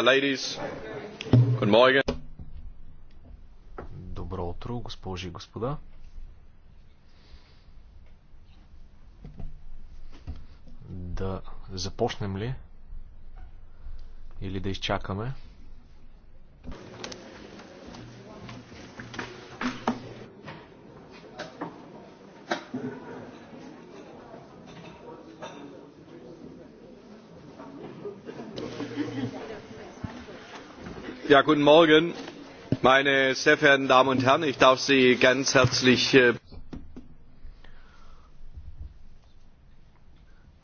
ladies. Good morning. Добро утро, госпожи и господа. Да започнем ли? Или да изчакаме? guten Morgen, meine sehr verehrten Damen und Herren. Ich darf Sie ganz herzlich. Äh,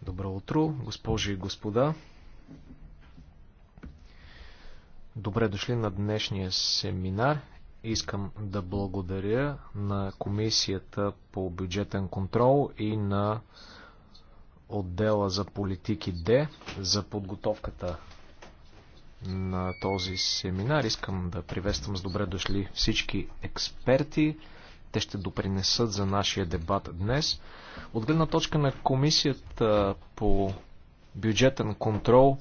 Добро утро, госпожи и господа. Добре дошли на днешния семинар. Искам да благодаря на Комисията по бюджетен контрол и на отдела за политики Д за подготовката на този семинар. Искам да приветствам с добре дошли всички експерти. Те ще допринесат за нашия дебат днес. От гледна точка на комисията по бюджетен контрол,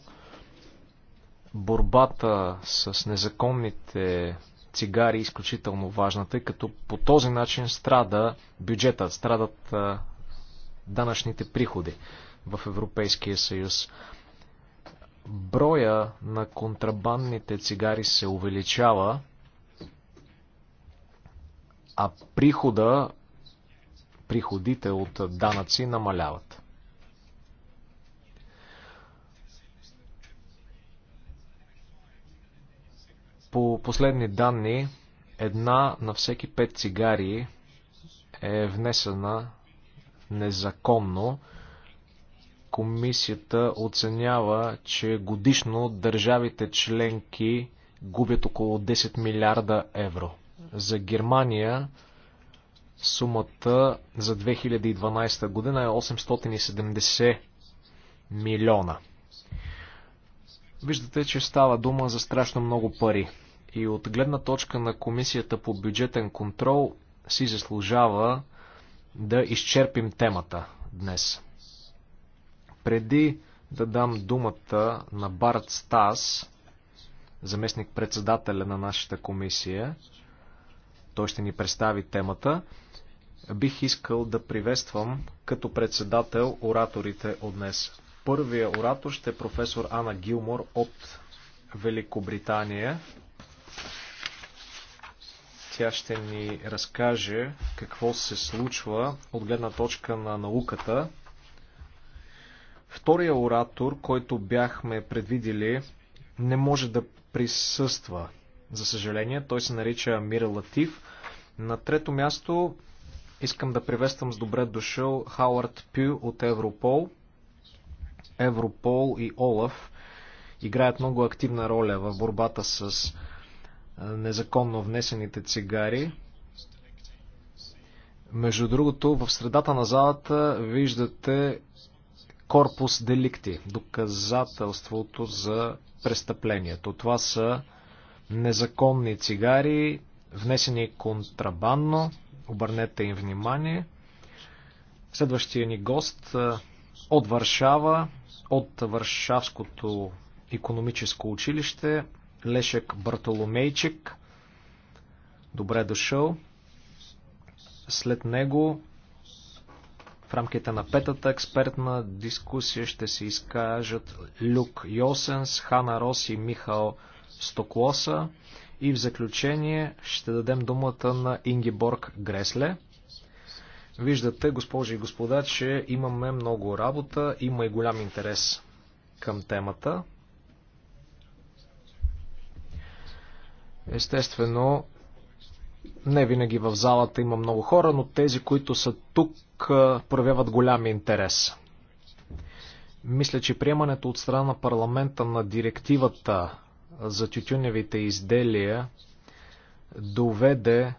борбата с незаконните цигари е изключително важна, тъй като по този начин страда бюджета, страдат данъчните приходи в Европейския съюз. Броя на контрабандните цигари се увеличава, а прихода, приходите от данъци намаляват. По последни данни, една на всеки пет цигари е внесена незаконно комисията оценява, че годишно държавите членки губят около 10 милиарда евро. За Германия сумата за 2012 година е 870 милиона. Виждате, че става дума за страшно много пари. И от гледна точка на Комисията по бюджетен контрол си заслужава да изчерпим темата днес. Преди да дам думата на Барт Стас, заместник председателя на нашата комисия, той ще ни представи темата, бих искал да приветствам като председател ораторите от днес. Първия оратор ще е професор Ана Гилмор от Великобритания. Тя ще ни разкаже какво се случва от гледна точка на науката Втория оратор, който бяхме предвидели, не може да присъства. За съжаление, той се нарича Мира Латив. На трето място искам да приветствам с добре дошъл Хауард Пю от Европол. Европол и Олаф играят много активна роля в борбата с незаконно внесените цигари. Между другото, в средата на залата виждате корпус деликти, доказателството за престъплението. Това са незаконни цигари, внесени контрабандно, обърнете им внимание. Следващия ни гост от Варшава, от Варшавското економическо училище, Лешек Бартоломейчик. Добре дошъл. След него в рамките на петата експертна дискусия ще се изкажат Люк Йосенс, Хана Рос и Михал Стоклоса. И в заключение ще дадем думата на Ингиборг Гресле. Виждате, госпожи и господа, че имаме много работа, има и голям интерес към темата. Естествено, не винаги в залата има много хора, но тези, които са тук, проявяват голям интерес. Мисля, че приемането от страна на парламента на директивата за тютюневите изделия доведе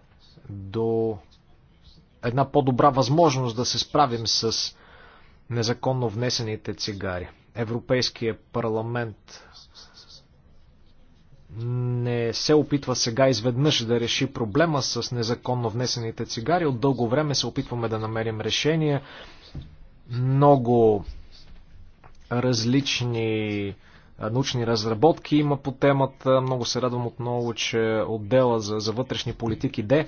до една по-добра възможност да се справим с незаконно внесените цигари. Европейския парламент не се опитва сега изведнъж да реши проблема с незаконно внесените цигари. От дълго време се опитваме да намерим решение. Много различни научни разработки има по темата. Много се радвам отново, че отдела за, за вътрешни политики Д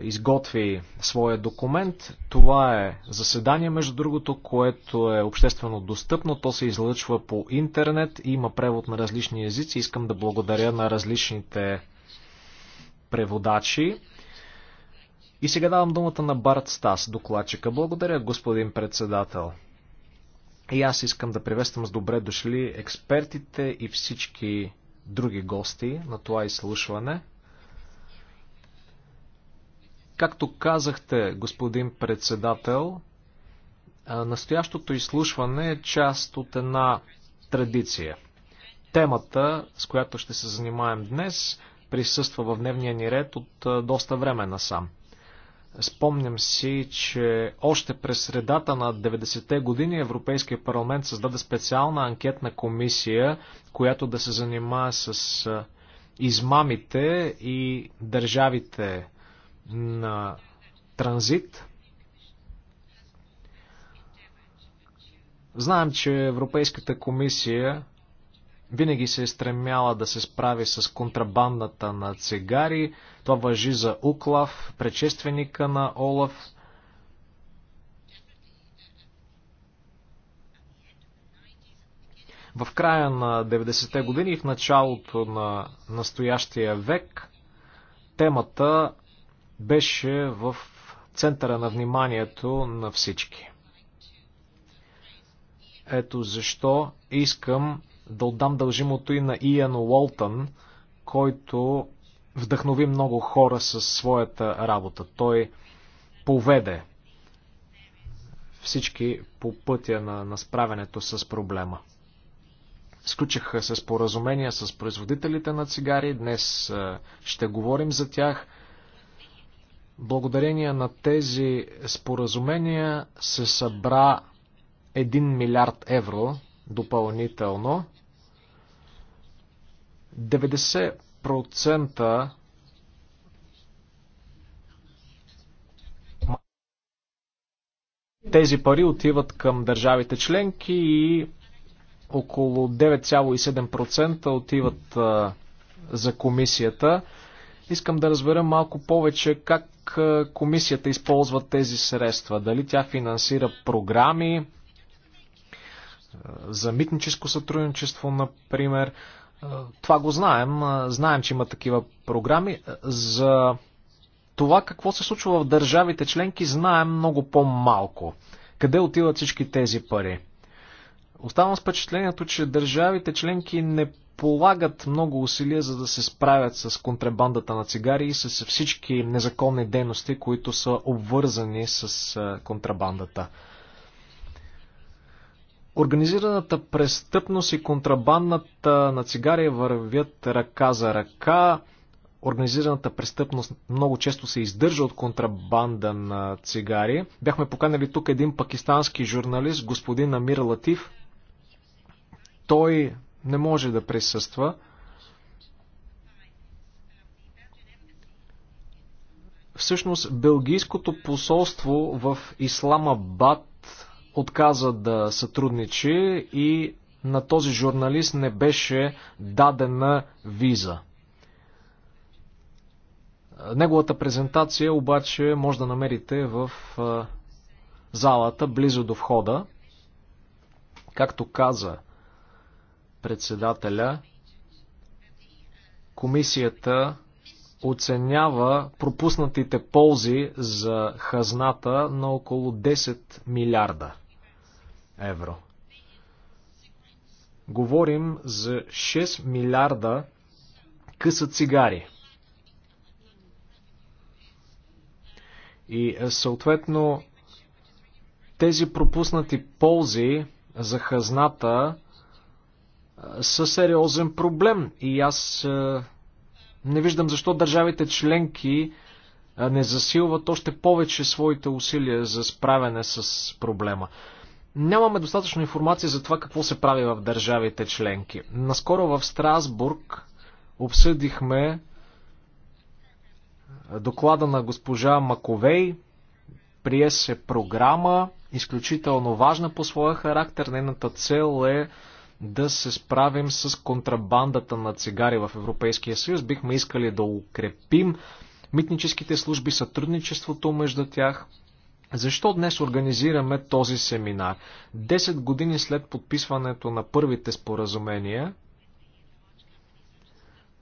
изготви своя документ. Това е заседание, между другото, което е обществено достъпно. То се излъчва по интернет. Има превод на различни езици. Искам да благодаря на различните преводачи. И сега давам думата на Барт Стас, докладчика. Благодаря, господин председател. И аз искам да приветствам с добре дошли експертите и всички други гости на това изслушване. Както казахте, господин председател, настоящото изслушване е част от една традиция. Темата, с която ще се занимаем днес, присъства в дневния ни ред от доста време насам. Спомням си, че още през средата на 90-те години Европейския парламент създаде специална анкетна комисия, която да се занимава с измамите и държавите на транзит. Знаем, че Европейската комисия винаги се е стремяла да се справи с контрабандата на цигари. Това въжи за Уклав, предшественика на Олаф. В края на 90-те години и в началото на настоящия век темата беше в центъра на вниманието на всички. Ето защо искам да отдам дължимото и на Иан Уолтън, който вдъхнови много хора със своята работа. Той поведе всички по пътя на, на справянето с проблема. Сключиха се споразумения с производителите на цигари, днес ще говорим за тях – Благодарение на тези споразумения се събра 1 милиард евро допълнително. 90% тези пари отиват към държавите членки и около 9,7% отиват за комисията. Искам да разбера малко повече как комисията използва тези средства. Дали тя финансира програми за митническо сътрудничество, например. Това го знаем. Знаем, че има такива програми. За това какво се случва в държавите членки знаем много по-малко. Къде отиват всички тези пари? Оставам с впечатлението, че държавите членки не полагат много усилия за да се справят с контрабандата на цигари и с всички незаконни дейности, които са обвързани с контрабандата. Организираната престъпност и контрабандата на цигари вървят ръка за ръка. Организираната престъпност много често се издържа от контрабанда на цигари. Бяхме поканали тук един пакистански журналист, господин Амир Латив. Той не може да присъства. Всъщност, Белгийското посолство в Исламабад отказа да сътрудничи и на този журналист не беше дадена виза. Неговата презентация обаче може да намерите в залата, близо до входа. Както каза председателя, комисията оценява пропуснатите ползи за хазната на около 10 милиарда евро. Говорим за 6 милиарда къса цигари. И е, съответно тези пропуснати ползи за хазната са сериозен проблем и аз е, не виждам защо държавите членки е, не засилват още повече своите усилия за справяне с проблема. Нямаме достатъчно информация за това какво се прави в държавите членки. Наскоро в Страсбург обсъдихме е, доклада на госпожа Маковей. Прие се програма, изключително важна по своя характер. Нейната цел е да се справим с контрабандата на цигари в Европейския съюз. Бихме искали да укрепим митническите служби, сътрудничеството между тях. Защо днес организираме този семинар? Десет години след подписването на първите споразумения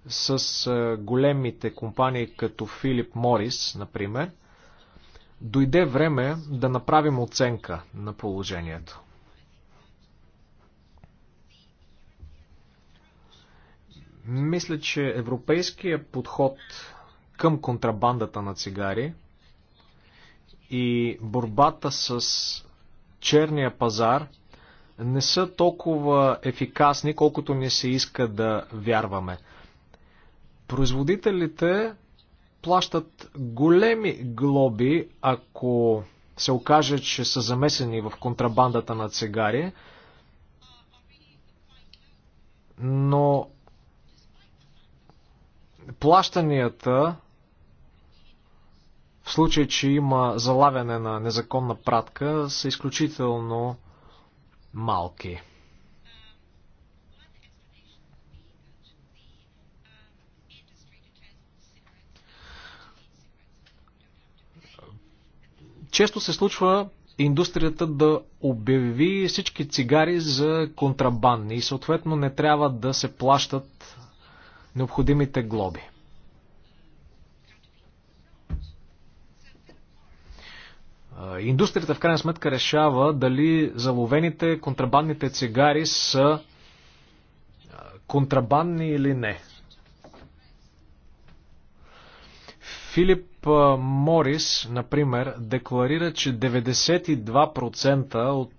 с е, големите компании като Филип Морис, например, дойде време да направим оценка на положението. Мисля, че европейският подход към контрабандата на цигари и борбата с черния пазар не са толкова ефикасни, колкото ни се иска да вярваме. Производителите плащат големи глоби, ако се окаже, че са замесени в контрабандата на цигари, но плащанията в случай, че има залавяне на незаконна пратка, са изключително малки. Често се случва индустрията да обяви всички цигари за контрабандни и съответно не трябва да се плащат необходимите глоби. Индустрията в крайна сметка решава дали заловените контрабандните цигари са контрабандни или не. Филип Морис, например, декларира, че 92% от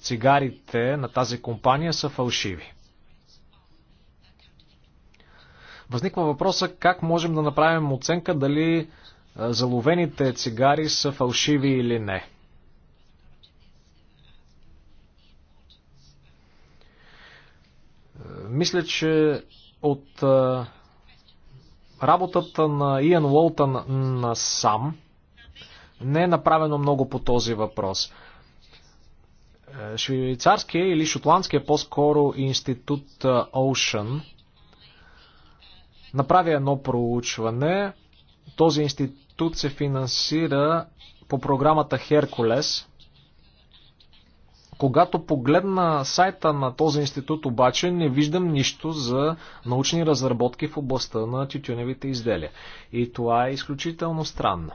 цигарите на тази компания са фалшиви. Възниква въпроса как можем да направим оценка дали е, заловените цигари са фалшиви или не. Е, мисля, че от е, работата на Иан Уолтън на сам не е направено много по този въпрос. Швейцарския или шотландския по-скоро институт Ocean – направи едно проучване. Този институт се финансира по програмата Херкулес. Когато погледна сайта на този институт обаче, не виждам нищо за научни разработки в областта на тютюневите изделия. И това е изключително странно.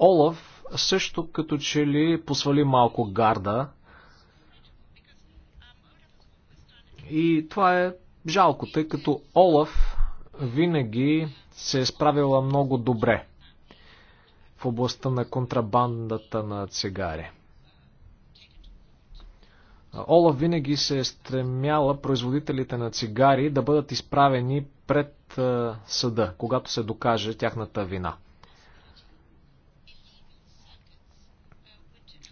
Олаф също като че ли посвали малко гарда И това е жалко, тъй като Олаф винаги се е справила много добре в областта на контрабандата на цигари. Олаф винаги се е стремяла производителите на цигари да бъдат изправени пред съда, когато се докаже тяхната вина.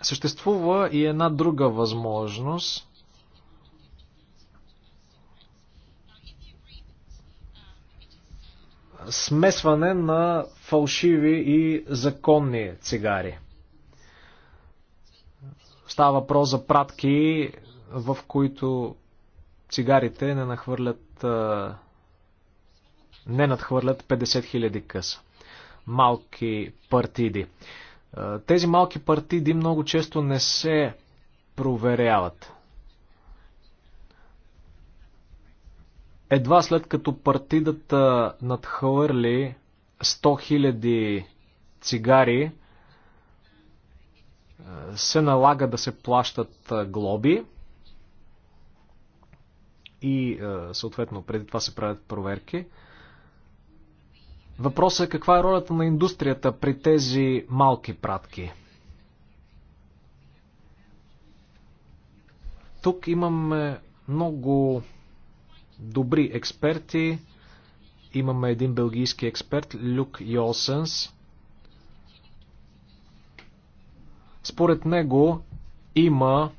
Съществува и една друга възможност. смесване на фалшиви и законни цигари. Става въпрос за пратки, в които цигарите не нахвърлят не надхвърлят 50 000 къса. Малки партиди. Тези малки партиди много често не се проверяват. Едва след като партидата надхвърли 100 000 цигари, е, се налага да се плащат е, глоби и е, съответно преди това се правят проверки. Въпросът е каква е ролята на индустрията при тези малки пратки? Тук имаме много добри експерти. Имаме един белгийски експерт, Люк Йолсенс. Според него има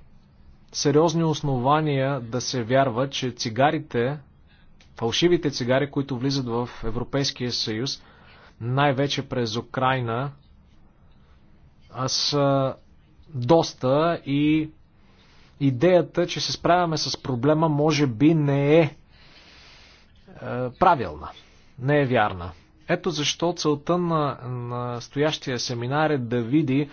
сериозни основания да се вярва, че цигарите, фалшивите цигари, които влизат в Европейския съюз, най-вече през Украина, са доста и идеята, че се справяме с проблема, може би не е е, правилна, не е вярна. Ето защо целта на стоящия семинар е да види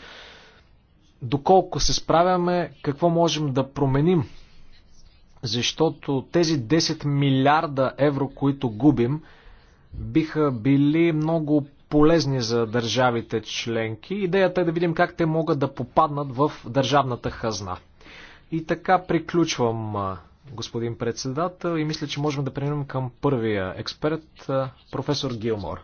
доколко се справяме, какво можем да променим. Защото тези 10 милиарда евро, които губим, биха били много полезни за държавите членки. Идеята е да видим как те могат да попаднат в държавната хазна. И така приключвам господин председател, и мисля, че можем да преминем към първия експерт, професор Гилмор.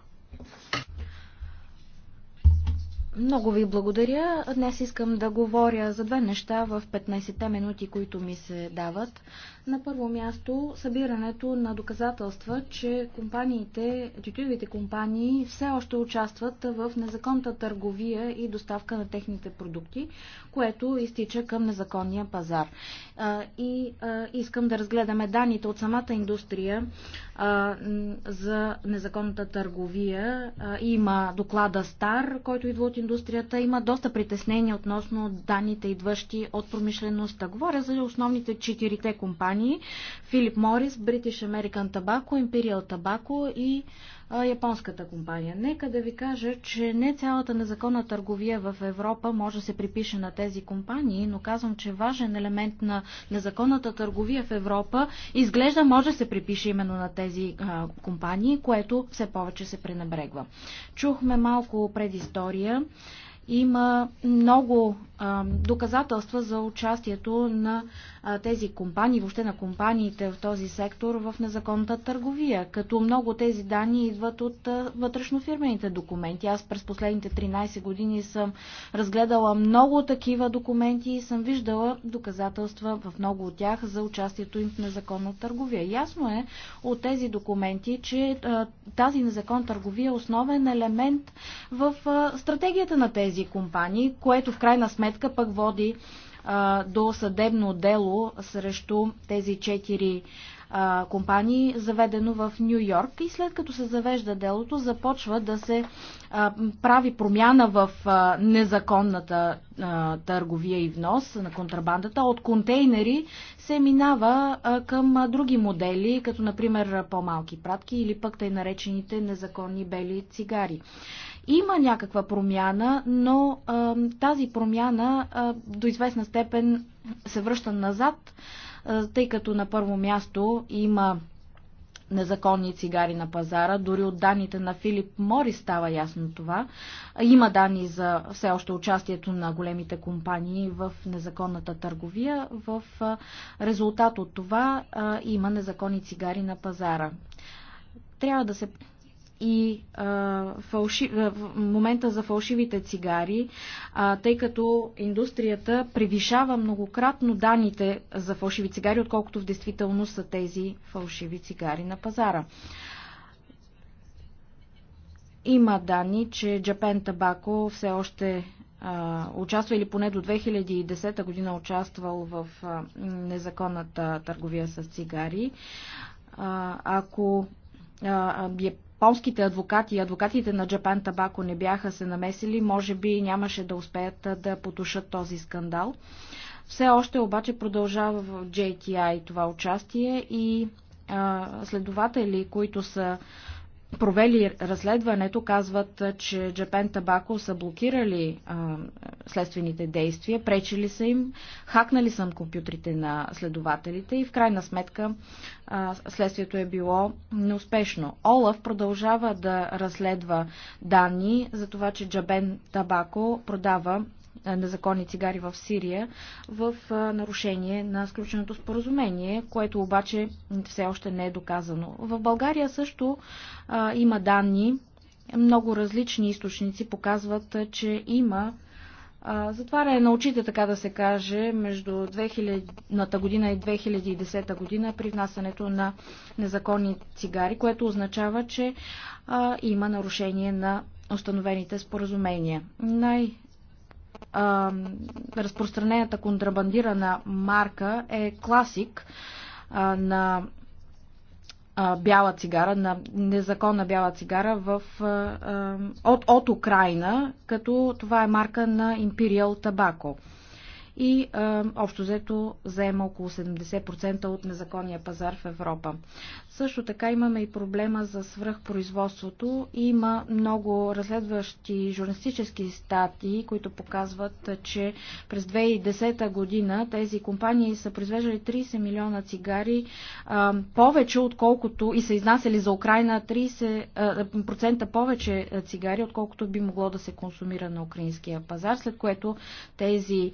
Много ви благодаря. Днес искам да говоря за две неща в 15-те минути, които ми се дават. На първо място събирането на доказателства, че компаниите, тютювите компании все още участват в незаконната търговия и доставка на техните продукти, което изтича към незаконния пазар. И искам да разгледаме данните от самата индустрия за незаконната търговия. Има доклада СТАР, който идва от индустрия индустрията има доста притеснения относно данните, идващи от промишлеността. Говоря за основните четирите компании Philip Morris, British American Tobacco, Imperial Tobacco и японската компания. Нека да ви кажа, че не цялата незаконна търговия в Европа може да се припише на тези компании, но казвам, че важен елемент на незаконната търговия в Европа изглежда може да се припише именно на тези а, компании, което все повече се пренебрегва. Чухме малко предистория има много а, доказателства за участието на тези компании, въобще на компаниите в този сектор в незаконната търговия, като много тези данни идват от вътрешнофирмените документи. Аз през последните 13 години съм разгледала много такива документи и съм виждала доказателства в много от тях за участието им в незаконна търговия. Ясно е от тези документи, че тази незаконна търговия е основен елемент в стратегията на тези компании, което в крайна сметка пък води до съдебно дело срещу тези четири компании, заведено в Нью Йорк. И след като се завежда делото, започва да се прави промяна в незаконната търговия и внос на контрабандата. От контейнери се минава към други модели, като например по-малки пратки или пък тъй наречените незаконни бели цигари. Има някаква промяна, но а, тази промяна а, до известна степен се връща назад, а, тъй като на първо място има незаконни цигари на пазара. Дори от данните на Филип Мори става ясно това. Има данни за все още участието на големите компании в незаконната търговия. В резултат от това има незаконни цигари на пазара. Трябва да се и а, фалши... момента за фалшивите цигари, а, тъй като индустрията превишава многократно данните за фалшиви цигари, отколкото в действителност са тези фалшиви цигари на пазара. Има данни, че Japan Tobacco все още а, участва или поне до 2010 година участвал в а, незаконната търговия с цигари. А, ако а, е японските адвокати и адвокатите на Джапан Табако не бяха се намесили, може би нямаше да успеят да потушат този скандал. Все още обаче продължава в JTI това участие и следователи, които са провели разследването, казват, че Japan Tobacco са блокирали а, следствените действия, пречили са им, хакнали са компютрите на следователите и в крайна сметка а, следствието е било неуспешно. Олаф продължава да разследва данни за това, че Japan Tobacco продава незаконни цигари в Сирия в нарушение на сключеното споразумение, което обаче все още не е доказано. В България също има данни, много различни източници показват, че има затваряне на очите, така да се каже, между 2000-та година и 2010 година при внасянето на незаконни цигари, което означава, че има нарушение на установените споразумения. Най- разпространената контрабандирана марка е класик а, на а, бяла цигара, на незаконна бяла цигара в, а, от, от Украина, като това е марка на Imperial Tobacco и а, общо взето заема около 70% от незаконния пазар в Европа. Също така имаме и проблема за свръхпроизводството. Има много разследващи журналистически статии, които показват, че през 2010 година тези компании са произвеждали 30 милиона цигари а, повече, отколкото и са изнасяли за Украина 30% а, повече цигари, отколкото би могло да се консумира на украинския пазар, след което тези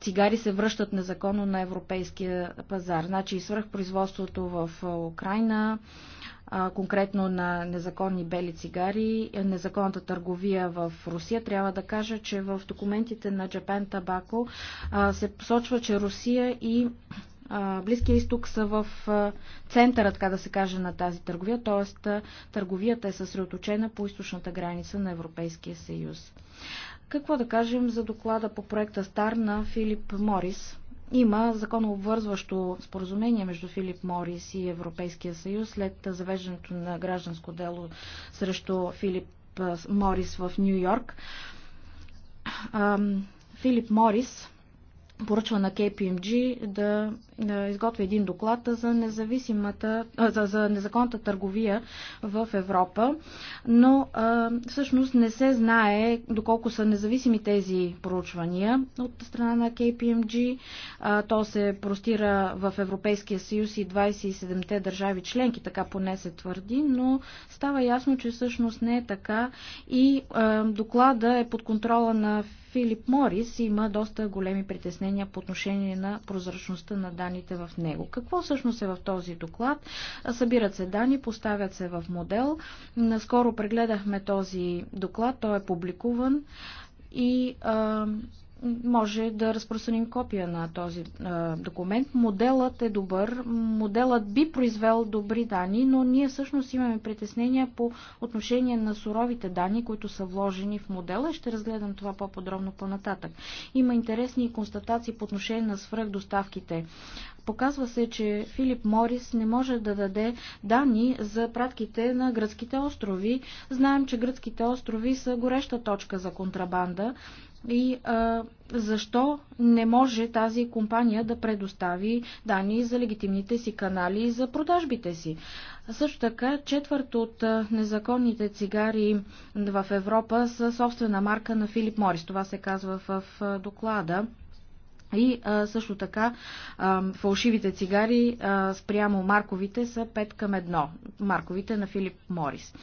цигари се връщат незаконно на европейския пазар. Значи свръхпроизводството в Украина, конкретно на незаконни бели цигари, е, незаконната търговия в Русия. Трябва да кажа, че в документите на Japan Tobacco се посочва, че Русия и Близкия изток са в центъра, така да се каже, на тази търговия, т.е. търговията е съсредоточена по източната граница на Европейския съюз. Какво да кажем за доклада по проекта Стар на Филип Морис? Има законообвързващо споразумение между Филип Морис и Европейския съюз след завеждането на гражданско дело срещу Филип Морис в Нью Йорк. Филип Морис поръчва на KPMG да, да изготви един доклад за, независимата, за, за незаконната търговия в Европа, но а, всъщност не се знае доколко са независими тези проучвания от страна на KPMG. А, то се простира в Европейския съюз и 27-те държави членки, така поне се твърди, но става ясно, че всъщност не е така и а, доклада е под контрола на Филип Морис има доста големи притеснения по отношение на прозрачността на данните в него. Какво всъщност е в този доклад? Събират се данни, поставят се в модел. Наскоро прегледахме този доклад, той е публикуван и а, може да разпространим копия на този а, документ. Моделът е добър, моделът би произвел добри данни, но ние всъщност имаме притеснения по отношение на суровите данни, които са вложени в модела. Ще разгледам това по-подробно по-нататък. Има интересни констатации по отношение на свръхдоставките. Показва се, че Филип Морис не може да даде данни за пратките на гръцките острови. Знаем, че гръцките острови са гореща точка за контрабанда и а, защо не може тази компания да предостави данни за легитимните си канали и за продажбите си. Също така, четвърт от незаконните цигари в Европа са собствена марка на Филип Морис. Това се казва в доклада. И а, също така а, фалшивите цигари а, спрямо марковите са 5 към 1. Марковите на Филип Морис.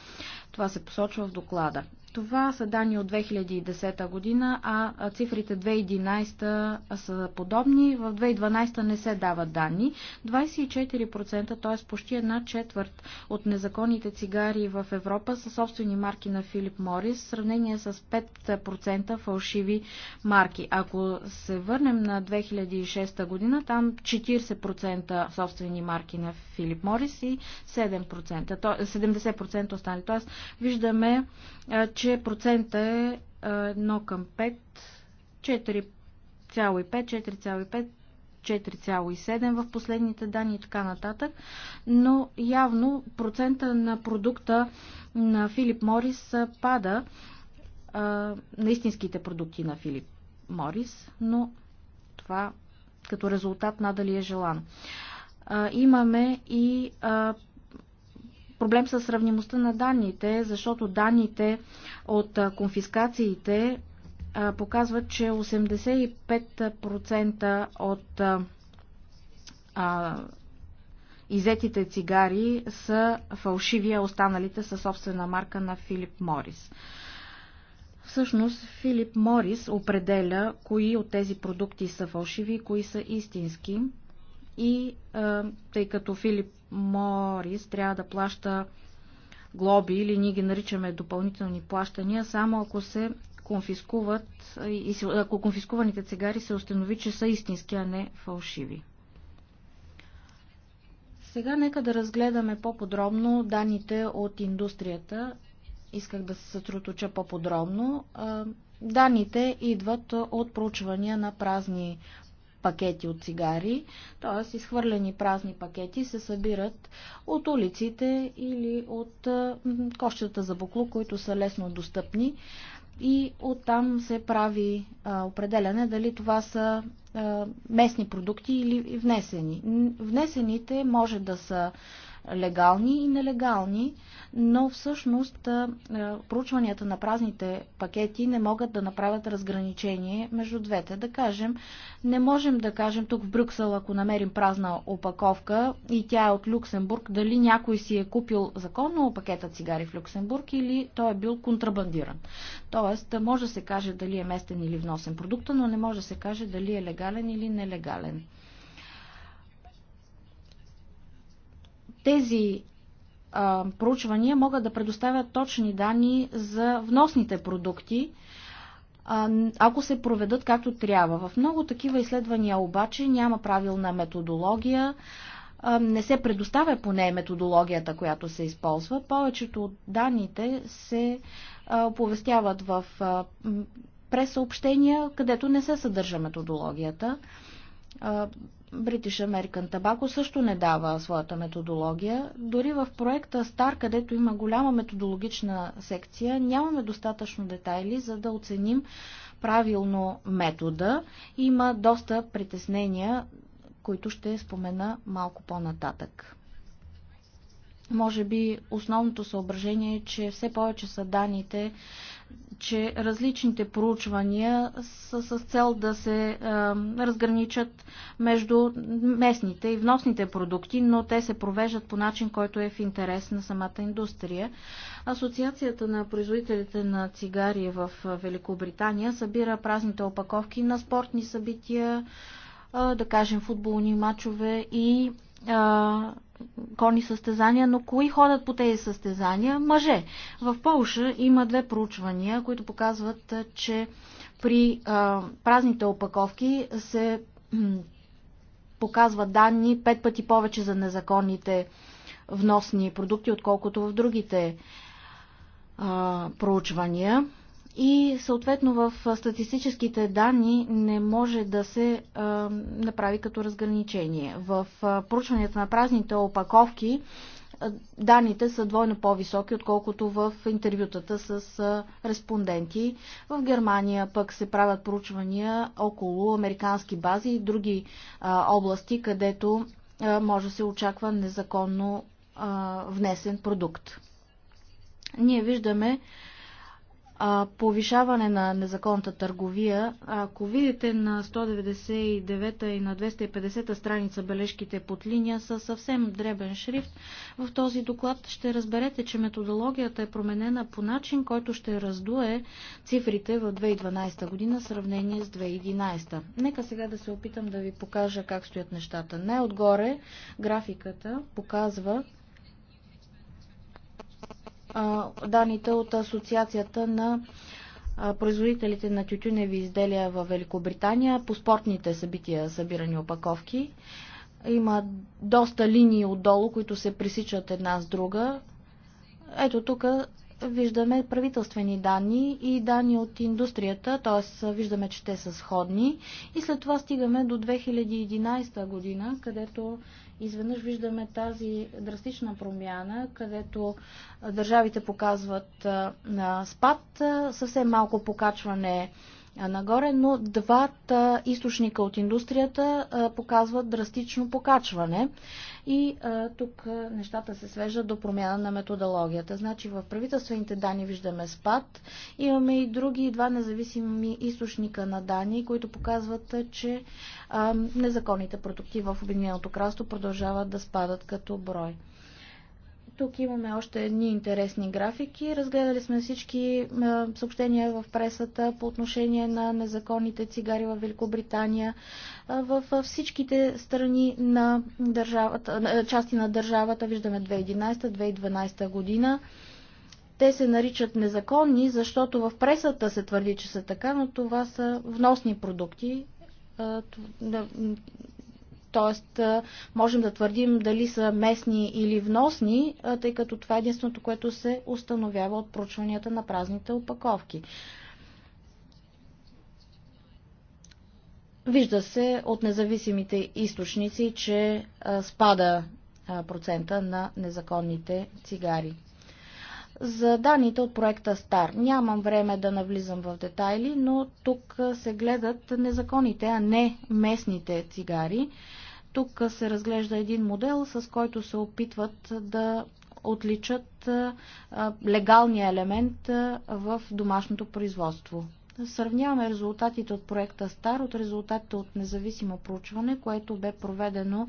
Това се посочва в доклада. Това са данни от 2010 година, а цифрите 2011 са подобни. В 2012 не се дават данни. 24%, т.е. почти една четвърт от незаконните цигари в Европа са собствени марки на Филип Морис, в сравнение с 5% фалшиви марки. Ако се върнем на 2006 година, там 40% собствени марки на Филип Морис и 7%, 70% останали. Т.е. виждаме, че че процента е 1 е, към 5, 4,5, 4,5, 4,7 в последните данни и така нататък, но явно процента на продукта на Филип Морис пада е, на истинските продукти на Филип Морис, но това като резултат надали е желан. Е, имаме и проблем с сравнимостта на данните, защото данните от конфискациите показват, че 85% от изетите цигари са фалшиви, а останалите са собствена марка на Филип Морис. Всъщност Филип Морис определя кои от тези продукти са фалшиви и кои са истински и тъй като Филип Морис трябва да плаща глоби или ние ги наричаме допълнителни плащания, само ако се конфискуват, ако конфискуваните цигари се установи, че са истински, а не фалшиви. Сега нека да разгледаме по-подробно данните от индустрията. Исках да се сътруточа по-подробно. Данните идват от проучвания на празни пакети от цигари, т.е. изхвърлени празни пакети се събират от улиците или от кощата за букло, които са лесно достъпни и оттам се прави а, определяне дали това са а, местни продукти или внесени. Внесените може да са легални и нелегални, но всъщност проучванията на празните пакети не могат да направят разграничение между двете. Да кажем, не можем да кажем тук в Брюксел, ако намерим празна опаковка и тя е от Люксембург, дали някой си е купил законно пакета цигари в Люксембург или той е бил контрабандиран. Тоест, може да се каже дали е местен или вносен продукта, но не може да се каже дали е легален или нелегален. Тези а, проучвания могат да предоставят точни данни за вносните продукти, ако се проведат както трябва. В много такива изследвания обаче няма правилна методология, не се предоставя поне методологията, която се използва. Повечето от данните се оповестяват в пресъобщения, където не се съдържа методологията. British American Tobacco също не дава своята методология. Дори в проекта Стар, където има голяма методологична секция, нямаме достатъчно детайли, за да оценим правилно метода. Има доста притеснения, които ще спомена малко по-нататък. Може би основното съображение е, че все повече са данните, че различните проучвания са с цел да се е, разграничат между местните и вносните продукти, но те се провеждат по начин, който е в интерес на самата индустрия. Асоциацията на производителите на цигари в е, Великобритания събира празните опаковки на спортни събития, е, да кажем футболни матчове и е, конни състезания, но кои ходят по тези състезания? Мъже. В Полша има две проучвания, които показват, че при а, празните опаковки се показват данни пет пъти повече за незаконните вносни продукти, отколкото в другите а, проучвания и съответно в статистическите данни не може да се а, направи като разграничение. В а, проучванията на празните опаковки а, данните са двойно по-високи, отколкото в интервютата с а, респонденти. В Германия пък се правят проучвания около американски бази и други а, области, където а, може да се очаква незаконно а, внесен продукт. Ние виждаме, а, повишаване на незаконната търговия. Ако видите на 199 и на 250 страница бележките под линия са съвсем дребен шрифт, в този доклад ще разберете, че методологията е променена по начин, който ще раздуе цифрите в 2012 година в сравнение с 2011. Нека сега да се опитам да ви покажа как стоят нещата. Най-отгоре графиката показва данните от Асоциацията на производителите на тютюневи изделия в Великобритания по спортните събития събирани опаковки. Има доста линии отдолу, които се пресичат една с друга. Ето тук виждаме правителствени данни и данни от индустрията, т.е. виждаме, че те са сходни. И след това стигаме до 2011 година, където изведнъж виждаме тази драстична промяна, където държавите показват спад, съвсем малко покачване нагоре, но двата източника от индустрията показват драстично покачване и тук нещата се свеждат до промяна на методологията. Значи в правителствените данни виждаме спад, имаме и други два независими източника на данни, които показват, че незаконните продукти в Обединеното кралство продължават да спадат като брой. Тук имаме още едни интересни графики. Разгледали сме всички съобщения в пресата по отношение на незаконните цигари в Великобритания, в всичките страни на държавата, части на държавата, виждаме 2011-2012 година. Те се наричат незаконни, защото в пресата се твърди, че са така, но това са вносни продукти т.е. можем да твърдим дали са местни или вносни, тъй като това е единственото, което се установява от проучванията на празните опаковки. Вижда се от независимите източници, че спада процента на незаконните цигари. За данните от проекта Стар нямам време да навлизам в детайли, но тук се гледат незаконните, а не местните цигари. Тук се разглежда един модел, с който се опитват да отличат легалния елемент в домашното производство. Сравняваме резултатите от проекта СТАР от резултатите от независимо проучване, което бе проведено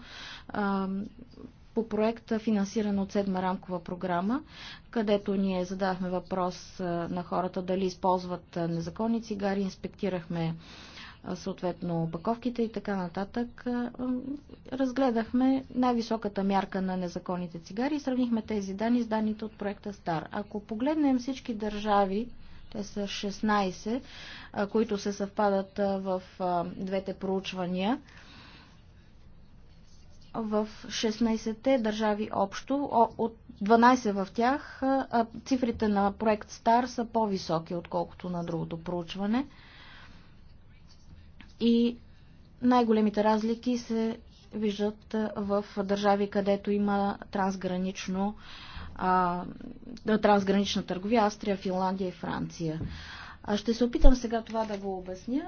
по проекта, финансиран от седма рамкова програма, където ние задавахме въпрос на хората дали използват незаконни цигари, инспектирахме съответно опаковките и така нататък, разгледахме най-високата мярка на незаконните цигари и сравнихме тези данни с данните от проекта Стар. Ако погледнем всички държави, те са 16, които се съвпадат в двете проучвания, в 16-те държави общо, от 12 в тях, цифрите на проект Стар са по-високи, отколкото на другото проучване – и най-големите разлики се виждат в държави, където има трансгранично, а, трансгранична търговия Австрия, Финландия и Франция. А ще се опитам сега това да го обясня.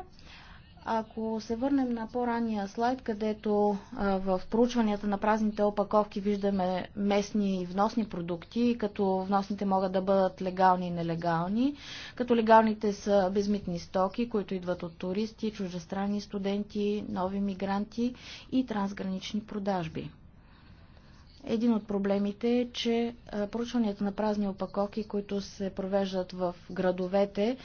Ако се върнем на по-ранния слайд, където в проучванията на празните опаковки виждаме местни и вносни продукти, като вносните могат да бъдат легални и нелегални, като легалните са безмитни стоки, които идват от туристи, чуждестранни студенти, нови мигранти и трансгранични продажби. Един от проблемите е, че проучванията на празни опаковки, които се провеждат в градовете,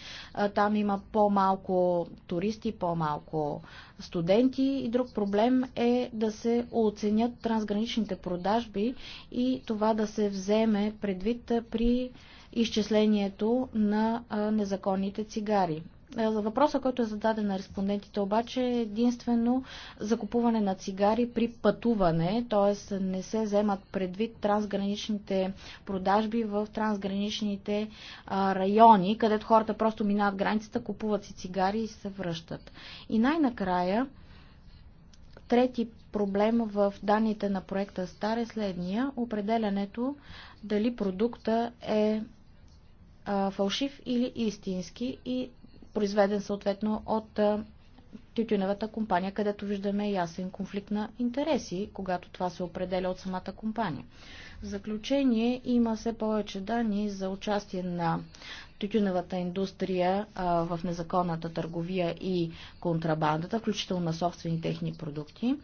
там има по-малко туристи, по-малко студенти. И друг проблем е да се оценят трансграничните продажби и това да се вземе предвид при изчислението на незаконните цигари. Е, Въпросът, който е зададен на респондентите обаче е единствено закупуване на цигари при пътуване, т.е. не се вземат предвид трансграничните продажби в трансграничните райони, където хората просто минават границата, купуват си цигари и се връщат. И най-накрая, трети проблем в данните на проекта Стар е следния – определянето дали продукта е фалшив или истински и произведен съответно от тютюневата компания, където виждаме ясен конфликт на интереси, когато това се определя от самата компания. В заключение има все повече данни за участие на тютюневата индустрия в незаконната търговия и контрабандата, включително на собствени техни продукти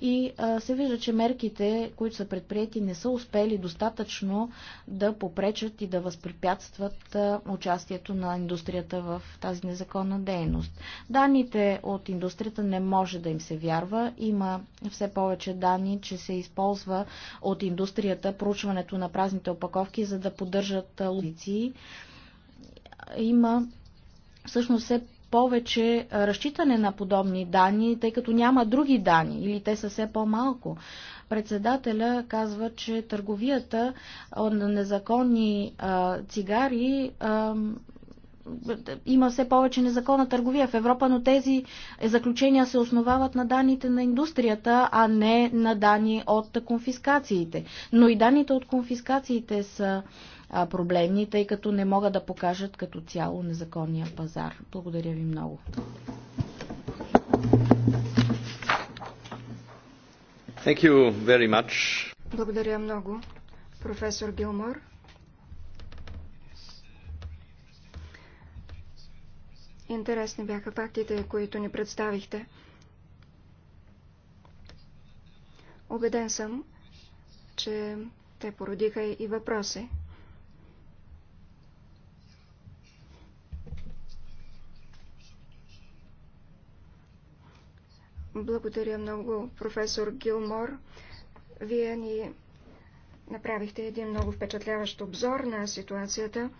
и а, се вижда, че мерките, които са предприяти, не са успели достатъчно да попречат и да възпрепятстват а, участието на индустрията в тази незаконна дейност. Данните от индустрията не може да им се вярва. Има все повече данни, че се използва от индустрията проучването на празните опаковки, за да поддържат лудици. Има всъщност все повече разчитане на подобни данни, тъй като няма други данни или те са все по-малко. Председателя казва, че търговията на незаконни а, цигари а, има все повече незаконна търговия в Европа, но тези заключения се основават на данните на индустрията, а не на данни от конфискациите. Но и данните от конфискациите са проблемни, тъй като не могат да покажат като цяло незаконния пазар. Благодаря ви много. Thank you very much. Благодаря много, професор Гилмор. Интересни бяха фактите, които ни представихте. Обеден съм, че те породиха и въпроси. Благодаря много, професор Гилмор. Вие ни направихте един много впечатляващ обзор на ситуацията.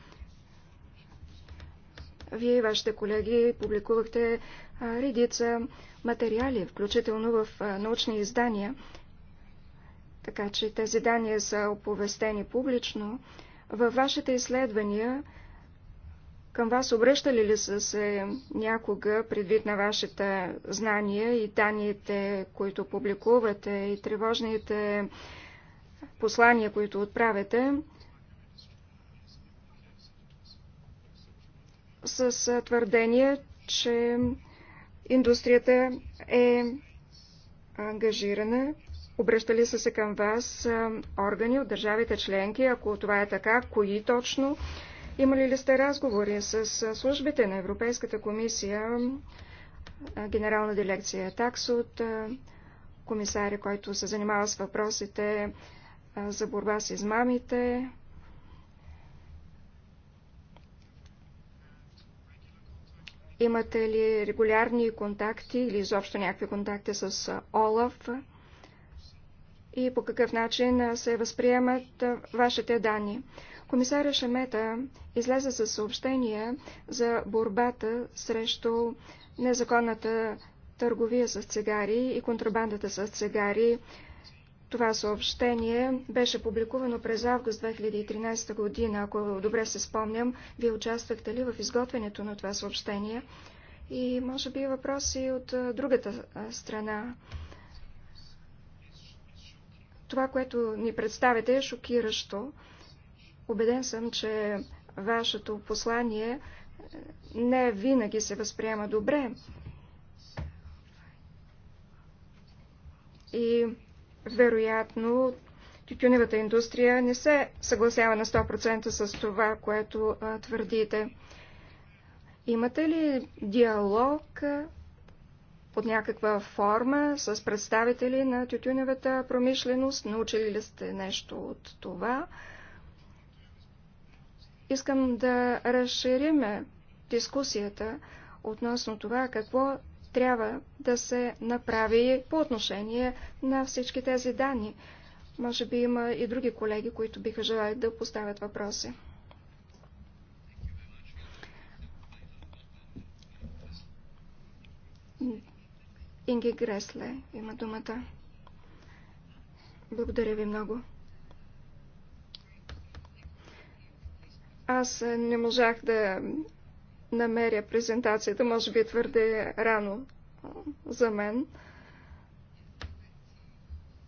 Вие и вашите колеги публикувахте редица материали, включително в научни издания. Така че тези дания са оповестени публично. Във вашите изследвания към вас обръщали ли са се някога, предвид на вашите знания и данните, които публикувате и тревожните послания, които отправяте, с твърдение, че индустрията е ангажирана. Обръщали са се към вас органи от държавите членки, ако това е така, кои точно, Имали ли сте разговори с службите на Европейската комисия, генерална дирекция Таксот, комисаря, който се занимава с въпросите за борба с измамите? Имате ли регулярни контакти или изобщо някакви контакти с ОЛАФ? И по какъв начин се възприемат вашите данни? Комисаря Шемета излезе със съобщения за борбата срещу незаконната търговия с цигари и контрабандата с цигари. Това съобщение беше публикувано през август 2013 година. Ако добре се спомням, вие участвахте ли в изготвянето на това съобщение? И може би въпроси от другата страна. Това, което ни представяте, е шокиращо. Обеден съм, че вашето послание не винаги се възприема добре. И вероятно тютюневата индустрия не се съгласява на 100% с това, което твърдите. Имате ли диалог под някаква форма с представители на тютюневата промишленост? Научили ли сте нещо от това? Искам да разшириме дискусията относно това какво трябва да се направи по отношение на всички тези данни. Може би има и други колеги, които биха желали да поставят въпроси. Инги Гресле има думата. Благодаря ви много. Аз не можах да намеря презентацията, може би е твърде рано за мен.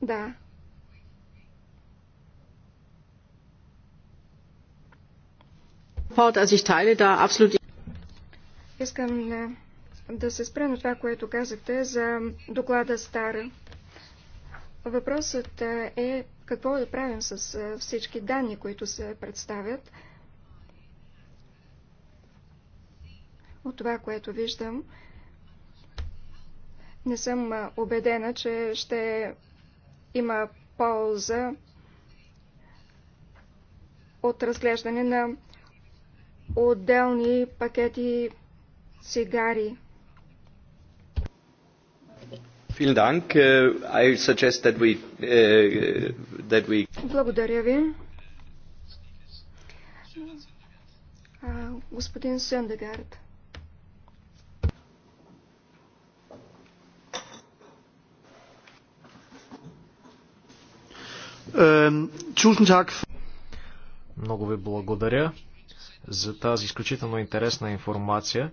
Да. Искам е, да се спра на това, което казахте за доклада Стара. Въпросът е какво да правим с е, всички данни, които се представят. От това, което виждам, не съм убедена, че ще има полза от разглеждане на отделни пакети цигари. Äh, äh, Благодаря ви. Господин Сендегард. Много ви благодаря за тази изключително интересна информация.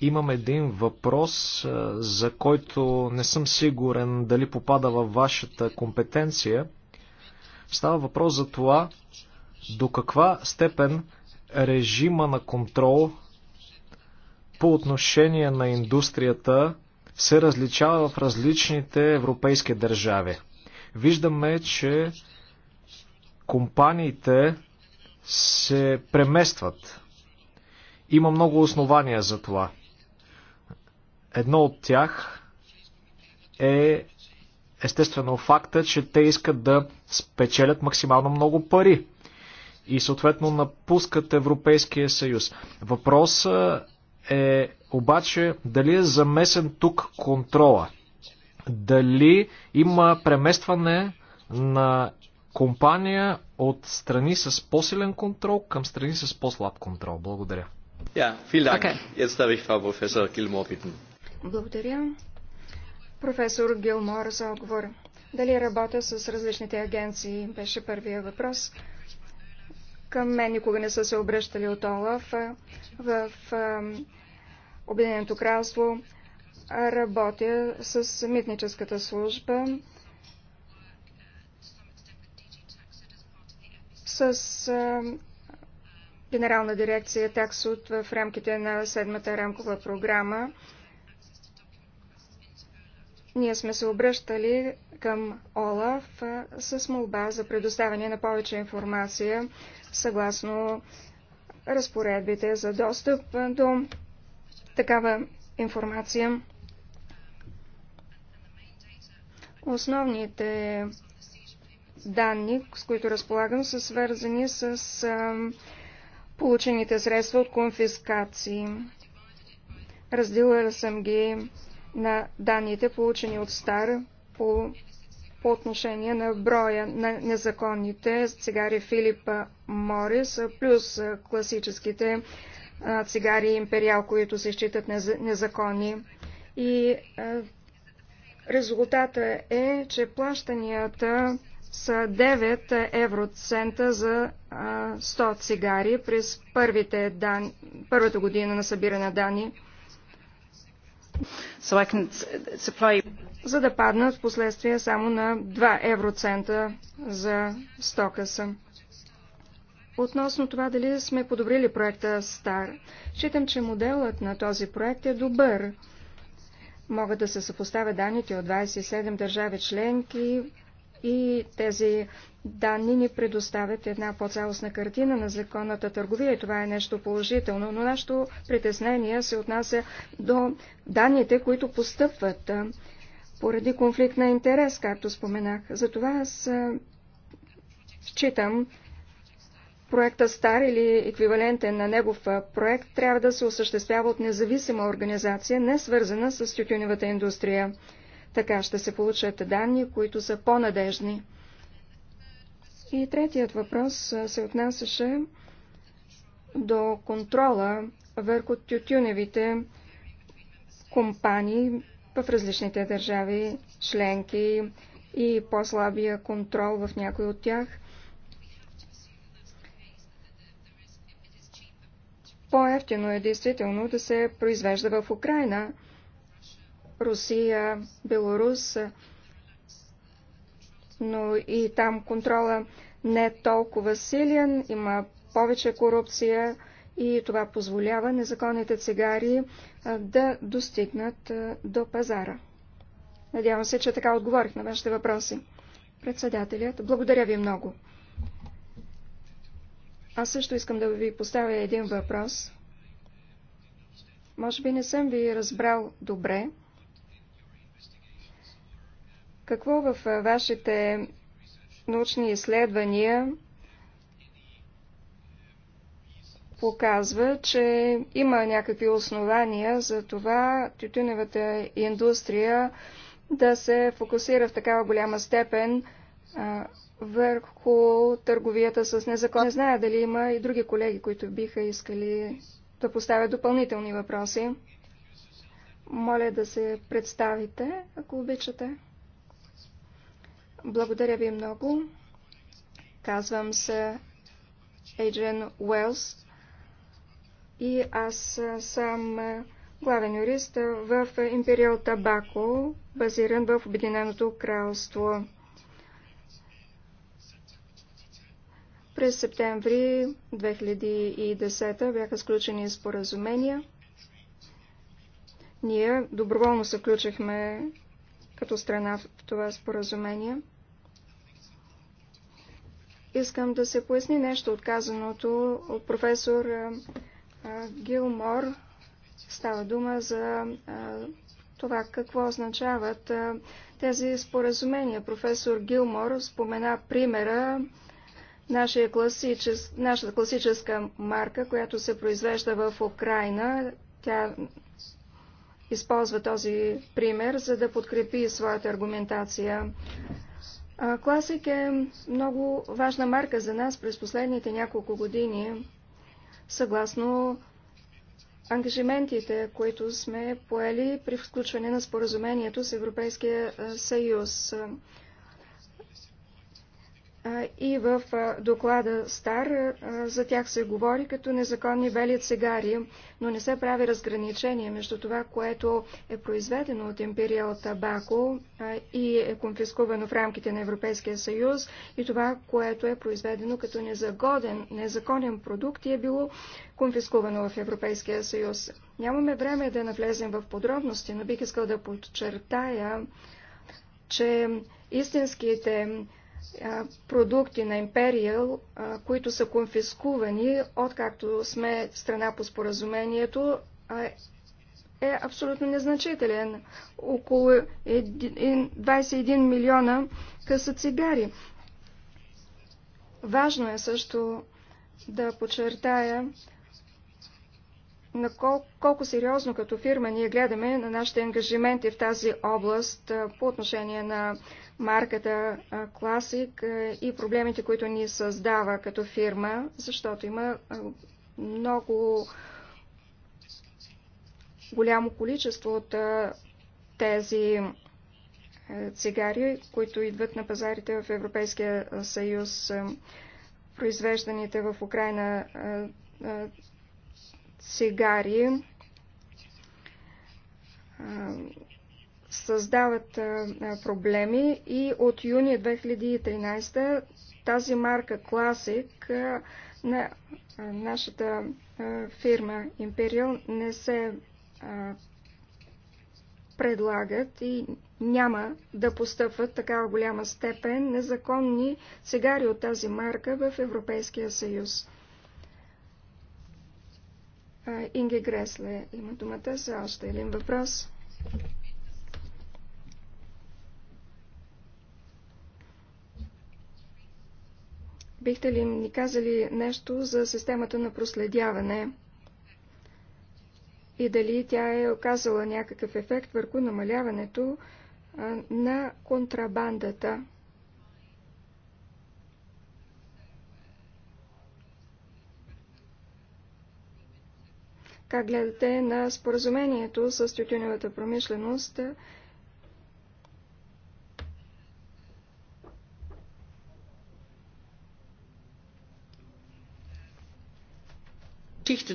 Имам един въпрос, е, за който не съм сигурен дали попада във вашата компетенция. Става въпрос за това до каква степен режима на контрол по отношение на индустрията се различава в различните европейски държави. Виждаме, че компаниите се преместват. Има много основания за това. Едно от тях е естествено факта, че те искат да спечелят максимално много пари и съответно напускат Европейския съюз. Въпросът е обаче дали е замесен тук контрола дали има преместване на компания от страни с по-силен контрол към страни с по-слаб контрол. Благодаря. okay. Е. Jetzt Благодаря. Професор Гилмор за отговор. Дали работя с различните агенции, беше първия въпрос. Към мен никога не са се обръщали от Олаф в Обединеното кралство работя с митническата служба, с Генерална дирекция Таксот в рамките на седмата рамкова програма. Ние сме се обръщали към ОЛАФ с молба за предоставяне на повече информация съгласно разпоредбите за достъп до такава информация. Основните данни, с които разполагам, са свързани с получените средства от конфискации. Разделила съм ги на данните, получени от Стар по, по отношение на броя на незаконните цигари Филип Морис, плюс класическите цигари Империал, които се считат незаконни. И Резултата е, че плащанията са 9 евроцента за 100 цигари през първите дан... първата година на събиране на данни, so supply... за да паднат в последствие само на 2 евроцента за стокаса. Относно това дали сме подобрили проекта Стар, считам, че моделът на този проект е добър могат да се съпоставят данните от 27 държави членки и тези данни ни предоставят една по-цялостна картина на законната търговия и това е нещо положително, но нашето притеснение се отнася до данните, които постъпват поради конфликт на интерес, както споменах. Затова аз считам, проекта Стар или еквивалентен на негов проект трябва да се осъществява от независима организация, не свързана с тютюневата индустрия. Така ще се получат данни, които са по-надежни. И третият въпрос се отнасяше до контрола върху тютюневите компании в различните държави членки и по-слабия контрол в някои от тях – По-ефтино е действително да се произвежда в Украина, Русия, Белорус, но и там контрола не е толкова силен, има повече корупция и това позволява незаконните цигари да достигнат до пазара. Надявам се, че така отговорих на вашите въпроси. Председателят, благодаря ви много. Аз също искам да ви поставя един въпрос. Може би не съм ви разбрал добре. Какво в вашите научни изследвания показва, че има някакви основания за това тютюневата индустрия да се фокусира в такава голяма степен върху търговията с незакон. Не зная дали има и други колеги, които биха искали да поставят допълнителни въпроси. Моля да се представите, ако обичате. Благодаря ви много. Казвам се Ейджен Уелс и аз съм главен юрист в Империал Табако, базиран в Обединеното кралство. През септември 2010 бяха сключени споразумения. Ние доброволно се включихме като страна в това споразумение. Искам да се поясни нещо отказаното от професор Гилмор. Става дума за това какво означават тези споразумения. Професор Гилмор спомена примера Наша класичес... Нашата класическа марка, която се произвежда в Украина, тя използва този пример, за да подкрепи своята аргументация. Класик е много важна марка за нас през последните няколко години, съгласно ангажиментите, които сме поели при включване на споразумението с Европейския съюз и в доклада Стар за тях се говори като незаконни бели цигари, но не се прави разграничение между това, което е произведено от империал табако и е конфискувано в рамките на Европейския съюз и това, което е произведено като незагоден, незаконен продукт и е било конфискувано в Европейския съюз. Нямаме време да навлезем в подробности, но бих искал да подчертая, че истинските продукти на Империал, които са конфискувани, откакто сме страна по споразумението, е абсолютно незначителен. Около 21 милиона къса цигари. Важно е също да подчертая, на кол колко сериозно като фирма ние гледаме на нашите ангажименти в тази област по отношение на марката Classic и проблемите, които ни създава като фирма, защото има много голямо количество от тези цигари, които идват на пазарите в Европейския съюз, произвежданите в Украина цигари създават проблеми и от юни 2013 тази марка Classic на нашата фирма Imperial не се предлагат и няма да постъпват такава голяма степен незаконни цигари от тази марка в Европейския съюз. Инге Гресле има думата за още един въпрос. Бихте ли ни казали нещо за системата на проследяване и дали тя е оказала някакъв ефект върху намаляването на контрабандата? Как гледате на споразумението с тютюневата промишленост?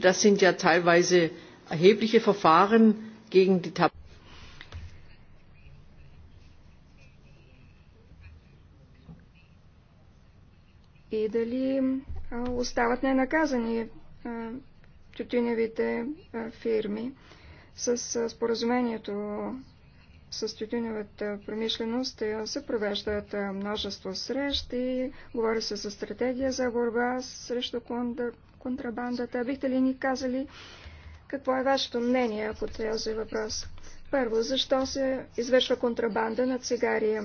das sind ja teilweise erhebliche Verfahren gegen die И дали остават ненаказани тютюневите фирми. С споразумението с тютюневата промишленост се провеждат множество срещи, говори се за стратегия за борба срещу контрабандата. Бихте ли ни казали какво е вашето мнение по този въпрос? Първо, защо се извършва контрабанда на цигари?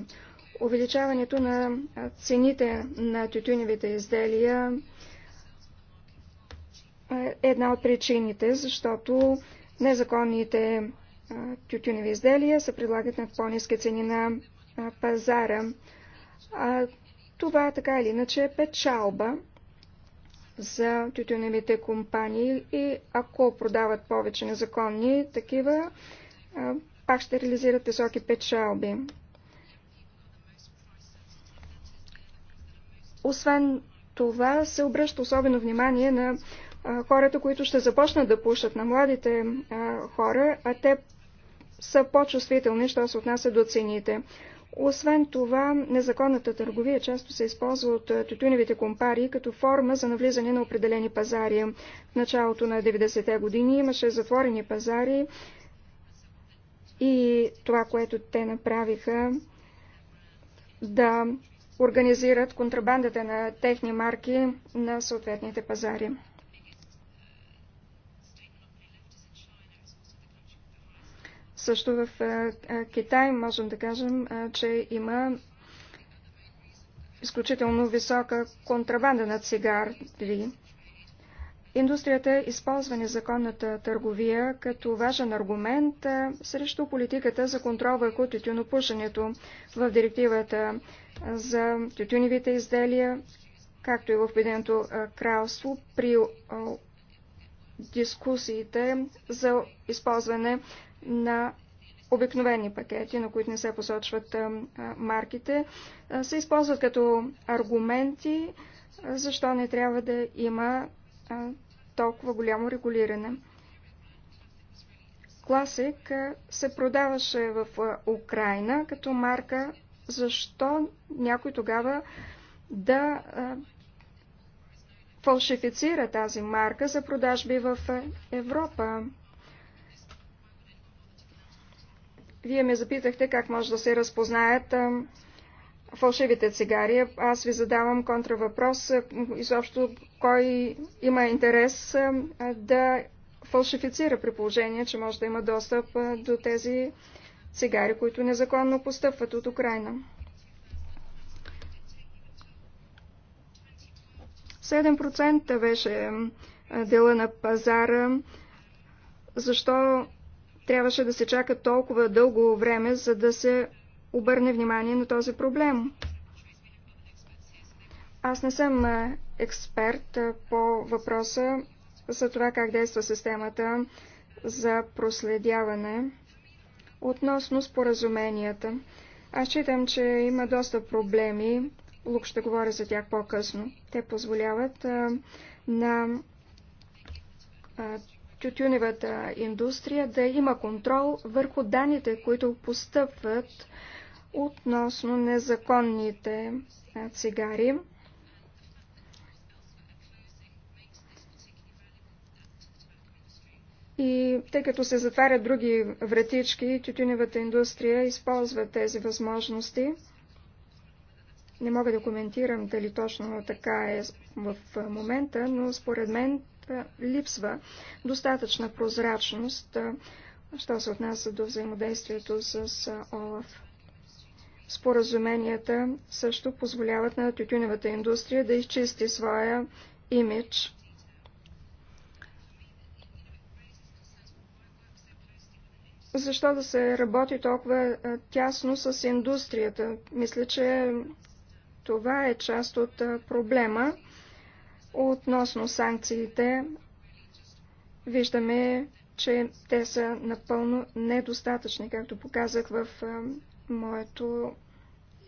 Увеличаването на цените на тютюневите изделия е една от причините, защото незаконните тютюневи изделия се предлагат на по-низки цени на пазара. А това е така или иначе е печалба за тютюневите компании и ако продават повече незаконни такива, пак ще реализират високи печалби. Освен това се обръща особено внимание на хората, които ще започнат да пушат, на младите хора, а те са по-чувствителни, що се отнася до цените. Освен това, незаконната търговия често се използва от тютюневите компари като форма за навлизане на определени пазари. В началото на 90-те години имаше затворени пазари и това, което те направиха да организират контрабандата на техни марки на съответните пазари. Също в е, е, Китай можем да кажем, е, че има изключително висока контрабанда на цигари. Индустрията използва незаконната търговия като важен аргумент срещу политиката за контрол върху тютюнопушенето в директивата за тютюневите изделия, както и в Обединеното кралство при дискусиите за използване на обикновени пакети, на които не се посочват марките, се използват като аргументи, защо не трябва да има толкова голямо регулиране. Класик се продаваше в Украина като марка, защо някой тогава да фалшифицира тази марка за продажби в Европа. Вие ме запитахте как може да се разпознаят фалшивите цигари. Аз ви задавам контравъпрос, изобщо кой има интерес да фалшифицира при положение, че може да има достъп до тези цигари, които незаконно постъпват от Украина. 7% беше дела на пазара. Защо трябваше да се чака толкова дълго време, за да се обърне внимание на този проблем. Аз не съм експерт по въпроса за това как действа системата за проследяване относно споразуменията. Аз считам, че има доста проблеми. Лук ще говоря за тях по-късно. Те позволяват а, на а, тютюневата индустрия да има контрол върху данните, които постъпват относно незаконните е, цигари. И тъй като се затварят други вратички, тютюневата индустрия използва тези възможности. Не мога да коментирам дали точно така е в момента, но според мен липсва достатъчна прозрачност, що се отнася до взаимодействието с ОЛАФ. Споразуменията също позволяват на тютюневата индустрия да изчисти своя имидж. Защо да се работи толкова тясно с индустрията? Мисля, че това е част от проблема Относно санкциите, виждаме, че те са напълно недостатъчни, както показах в моето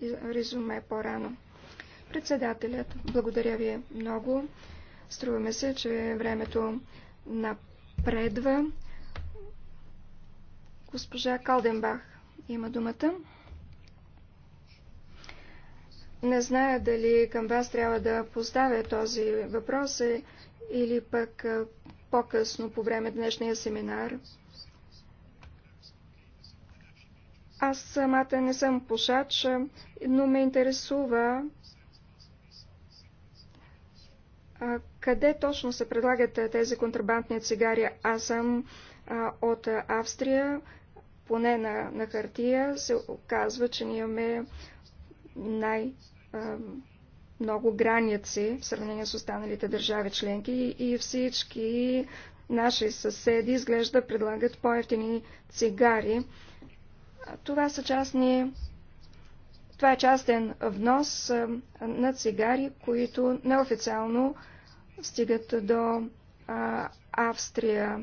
резюме по-рано. Председателят, благодаря ви много. Струваме се, че времето напредва. Госпожа Калденбах има думата. Не зная дали към вас трябва да поставя този въпрос е, или пък е, по-късно по време днешния семинар. Аз самата не съм пушач, е, но ме интересува къде точно се предлагат тези контрабандни цигари. Аз съм от Австрия, поне на, на хартия се оказва, че ние имаме най-много граници в сравнение с останалите държави членки и всички наши съседи изглежда предлагат по-ефтини цигари. Това са частни това е частен внос на цигари, които неофициално стигат до Австрия.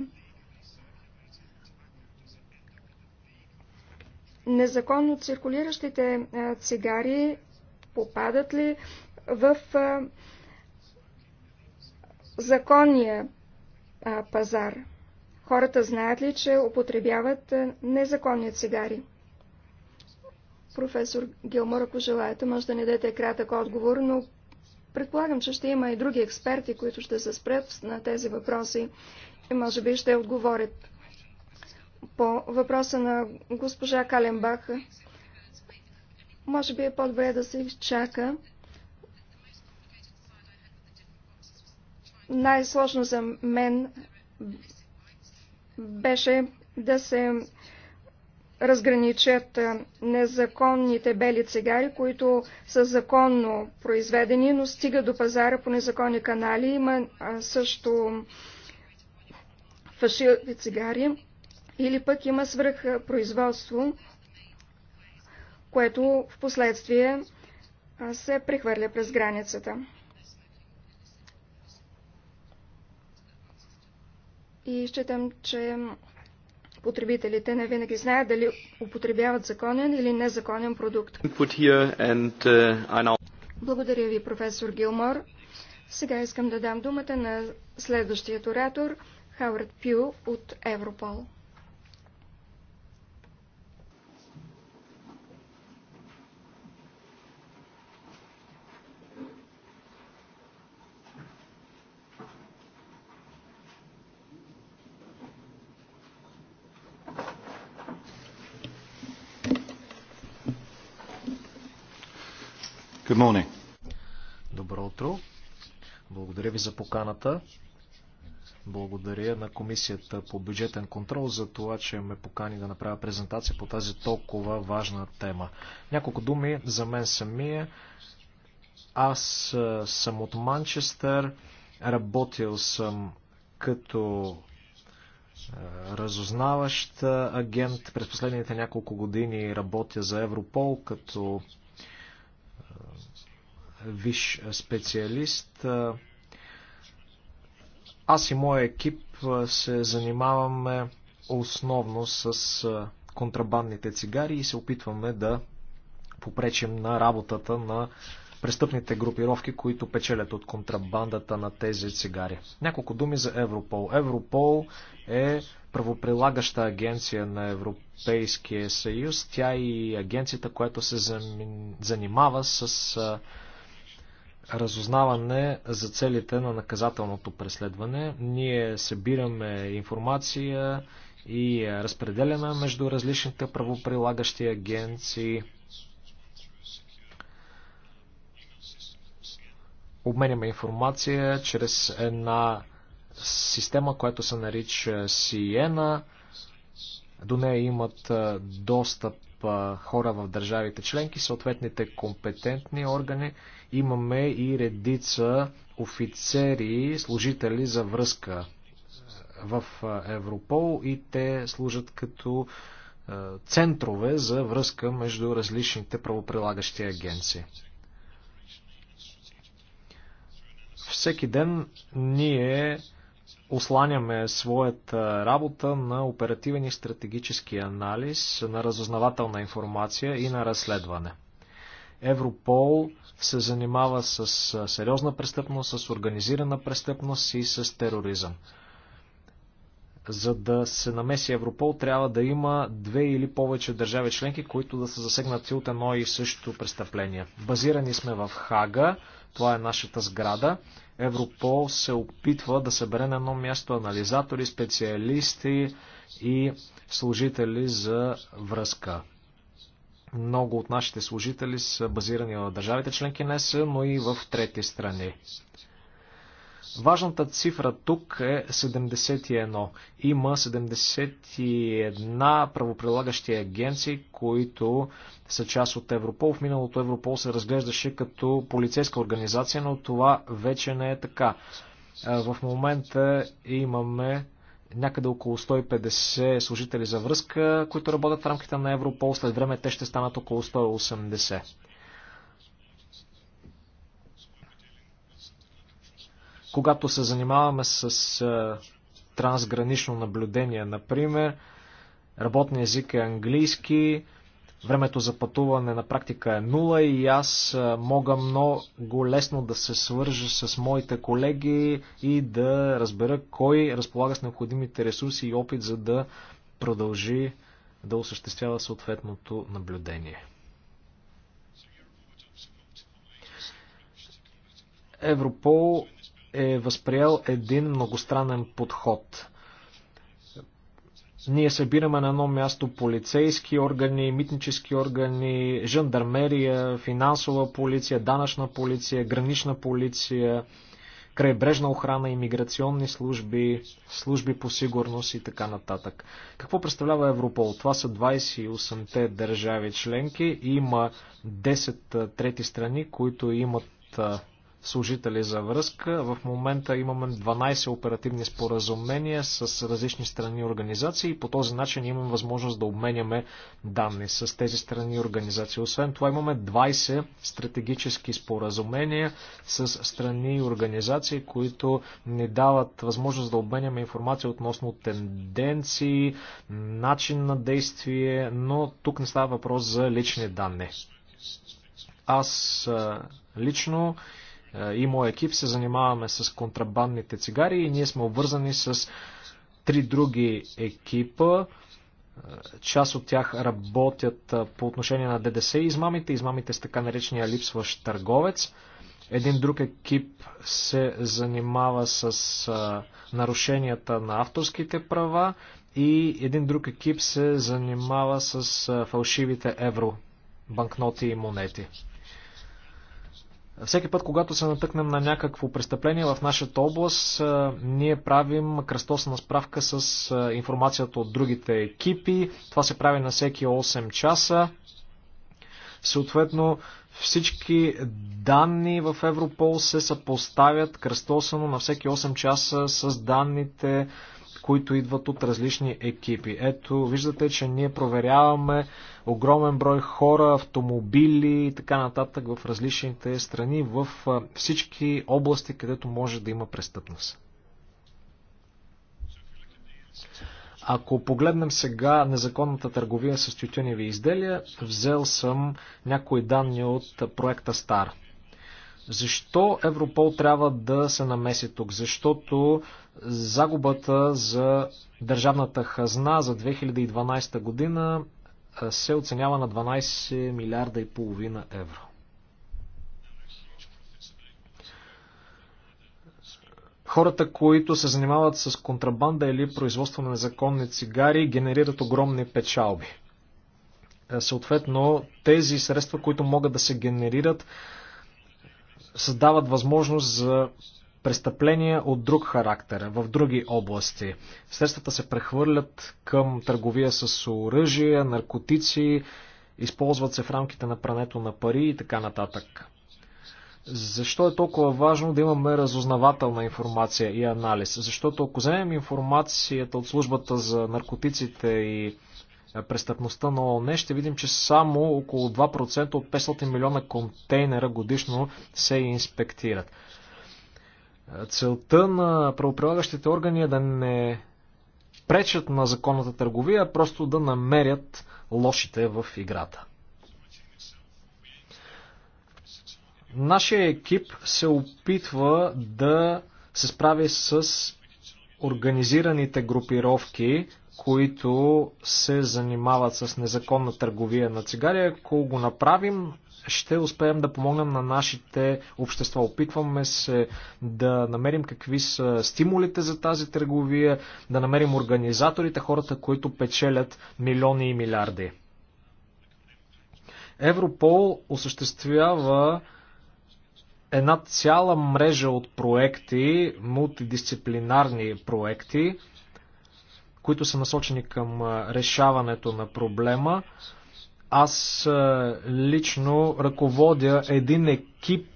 незаконно циркулиращите е, цигари попадат ли в е, законния е, пазар? Хората знаят ли, че употребяват незаконни цигари? Професор Гилмор, ако желаете, може да не дадете кратък отговор, но предполагам, че ще има и други експерти, които ще се спрят на тези въпроси и може би ще отговорят по въпроса на госпожа Каленбах. Може би е по-добре да се изчака. Най-сложно за мен беше да се разграничат незаконните бели цигари, които са законно произведени, но стига до пазара по незаконни канали. Има също фашилки цигари или пък има свръхпроизводство, което в последствие се прехвърля през границата. И считам, че потребителите не винаги знаят дали употребяват законен или незаконен продукт. Uh, Благодаря ви, професор Гилмор. Сега искам да дам думата на следващия оратор, Хауърд Пю от Европол. Добро утро. Благодаря ви за поканата. Благодаря на Комисията по бюджетен контрол за това, че ме покани да направя презентация по тази толкова важна тема. Няколко думи за мен самия. Аз съм от Манчестър. Работил съм като разузнаващ агент. През последните няколко години работя за Европол като виш специалист. Аз и моя екип се занимаваме основно с контрабандните цигари и се опитваме да попречим на работата на престъпните групировки, които печелят от контрабандата на тези цигари. Няколко думи за Европол. Европол е правоприлагаща агенция на Европейския съюз. Тя е и агенцията, която се занимава с разузнаване за целите на наказателното преследване. Ние събираме информация и разпределяме между различните правоприлагащи агенции. Обменяме информация чрез една система, която се нарича Сиена. До нея имат достъп хора в държавите членки, съответните компетентни органи. Имаме и редица офицери, служители за връзка е, в е, Европол и те служат като е, центрове за връзка между различните правоприлагащи агенции. Всеки ден ние осланяме своята работа на оперативен и стратегически анализ, на разузнавателна информация и на разследване. Европол се занимава с сериозна престъпност, с организирана престъпност и с тероризъм. За да се намеси Европол, трябва да има две или повече държави членки, които да са засегнати от едно и също престъпление. Базирани сме в Хага, това е нашата сграда. Европол се опитва да събере на едно място анализатори, специалисти и служители за връзка. Много от нашите служители са базирани в държавите членки не са, но и в трети страни. Важната цифра тук е 71. Има 71 правоприлагащи агенции, които са част от Европол. В миналото Европол се разглеждаше като полицейска организация, но това вече не е така. В момента имаме някъде около 150 служители за връзка, които работят в рамките на Европол. След време те ще станат около 180. Когато се занимаваме с трансгранично наблюдение, например, работния език е английски, времето за пътуване на практика е нула и аз мога много лесно да се свържа с моите колеги и да разбера кой разполага с необходимите ресурси и опит, за да продължи да осъществява съответното наблюдение. Европол е възприял един многостранен подход ние събираме на едно място полицейски органи, митнически органи, жандармерия, финансова полиция, данъчна полиция, гранична полиция, крайбрежна охрана, иммиграционни служби, служби по сигурност и така нататък. Какво представлява Европол? Това са 28-те държави членки. Има 10 трети страни, които имат служители за връзка. В момента имаме 12 оперативни споразумения с различни страни и организации и по този начин имаме възможност да обменяме данни с тези страни и организации. Освен това имаме 20 стратегически споразумения с страни и организации, които ни дават възможност да обменяме информация относно тенденции, начин на действие, но тук не става въпрос за лични данни. Аз лично е, и моят екип се занимаваме с контрабандните цигари и ние сме обвързани с три други екипа. Е, част от тях работят е, по отношение на ДДС и измамите, измамите с така наречения липсващ търговец. Един друг екип се занимава с а, нарушенията на авторските права и един друг екип се занимава с а, фалшивите евро банкноти и монети. Всеки път, когато се натъкнем на някакво престъпление в нашата област, ние правим кръстосна справка с информацията от другите екипи. Това се прави на всеки 8 часа. Съответно, всички данни в Европол се съпоставят кръстосано на всеки 8 часа с данните които идват от различни екипи. Ето, виждате, че ние проверяваме огромен брой хора, автомобили и така нататък в различните страни, в всички области, където може да има престъпност. Ако погледнем сега незаконната търговия с тютюневи изделия, взел съм някои данни от проекта Стар. Защо Европол трябва да се намеси тук? Защото Загубата за държавната хазна за 2012 година се оценява на 12 милиарда и половина евро. Хората, които се занимават с контрабанда или производство на незаконни цигари, генерират огромни печалби. Е, съответно, тези средства, които могат да се генерират, създават възможност за престъпления от друг характер, в други области. Средствата се прехвърлят към търговия с оръжие, наркотици, използват се в рамките на прането на пари и така нататък. Защо е толкова важно да имаме разузнавателна информация и анализ? Защото ако вземем информацията от службата за наркотиците и престъпността на ООН, ще видим, че само около 2% от 500 милиона контейнера годишно се инспектират. Целта на правоприлагащите органи е да не пречат на законната търговия, а просто да намерят лошите в играта. Нашия екип се опитва да се справи с организираните групировки, които се занимават с незаконна търговия на цигари. Ако го направим, ще успеем да помогнем на нашите общества. Опитваме се да намерим какви са стимулите за тази търговия, да намерим организаторите, хората, които печелят милиони и милиарди. Европол осъществява една цяла мрежа от проекти, мултидисциплинарни проекти, които са насочени към решаването на проблема. Аз лично ръководя един екип,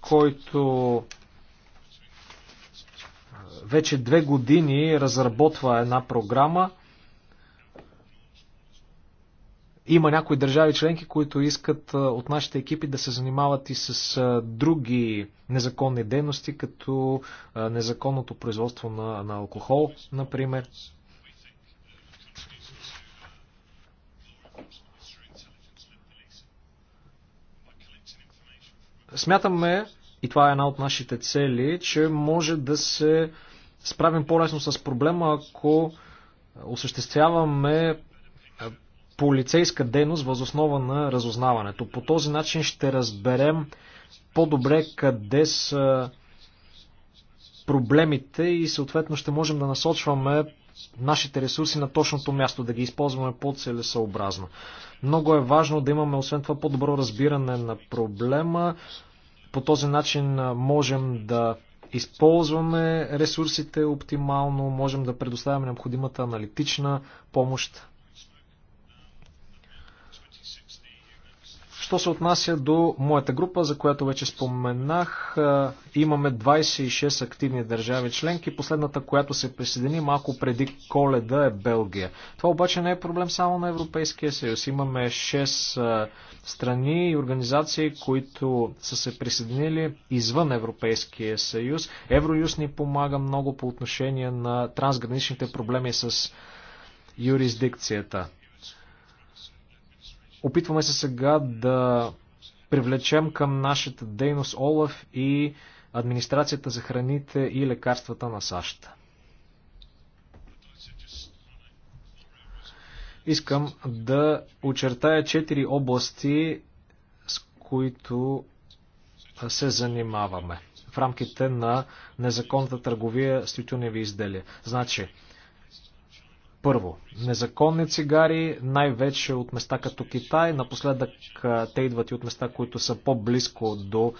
който вече две години разработва една програма. Има някои държави членки, които искат от нашите екипи да се занимават и с други незаконни дейности, като незаконното производство на, на алкохол, например. Смятаме, и това е една от нашите цели, че може да се справим по-лесно с проблема, ако осъществяваме е, полицейска дейност възоснова на разузнаването. По този начин ще разберем по-добре къде са проблемите и съответно ще можем да насочваме нашите ресурси на точното място, да ги използваме по целесообразно Много е важно да имаме освен това по-добро разбиране на проблема. По този начин можем да използваме ресурсите оптимално, можем да предоставяме необходимата аналитична помощ Що се отнася до моята група, за която вече споменах, имаме 26 активни държави членки. Последната, която се присъедини малко преди коледа е Белгия. Това обаче не е проблем само на Европейския съюз. Имаме 6 страни и организации, които са се присъединили извън Европейския съюз. Евроюз ни помага много по отношение на трансграничните проблеми с юрисдикцията. Опитваме се сега да привлечем към нашата дейност ОЛАФ и Администрацията за храните и лекарствата на САЩ. Искам да очертая четири области, с които се занимаваме в рамките на незаконната търговия с тютюневи изделия. Значи, първо, незаконни цигари, най-вече от места като Китай. Напоследък те идват и от места, които са по-близко до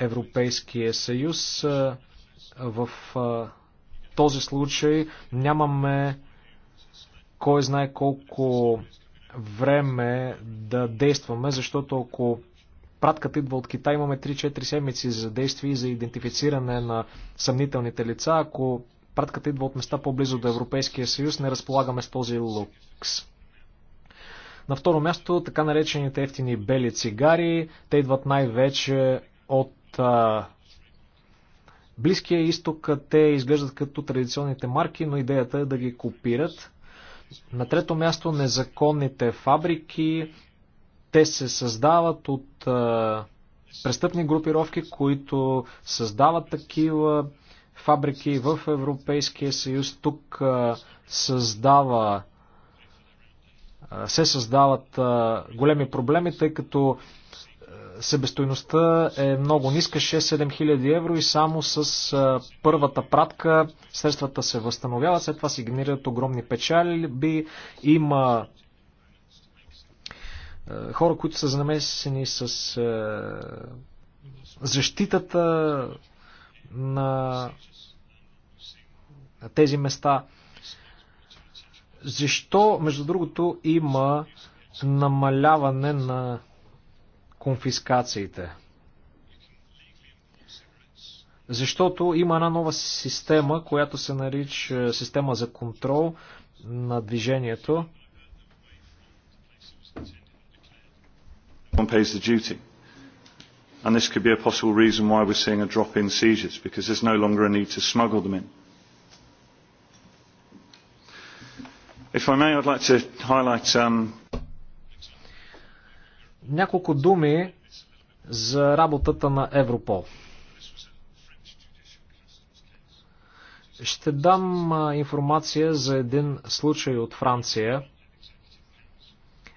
Европейския съюз. В този случай нямаме кой знае колко време да действаме, защото ако пратката идва от Китай, имаме 3-4 седмици за действие и за идентифициране на съмнителните лица. Ако пратката идва от места по-близо до Европейския съюз, не разполагаме с този лукс. На второ място, така наречените ефтини бели цигари, те идват най-вече от а, Близкия изток, те изглеждат като традиционните марки, но идеята е да ги копират. На трето място, незаконните фабрики, те се създават от а, престъпни групировки, които създават такива фабрики в Европейския съюз. Тук създава се създават големи проблеми, тъй като себестойността е много ниска, 6-7 хиляди евро и само с първата пратка средствата се възстановяват, след това се генерират огромни печалби, има хора, които са замесени с защитата, на тези места. Защо, между другото, има намаляване на конфискациите? Защото има една нова система, която се нарича система за контрол на движението. pays the duty. And this could be a possible reason why we're seeing a drop in seizures, because there's no longer a need to smuggle them in. If I may, I'd like to highlight um... няколко думи за работата на Европол. Ще дам информация за един случай от Франция.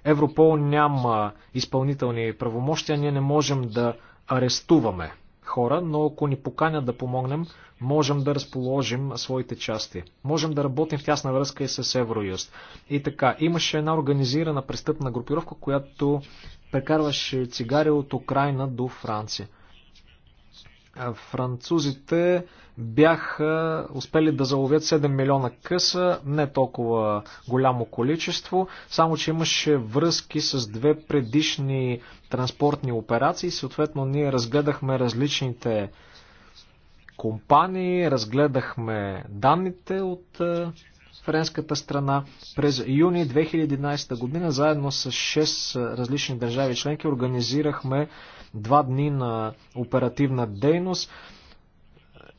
Европол няма изпълнителни правомощия, ние не можем да арестуваме хора, но ако ни поканят да помогнем, можем да разположим своите части. Можем да работим в тясна връзка и с Евроюст. И така, имаше една организирана престъпна групировка, която прекарваше цигари от Украина до Франция. Французите бяха успели да заловят 7 милиона къса, не толкова голямо количество, само че имаше връзки с две предишни транспортни операции. Съответно, ние разгледахме различните компании, разгледахме данните от е, френската страна. През юни 2011 година, заедно с 6 е, различни държави членки, организирахме два дни на оперативна дейност.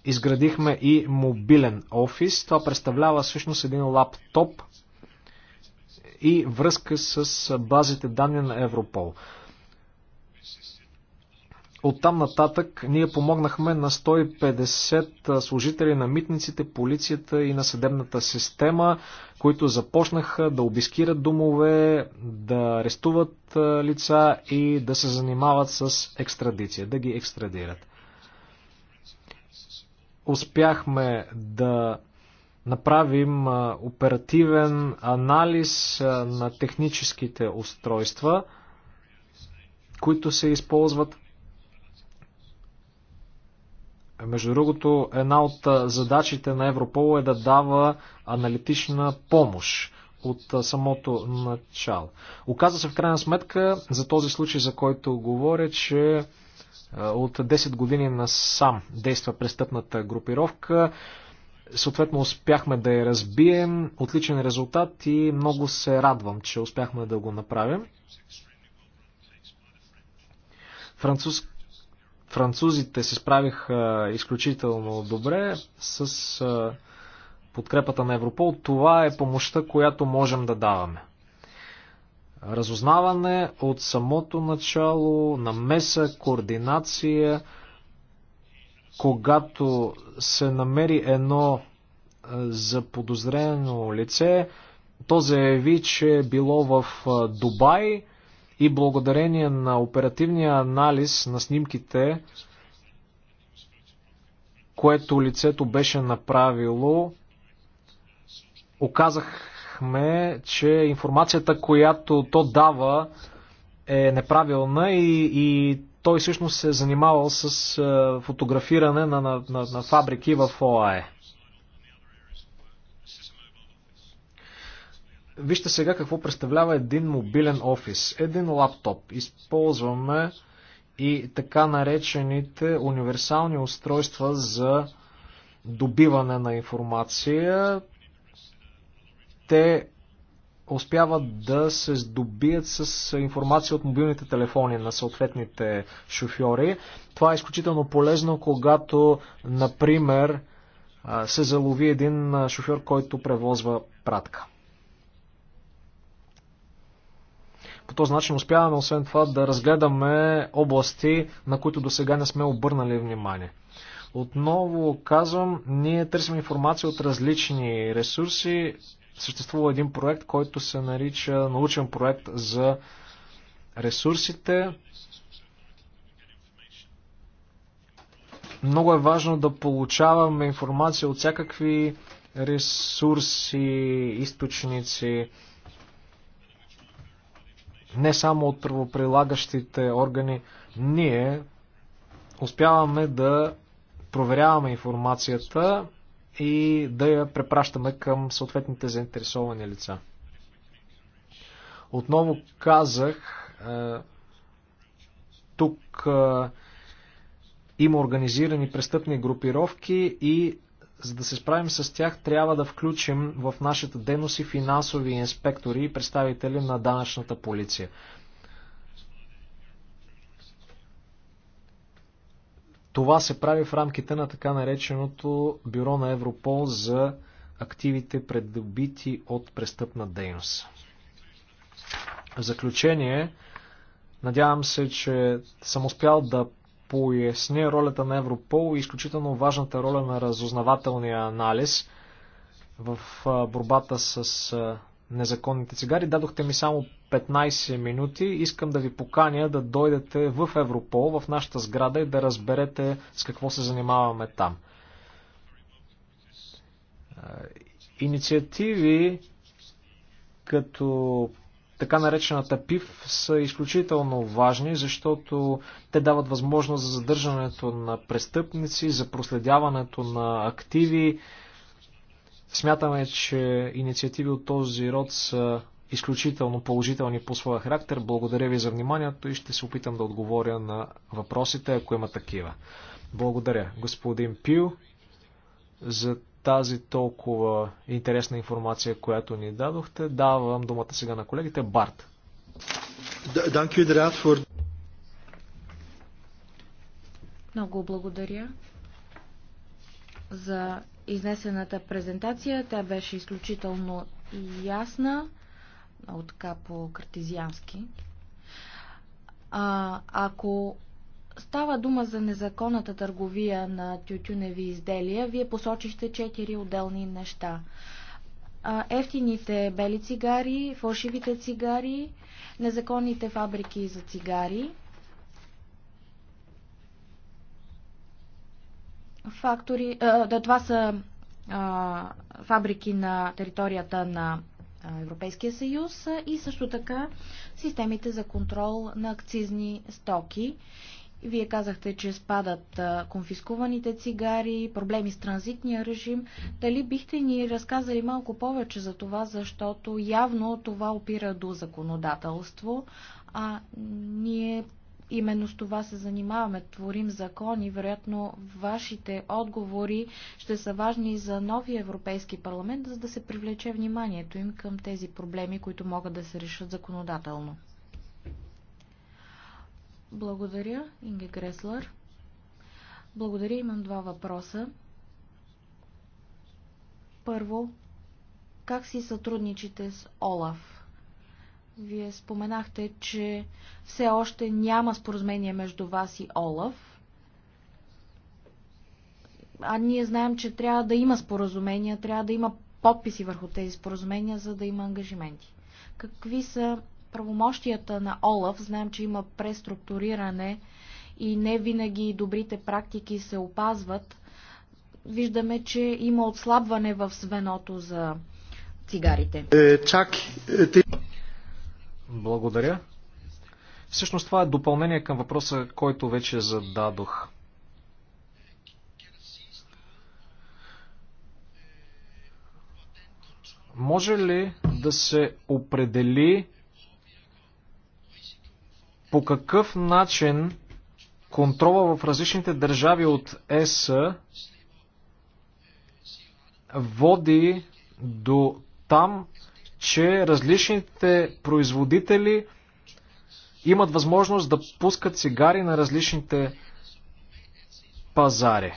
Изградихме и мобилен офис. Това представлява всъщност един лаптоп и връзка с е, базите данни на Европол. Оттам нататък ние помогнахме на 150 служители на митниците, полицията и на съдебната система, които започнаха да обискират домове, да арестуват лица и да се занимават с екстрадиция, да ги екстрадират. Успяхме да направим оперативен анализ на техническите устройства, които се използват между другото, една от задачите на Европол е да дава аналитична помощ от самото начало. Оказва се в крайна сметка за този случай, за който говоря, че от 10 години насам действа престъпната групировка. Съответно успяхме да я разбием. Отличен резултат и много се радвам, че успяхме да го направим. Французски Французите се справиха изключително добре с подкрепата на Европол. Това е помощта, която можем да даваме. Разузнаване от самото начало, намеса, координация, когато се намери едно заподозрено лице, то заяви, че е било в Дубай, и благодарение на оперативния анализ на снимките, което лицето беше направило, оказахме, че информацията, която то дава, е неправилна и, и той всъщност се е занимавал с е, фотографиране на, на, на, на фабрики в ОАЕ. Вижте сега какво представлява един мобилен офис. Един лаптоп. Използваме и така наречените универсални устройства за добиване на информация. Те успяват да се здобият с информация от мобилните телефони на съответните шофьори. Това е изключително полезно, когато, например, се залови един шофьор, който превозва пратка. По този начин успяваме, освен това, да разгледаме области, на които до сега не сме обърнали внимание. Отново казвам, ние търсим информация от различни ресурси. Съществува един проект, който се нарича научен проект за ресурсите. Много е важно да получаваме информация от всякакви ресурси, източници не само от правоприлагащите органи, ние успяваме да проверяваме информацията и да я препращаме към съответните заинтересовани лица. Отново казах, е, тук е, има организирани престъпни групировки и за да се справим с тях, трябва да включим в нашата дейност и финансови инспектори и представители на данъчната полиция. Това се прави в рамките на така нареченото Бюро на Европол за активите предобити от престъпна дейност. В заключение, надявам се, че съм успял да поясня ролята на Европол и изключително важната роля на разузнавателния анализ в борбата с незаконните цигари. Дадохте ми само 15 минути. Искам да ви поканя да дойдете в Европол, в нашата сграда и да разберете с какво се занимаваме там. Инициативи като така наречената ПИВ, са изключително важни, защото те дават възможност за задържането на престъпници, за проследяването на активи. Смятаме, че инициативи от този род са изключително положителни по своя характер. Благодаря ви за вниманието и ще се опитам да отговоря на въпросите, ако има такива. Благодаря, господин Пил, за тази толкова интересна информация, която ни дадохте. Давам думата сега на колегите. Барт. Много благодаря за изнесената презентация. Тя беше изключително ясна, много така по картизиански А, ако Става дума за незаконната търговия на тютюневи изделия. Вие посочихте четири отделни неща. Ефтините бели цигари, фалшивите цигари, незаконните фабрики за цигари, фактори, а, да, това са а, фабрики на територията на Европейския съюз и също така системите за контрол на акцизни стоки. Вие казахте, че спадат конфискуваните цигари, проблеми с транзитния режим. Дали бихте ни разказали малко повече за това, защото явно това опира до законодателство, а ние именно с това се занимаваме, творим закон и, Вероятно, вашите отговори ще са важни за новия Европейски парламент, за да се привлече вниманието им към тези проблеми, които могат да се решат законодателно. Благодаря, Инге Креслър. Благодаря, имам два въпроса. Първо, как си сътрудничите с Олаф? Вие споменахте, че все още няма споразумение между вас и Олаф. А ние знаем, че трябва да има споразумения, трябва да има подписи върху тези споразумения, за да има ангажименти. Какви са правомощията на ОЛАФ, знаем, че има преструктуриране и не винаги добрите практики се опазват, виждаме, че има отслабване в звеното за цигарите. Е, чак, е, ти... Благодаря. Всъщност това е допълнение към въпроса, който вече зададох. Може ли да се определи по какъв начин контрола в различните държави от ЕС води до там, че различните производители имат възможност да пускат цигари на различните пазари.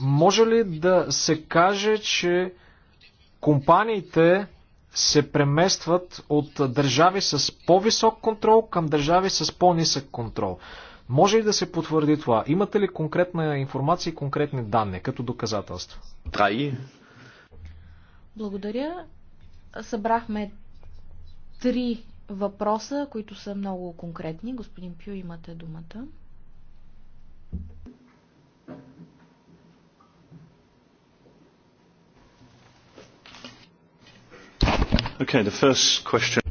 Може ли да се каже, че компаниите се преместват от държави с по-висок контрол към държави с по-нисък контрол. Може ли да се потвърди това? Имате ли конкретна информация и конкретни данни като доказателство? Траи. Благодаря. Събрахме три въпроса, които са много конкретни. Господин Пю, имате думата. Okay, the first question.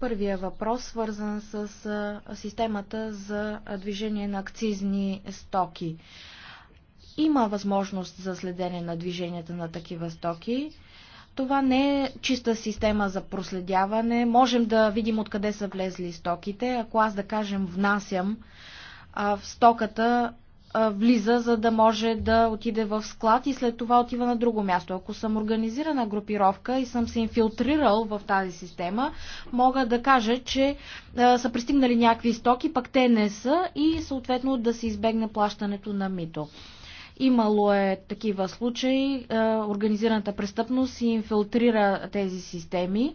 Първия въпрос, свързан с системата за движение на акцизни стоки. Има възможност за следение на движенията на такива стоки. Това не е чиста система за проследяване. Можем да видим откъде са влезли стоките. Ако аз, да кажем, внасям а в стоката влиза, за да може да отиде в склад и след това отива на друго място. Ако съм организирана групировка и съм се инфилтрирал в тази система, мога да кажа, че са пристигнали някакви стоки, пък те не са и съответно да се избегне плащането на мито. Имало е такива случаи, организираната престъпност инфилтрира тези системи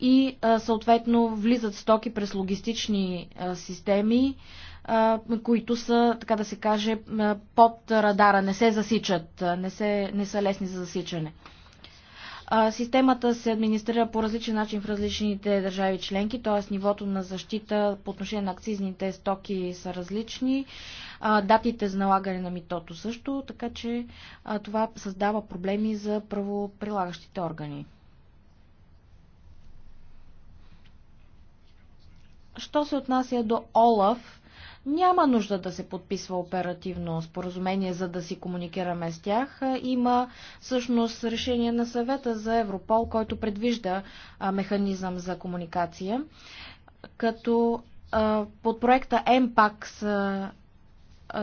и съответно влизат стоки през логистични системи, които са, така да се каже, под радара, не се засичат, не, се, не са лесни за засичане. Системата се администрира по различен начин в различните държави членки, т.е. нивото на защита по отношение на акцизните стоки са различни, датите за налагане на митото също, така че това създава проблеми за правоприлагащите органи. Що се отнася до Олаф, няма нужда да се подписва оперативно споразумение, за да си комуникираме с тях. Има всъщност решение на съвета за Европол, който предвижда механизъм за комуникация. Като под проекта МПАКС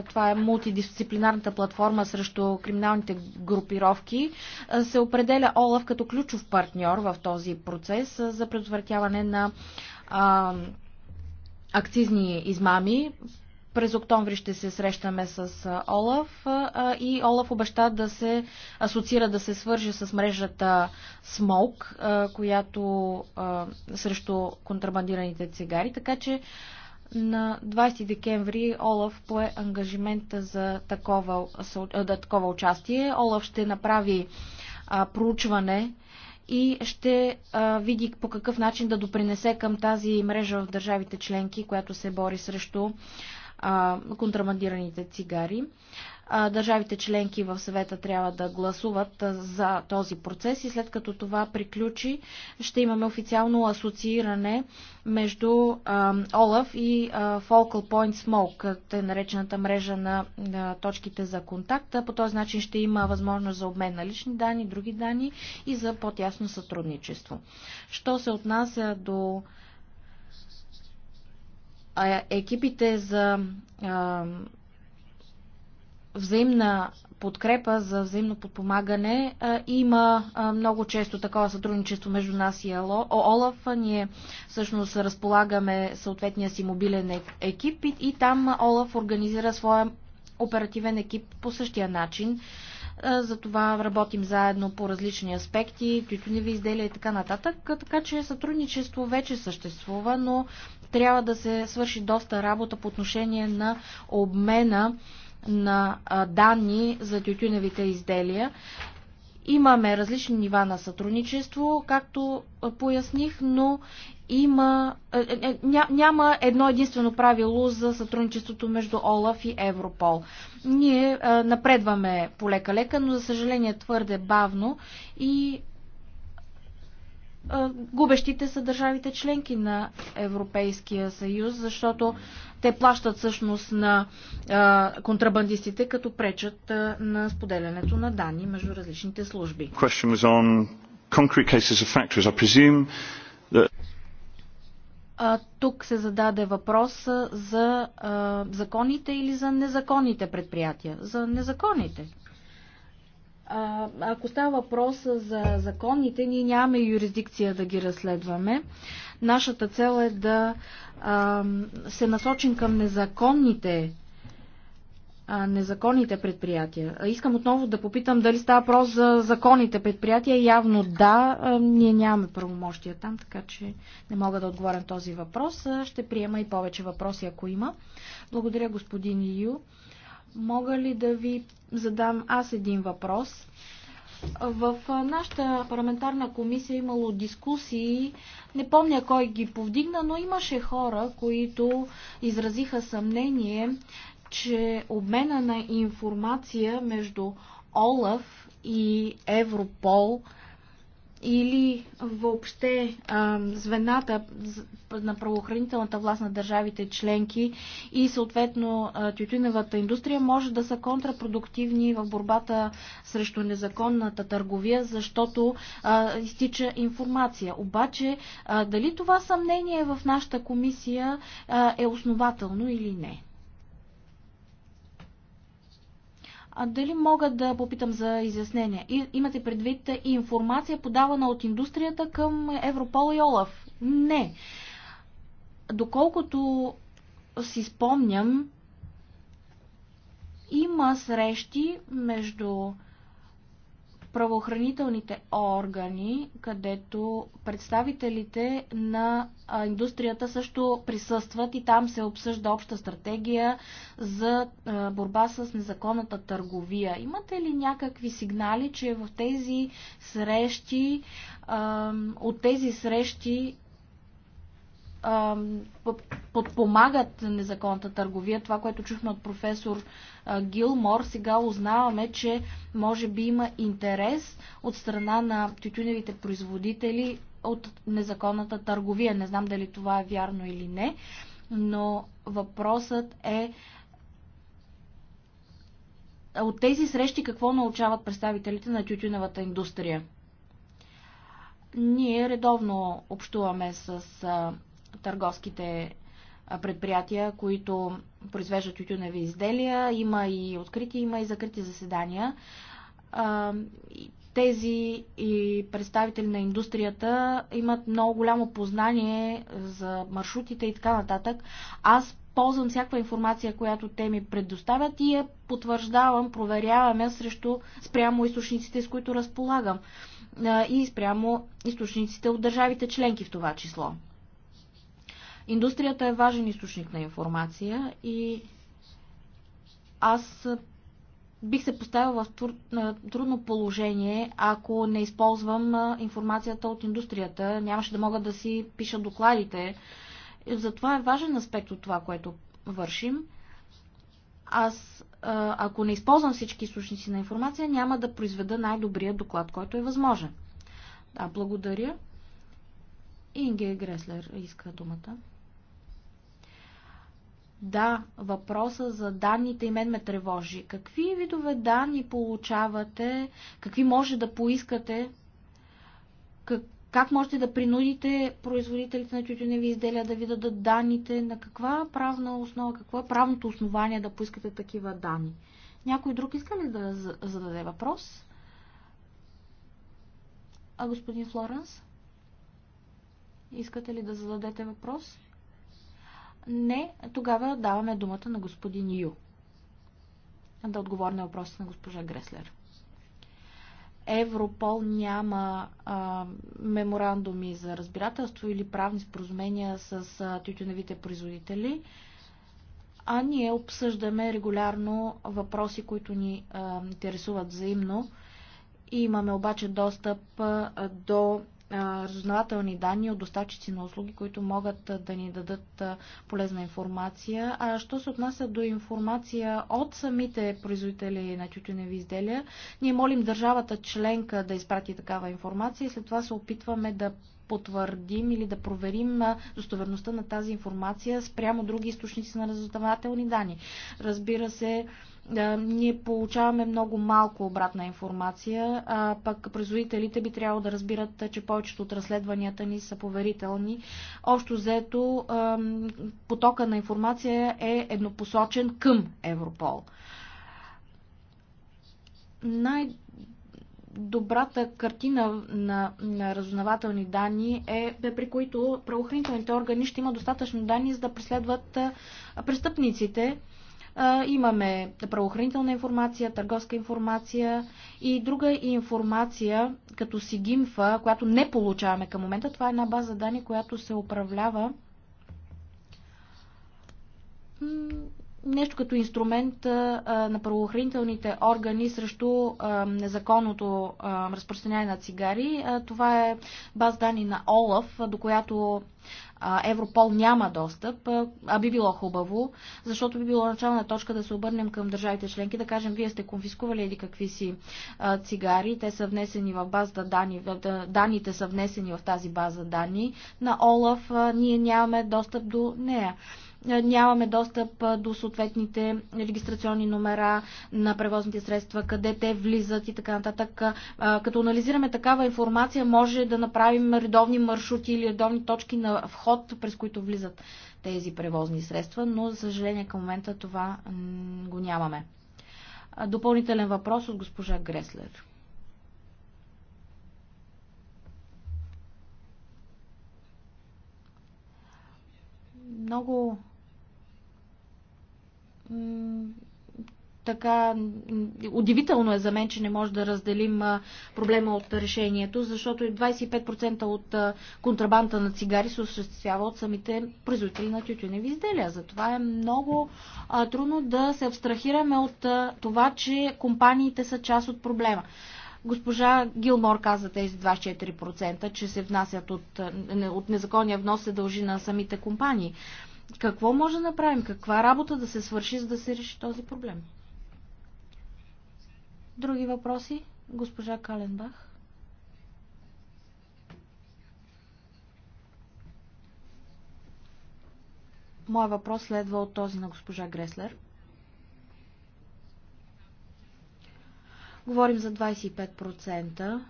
това е мултидисциплинарната платформа срещу криминалните групировки, се определя ОЛАФ като ключов партньор в този процес за предотвратяване на акцизни измами. През октомври ще се срещаме с Олаф и Олаф обеща да се асоциира, да се свърже с мрежата СМОК, която срещу контрабандираните цигари. Така че на 20 декември Олаф пое ангажимента за такова, за такова участие. Олаф ще направи проучване и ще а, види по какъв начин да допринесе към тази мрежа в държавите членки, която се бори срещу а, контрабандираните цигари. Държавите членки в съвета трябва да гласуват за този процес и след като това приключи, ще имаме официално асоцииране между ОЛАФ и Focal Point Smoke, Е наречената мрежа на точките за контакт. По този начин ще има възможност за обмен на лични данни, други данни и за по-тясно сътрудничество. Що се отнася до екипите за взаимна подкрепа, за взаимно подпомагане. Има много често такова сътрудничество между нас и Олаф. Ние всъщност разполагаме съответния си мобилен е, екип и там Олаф организира своя оперативен екип по същия начин. Затова работим заедно по различни аспекти, тютюневи изделия и така нататък. Така че сътрудничество вече съществува, но трябва да се свърши доста работа по отношение на обмена на данни за тютюневите изделия. Имаме различни нива на сътрудничество, както поясних, но има, е, е, няма едно единствено правило за сътрудничеството между ОЛАФ и Европол. Ние напредваме полека-лека, но за съжаление твърде бавно и губещите са държавите членки на Европейския съюз, защото те плащат всъщност на контрабандистите, като пречат на споделянето на данни между различните служби. Тук се зададе въпрос за законите или за незаконните предприятия. За незаконните ако става въпрос за законните, ние нямаме юрисдикция да ги разследваме. Нашата цел е да се насочим към незаконните незаконните предприятия. Искам отново да попитам дали става въпрос за законните предприятия. Явно да, ние нямаме правомощия там, така че не мога да отговоря на този въпрос. Ще приема и повече въпроси, ако има. Благодаря, господин Ю. Мога ли да ви задам аз един въпрос? В нашата парламентарна комисия е имало дискусии, не помня кой ги повдигна, но имаше хора, които изразиха съмнение, че обмена на информация между ОЛАФ и Европол – или въобще звената на правоохранителната власт на държавите членки и съответно тютюневата индустрия може да са контрапродуктивни в борбата срещу незаконната търговия, защото а, изтича информация. Обаче, а, дали това съмнение в нашата комисия а, е основателно или не? А дали мога да попитам за изяснение? И, имате предвид информация подавана от индустрията към Европол и Олаф? Не. Доколкото си спомням, има срещи между правоохранителните органи, където представителите на индустрията също присъстват и там се обсъжда обща стратегия за борба с незаконната търговия. Имате ли някакви сигнали, че в тези срещи, от тези срещи подпомагат незаконната търговия. Това, което чухме от професор Гилмор, сега узнаваме, че може би има интерес от страна на тютюневите производители от незаконната търговия. Не знам дали това е вярно или не, но въпросът е от тези срещи какво научават представителите на тютюневата индустрия? Ние редовно общуваме с търговските предприятия, които произвеждат тютюневи изделия. Има и открити, има и закрити заседания. Тези и представители на индустрията имат много голямо познание за маршрутите и така нататък. Аз ползвам всякаква информация, която те ми предоставят и я потвърждавам, проверявам я срещу, спрямо източниците, с които разполагам и спрямо източниците от държавите членки в това число. Индустрията е важен източник на информация и аз бих се поставил в трудно положение, ако не използвам информацията от индустрията. Нямаше да мога да си пиша докладите. Затова е важен аспект от това, което вършим. Аз, ако не използвам всички източници на информация, няма да произведа най-добрия доклад, който е възможен. Да, благодаря. Инге Греслер иска думата. Да, въпроса за данните и мен ме тревожи. Какви видове данни получавате? Какви може да поискате? Как, как можете да принудите производителите на тютюневи изделия да ви дадат данните? На каква правна основа, какво е правното основание да поискате такива данни? Някой друг иска ли да зададе въпрос? А господин Флоренс? Искате ли да зададете въпрос? Не, тогава даваме думата на господин Ю. Да отговори на въпроса на госпожа Греслер. Европол няма а, меморандуми за разбирателство или правни споразумения с а, тютюневите производители, а ние обсъждаме регулярно въпроси, които ни а, интересуват взаимно. Имаме обаче достъп а, до разузнавателни данни от доставчици на услуги, които могат да ни дадат полезна информация. А що се отнася до информация от самите производители на тютюневи изделия, ние молим държавата членка да изпрати такава информация и след това се опитваме да потвърдим или да проверим достоверността на тази информация спрямо други източници на разузнавателни данни. Разбира се, ние получаваме много малко обратна информация, а пък производителите би трябвало да разбират, че повечето от разследванията ни са поверителни. Общо взето потока на информация е еднопосочен към Европол. Най- добрата картина на, на разузнавателни данни е при които правоохранителните органи ще имат достатъчно данни, за да преследват престъпниците Имаме правоохранителна информация, търговска информация и друга информация, като Сигимфа, която не получаваме към момента. Това е една база данни, която се управлява нещо като инструмент на правоохранителните органи срещу незаконното разпространение на цигари. това е база данни на ОЛАФ, до която Европол няма достъп, а би било хубаво, защото би било начална точка да се обърнем към държавите членки, да кажем, вие сте конфискували или какви си цигари, те са внесени в база данни, данните са внесени в тази база данни на Олаф, ние нямаме достъп до нея. Е, нямаме достъп е, до съответните регистрационни номера на превозните средства, къде те влизат и така нататък. Е, като анализираме такава информация, може да направим редовни маршрути или редовни точки на вход, през които влизат тези превозни средства, но за съжаление към момента това го нямаме. Допълнителен въпрос от госпожа Греслер. Много така удивително е за мен, че не може да разделим проблема от решението, защото 25% от контрабанта на цигари се осъществява от самите производители на тютюневи изделия. Затова е много трудно да се абстрахираме от това, че компаниите са част от проблема. Госпожа Гилмор каза тези 24%, че се внасят от, от незаконния внос се дължи на самите компании. Какво може да направим? Каква работа да се свърши, за да се реши този проблем? Други въпроси? Госпожа Каленбах. Моя въпрос следва от този на госпожа Греслер. Говорим за 25%,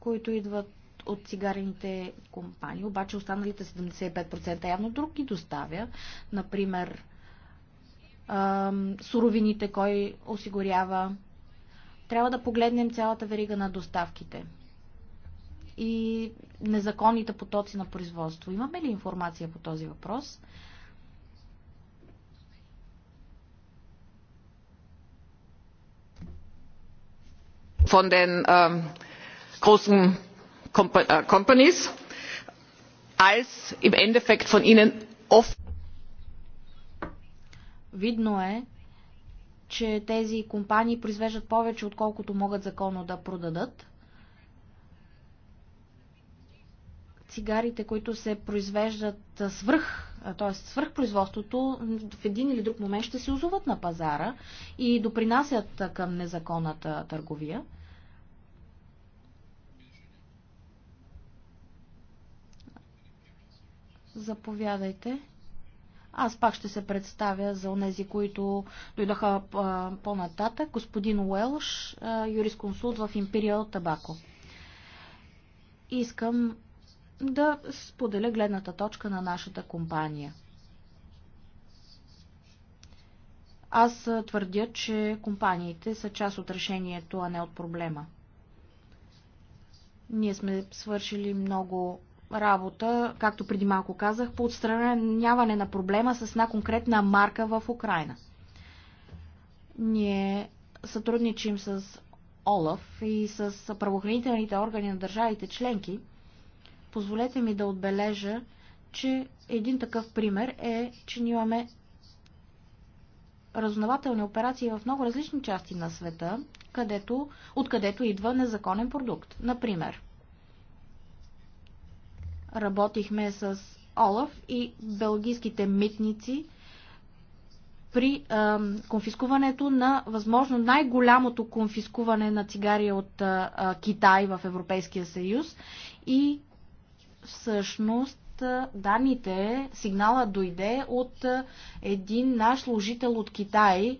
които идват от цигарените компании, обаче останалите 75% явно друг ги доставя. Например, суровините, кой осигурява. Трябва да погледнем цялата верига на доставките и незаконните потоци на производство. Имаме ли информация по този въпрос? Von den ähm, großen Äh, companies als im Endeffekt von ihnen Видно е, че тези компании произвеждат повече, отколкото могат законно да продадат. Цигарите, които се произвеждат свръх, т.е. свръхпроизводството, в един или друг момент ще се озуват на пазара и допринасят към незаконната търговия. Заповядайте. Аз пак ще се представя за онези, които дойдоха по-нататък. Господин Уелш, юрисконсулт в Империал Табако. Искам да споделя гледната точка на нашата компания. Аз твърдя, че компаниите са част от решението, а не от проблема. Ние сме свършили много работа, както преди малко казах, по отстраняване на проблема с една конкретна марка в Украина. Ние сътрудничим с ОЛАФ и с правоохранителните органи на държавите членки. Позволете ми да отбележа, че един такъв пример е, че ние имаме разнователни операции в много различни части на света, където, откъдето идва незаконен продукт. Например, работихме с Олаф и белгийските митници при а, конфискуването на възможно най-голямото конфискуване на цигари от а, а, Китай в Европейския съюз и всъщност данните, сигнала дойде от един наш служител от Китай,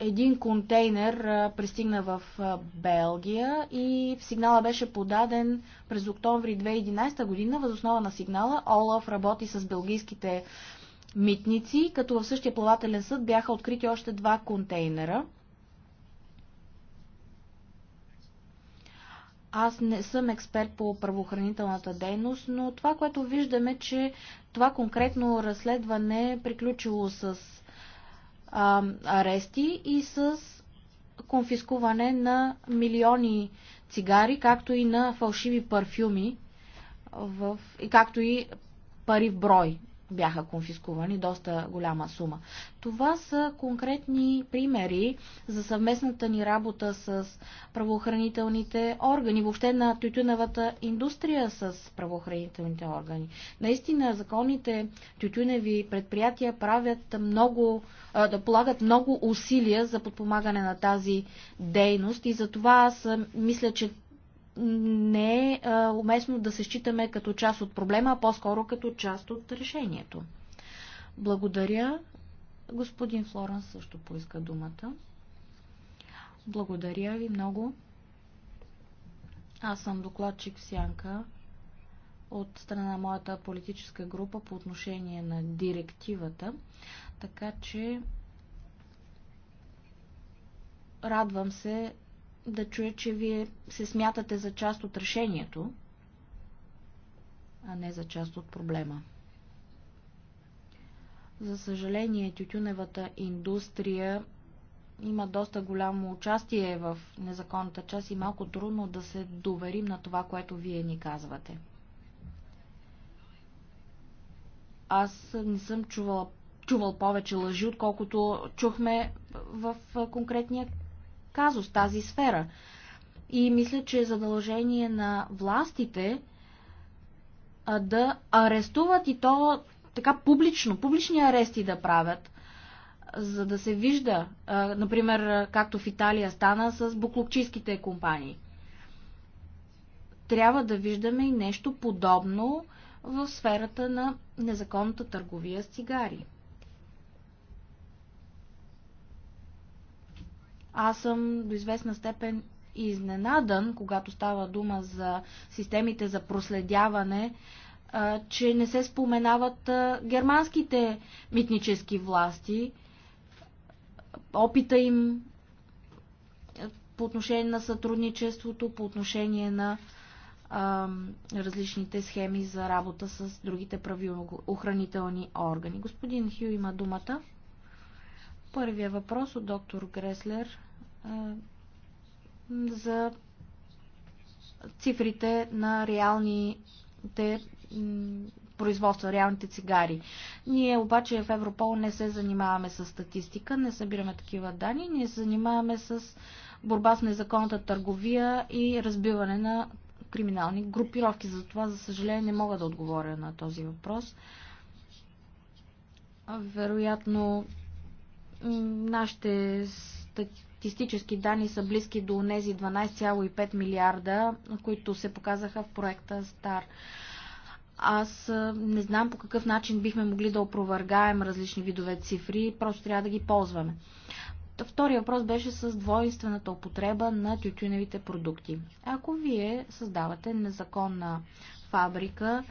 един контейнер а, пристигна в а, Белгия и сигнала беше подаден през октомври 2011 година. Възоснова на сигнала Олаф работи с белгийските митници, като в същия плавателен съд бяха открити още два контейнера. Аз не съм експерт по правоохранителната дейност, но това, което виждаме, че това конкретно разследване е приключило с а, арести и с конфискуване на милиони цигари, както и на фалшиви парфюми, в, както и пари в брой бяха конфискувани доста голяма сума. Това са конкретни примери за съвместната ни работа с правоохранителните органи, въобще на тютюневата индустрия с правоохранителните органи. Наистина, законните тютюневи предприятия правят много, да полагат много усилия за подпомагане на тази дейност и за това аз мисля, че не е уместно да се считаме като част от проблема, а по-скоро като част от решението. Благодаря. Господин Флоренс също поиска думата. Благодаря ви много. Аз съм докладчик в Сянка от страна на моята политическа група по отношение на директивата. Така че радвам се да чуя, че вие се смятате за част от решението, а не за част от проблема. За съжаление, тютюневата индустрия има доста голямо участие в незаконната част и малко трудно да се доверим на това, което вие ни казвате. Аз не съм чувала, чувал повече лъжи, отколкото чухме в конкретния казус, тази сфера. И мисля, че е задължение на властите да арестуват и то така публично, публични арести да правят, за да се вижда, например, както в Италия стана с буклукчийските компании. Трябва да виждаме и нещо подобно в сферата на незаконната търговия с цигари. Аз съм до известна степен изненадан, когато става дума за системите за проследяване, че не се споменават германските митнически власти, опита им по отношение на сътрудничеството, по отношение на а, различните схеми за работа с другите правоохранителни органи. Господин Хю има думата. Първия въпрос от доктор Греслер за цифрите на реалните производства, реалните цигари. Ние обаче в Европол не се занимаваме с статистика, не събираме такива данни, ние се занимаваме с борба с незаконната търговия и разбиване на криминални групировки. Затова, за съжаление, не мога да отговоря на този въпрос. Вероятно, нашите стати статистически данни са близки до тези 12,5 милиарда, които се показаха в проекта СТАР. Аз не знам по какъв начин бихме могли да опровергаем различни видове цифри, просто трябва да ги ползваме. Втория въпрос беше с двойствената употреба на тютюневите продукти. Ако вие създавате незаконна фабрика.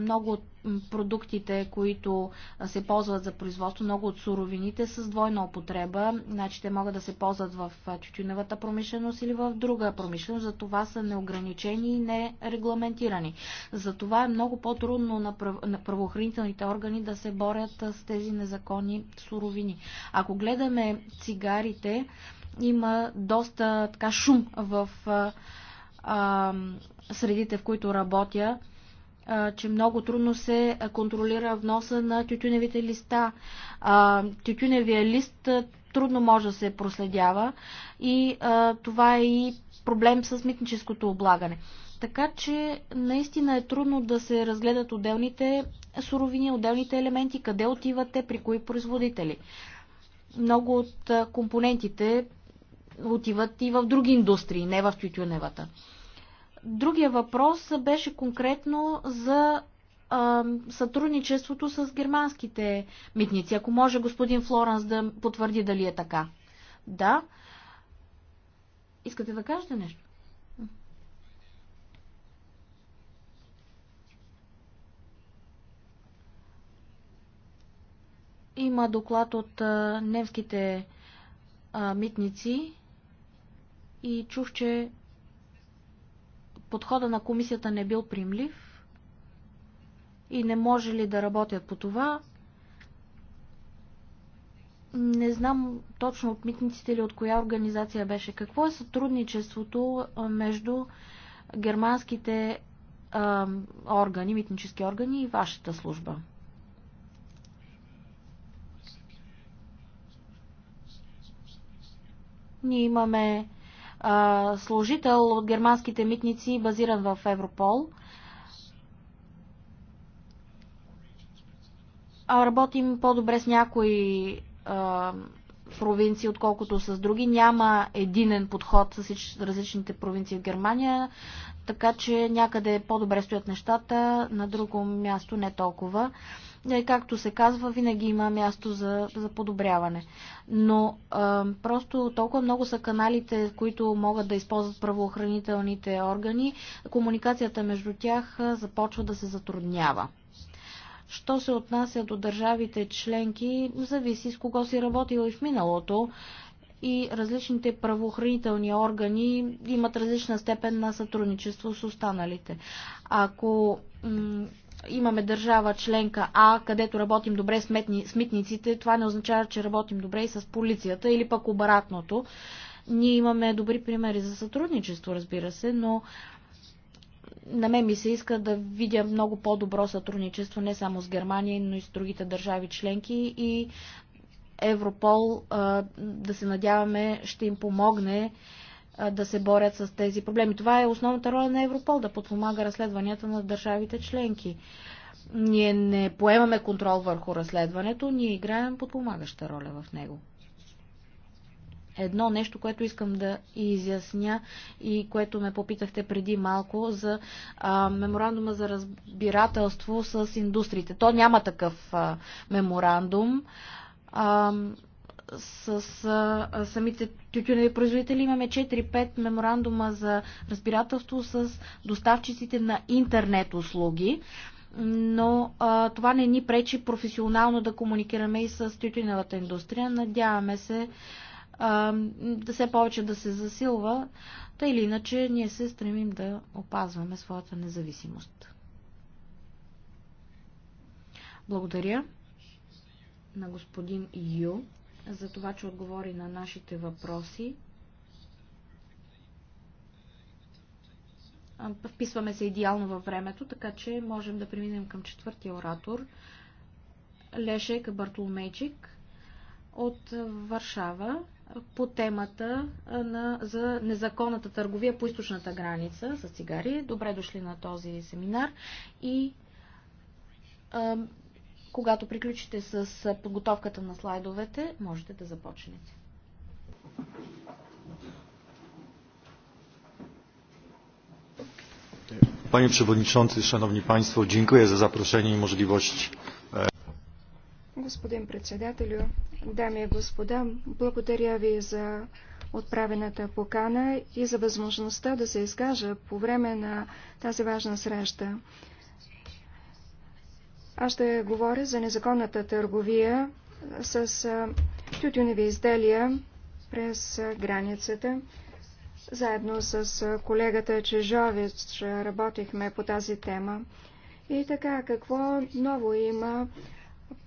Много от продуктите, които се ползват за производство, много от суровините са с двойна употреба. Значи те могат да се ползват в тютюневата промишленост или в друга промишленост. За това са неограничени и нерегламентирани. За това е много по-трудно на, прав... на правоохранителните органи да се борят с тези незаконни суровини. Ако гледаме цигарите, има доста така шум в а, средите, в които работя, а, че много трудно се контролира вноса на тютюневите листа. А, тютюневия лист трудно може да се проследява и а, това е и проблем с митническото облагане. Така че наистина е трудно да се разгледат отделните суровини, отделните елементи, къде отивате, при кои производители. Много от компонентите отиват и в други индустрии, не в тютюневата. Другия въпрос беше конкретно за а, сътрудничеството с германските митници. Ако може господин Флоренс да потвърди дали е така. Да. Искате да кажете нещо? Има доклад от а, немските а, митници и чух, че подхода на комисията не бил примлив и не може ли да работят по това, не знам точно от митниците или от коя организация беше. Какво е сътрудничеството между германските а, органи, митнически органи и вашата служба? Ние имаме служител от германските митници, базиран в Европол. А работим по-добре с някои а, провинции, отколкото с други. Няма единен подход с различните провинции в Германия, така че някъде по-добре стоят нещата, на друго място не толкова. Е, както се казва, винаги има място за, за подобряване. Но а, просто толкова много са каналите, които могат да използват правоохранителните органи, комуникацията между тях започва да се затруднява. Що се отнася до държавите членки, зависи с кого си работил и в миналото и различните правоохранителни органи имат различна степен на сътрудничество с останалите. Ако имаме държава членка А, където работим добре с, метни, с митниците, това не означава, че работим добре и с полицията или пък обратното. Ние имаме добри примери за сътрудничество, разбира се, но на мен ми се иска да видя много по-добро сътрудничество не само с Германия, но и с другите държави членки и Европол да се надяваме ще им помогне да се борят с тези проблеми. Това е основната роля на Европол да подпомага разследванията на държавите членки. Ние не поемаме контрол върху разследването, ние играем подпомагаща роля в него. Едно нещо, което искам да изясня и което ме попитахте преди малко за а, меморандума за разбирателство с индустриите. То няма такъв а, меморандум. А, с а, самите тютюневи производители. Имаме 4-5 меморандума за разбирателство с доставчиците на интернет услуги но а, това не ни пречи професионално да комуникираме и с тютюневата индустрия. Надяваме се а, да се повече да се засилва, тъй или иначе ние се стремим да опазваме своята независимост. Благодаря на господин Ю за това, че отговори на нашите въпроси. Вписваме се идеално във времето, така че можем да преминем към четвъртия оратор. Лешек Бартолмейчик от Варшава по темата на, за незаконната търговия по източната граница с цигари. Добре дошли на този семинар и когато приключите с подготовката на слайдовете, можете да започнете. Panie Przewodniczący, Szanowni Państwo, dziękuję za zaproszenie i możliwość. E, Господин председателю, дами и господа, благодаря ви за отправената покана и за възможността да се изкажа по време на тази важна среща. Аз ще говоря за незаконната търговия с тютюневи изделия през границата. Заедно с колегата Чежович работихме по тази тема. И така, какво ново има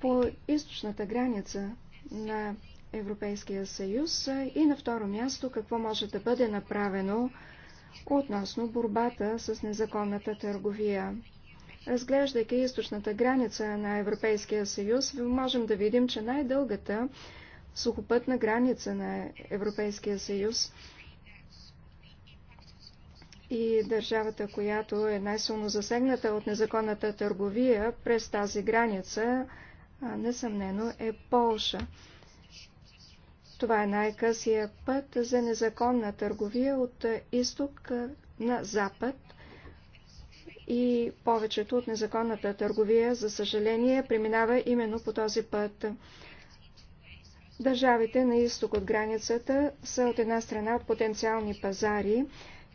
по източната граница на Европейския съюз и на второ място какво може да бъде направено относно борбата с незаконната търговия. Разглеждайки източната граница на Европейския съюз, можем да видим, че най-дългата сухопътна граница на Европейския съюз и държавата, която е най-силно засегната от незаконната търговия през тази граница, несъмнено е Полша. Това е най-късия път за незаконна търговия от изток на запад и повечето от незаконната търговия, за съжаление, преминава именно по този път. Държавите на изток от границата са от една страна от потенциални пазари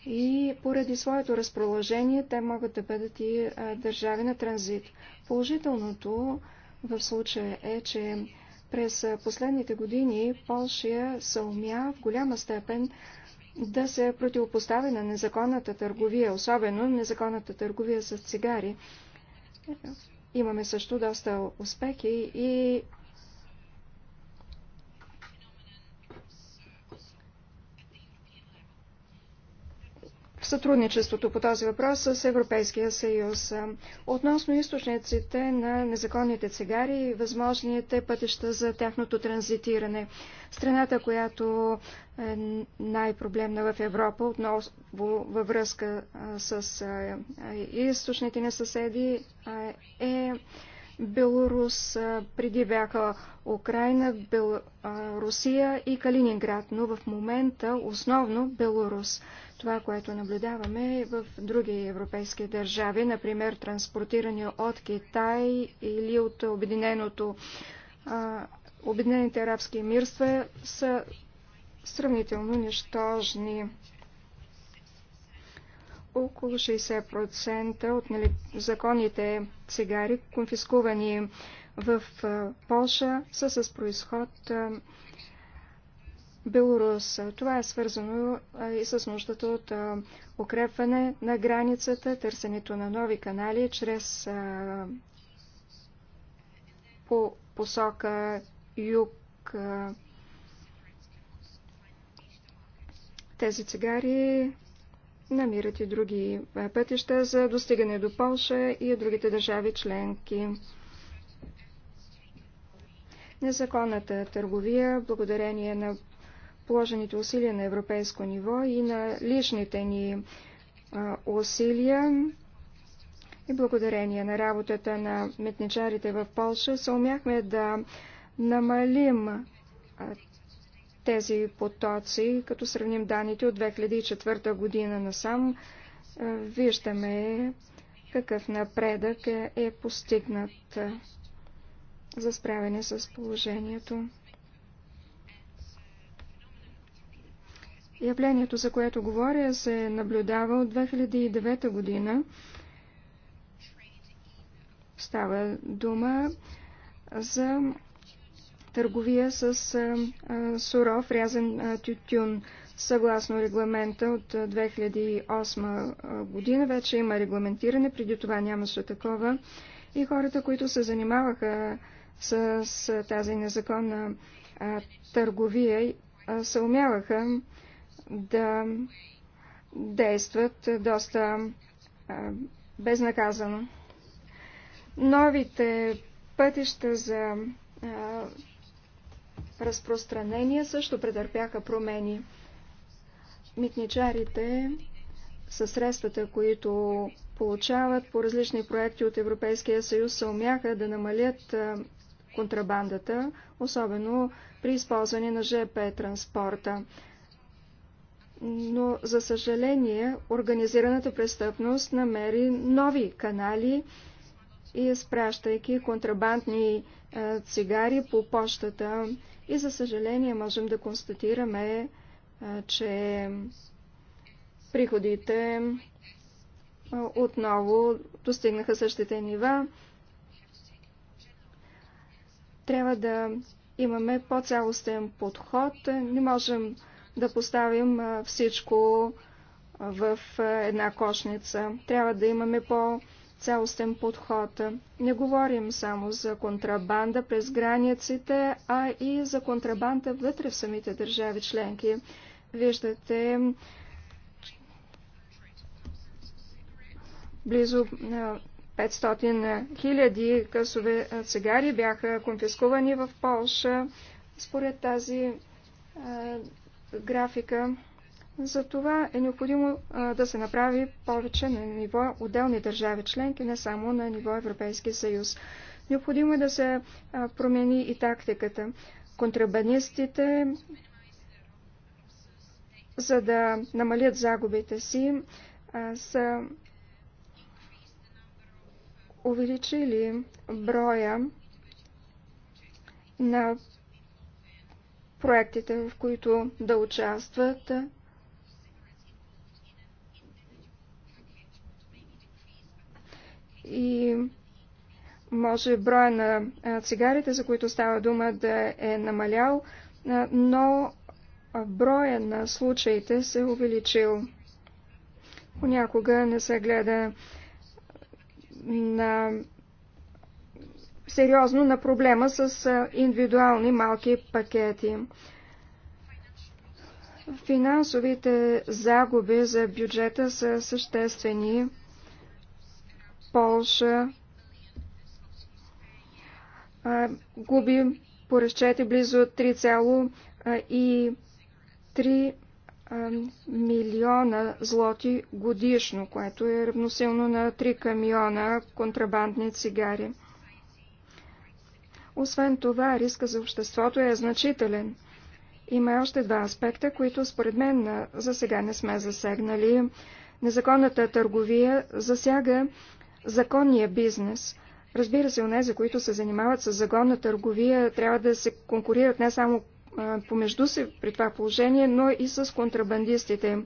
и поради своето разположение те могат да бъдат и държави на транзит. Положителното в случая е, че през последните години Полшия съумя в голяма степен да се противопостави на незаконната търговия, особено незаконната търговия с цигари. Имаме също доста успехи и в сътрудничеството по този въпрос с Европейския съюз. Относно източниците на незаконните цигари и възможните пътища за тяхното транзитиране. Страната, която е най-проблемна в Европа, отново във връзка с източните ни съседи, е Белорус преди бяха Украина, Бел... Русия и Калининград, но в момента основно Белорус това, което наблюдаваме в други европейски държави, например транспортирани от Китай или от Обединеното, а, Обединените арабски мирства, са сравнително нищожни. Около 60% от нали, законните цигари, конфискувани в Польша, са с происход Белорус. Това е свързано и с нуждата от укрепване на границата, търсенето на нови канали чрез по посока юг. Тези цигари намират и други пътища за достигане до Полша и другите държави членки. Незаконната търговия, благодарение на положените усилия на европейско ниво и на личните ни усилия и благодарение на работата на метничарите в Польша се умяхме да намалим тези потоци, като сравним данните от 2004 година насам. Виждаме какъв напредък е, е постигнат за справяне с положението. Явлението, за което говоря, се наблюдава от 2009 година. Става дума за търговия с суров рязен тютюн. Съгласно регламента от 2008 година вече има регламентиране, преди това нямаше такова. И хората, които се занимаваха с тази незаконна търговия, съумяваха да действат доста а, безнаказано. Новите пътища за а, разпространение също претърпяха промени. Митничарите със средствата, които получават по различни проекти от Европейския съюз, се умяха да намалят контрабандата, особено при използване на ЖП транспорта но за съжаление организираната престъпност намери нови канали и изпращайки контрабандни е, цигари по почтата. И за съжаление можем да констатираме, е, че приходите е, отново достигнаха същите нива. Трябва да имаме по-цялостен подход. Не можем да поставим всичко в една кошница. Трябва да имаме по-цялостен подход. Не говорим само за контрабанда през границите, а и за контрабанда вътре в самите държави членки. Виждате близо 500 хиляди късове цигари бяха конфискувани в Полша. Според тази графика. За това е необходимо да се направи повече на ниво отделни държави членки, не само на ниво Европейски съюз. Необходимо е да се промени и тактиката. Контрабанистите за да намалят загубите си, са увеличили броя на проектите, в които да участват. И може броя на цигарите, за които става дума, да е намалял, но броя на случаите се е увеличил. Понякога не се гледа на сериозно на проблема с индивидуални малки пакети. Финансовите загуби за бюджета са съществени. Полша губи по разчети близо 3,3 милиона злоти годишно, което е равносилно на 3 камиона контрабандни цигари. Освен това, риска за обществото е значителен. Има още два аспекта, които според мен за сега не сме засегнали. Незаконната търговия засяга законния бизнес. Разбира се, онези, които се занимават с законна търговия, трябва да се конкурират не само помежду си при това положение, но и с контрабандистите.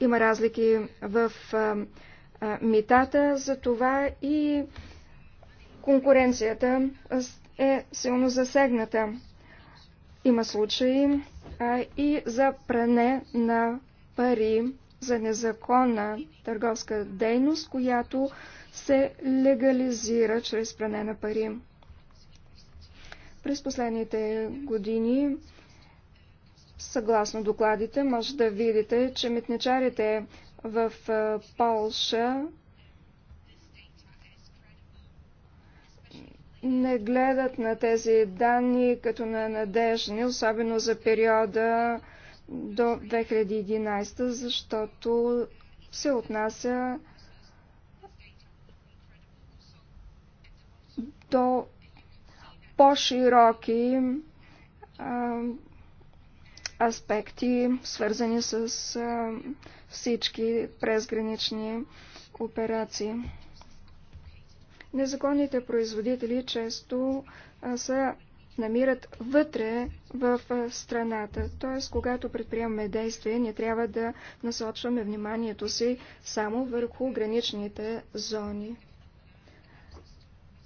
Има разлики в митата, за това и конкуренцията е силно засегната. Има случаи а, и за пране на пари за незаконна търговска дейност, която се легализира чрез пране на пари. През последните години, съгласно докладите, може да видите, че митничарите в Полша не гледат на тези данни като на надежни, особено за периода до 2011, защото се отнася до по-широки аспекти, свързани с а, всички презгранични операции. Незаконните производители често се намират вътре в страната. Т.е. когато предприемаме действия, ние трябва да насочваме вниманието си само върху граничните зони.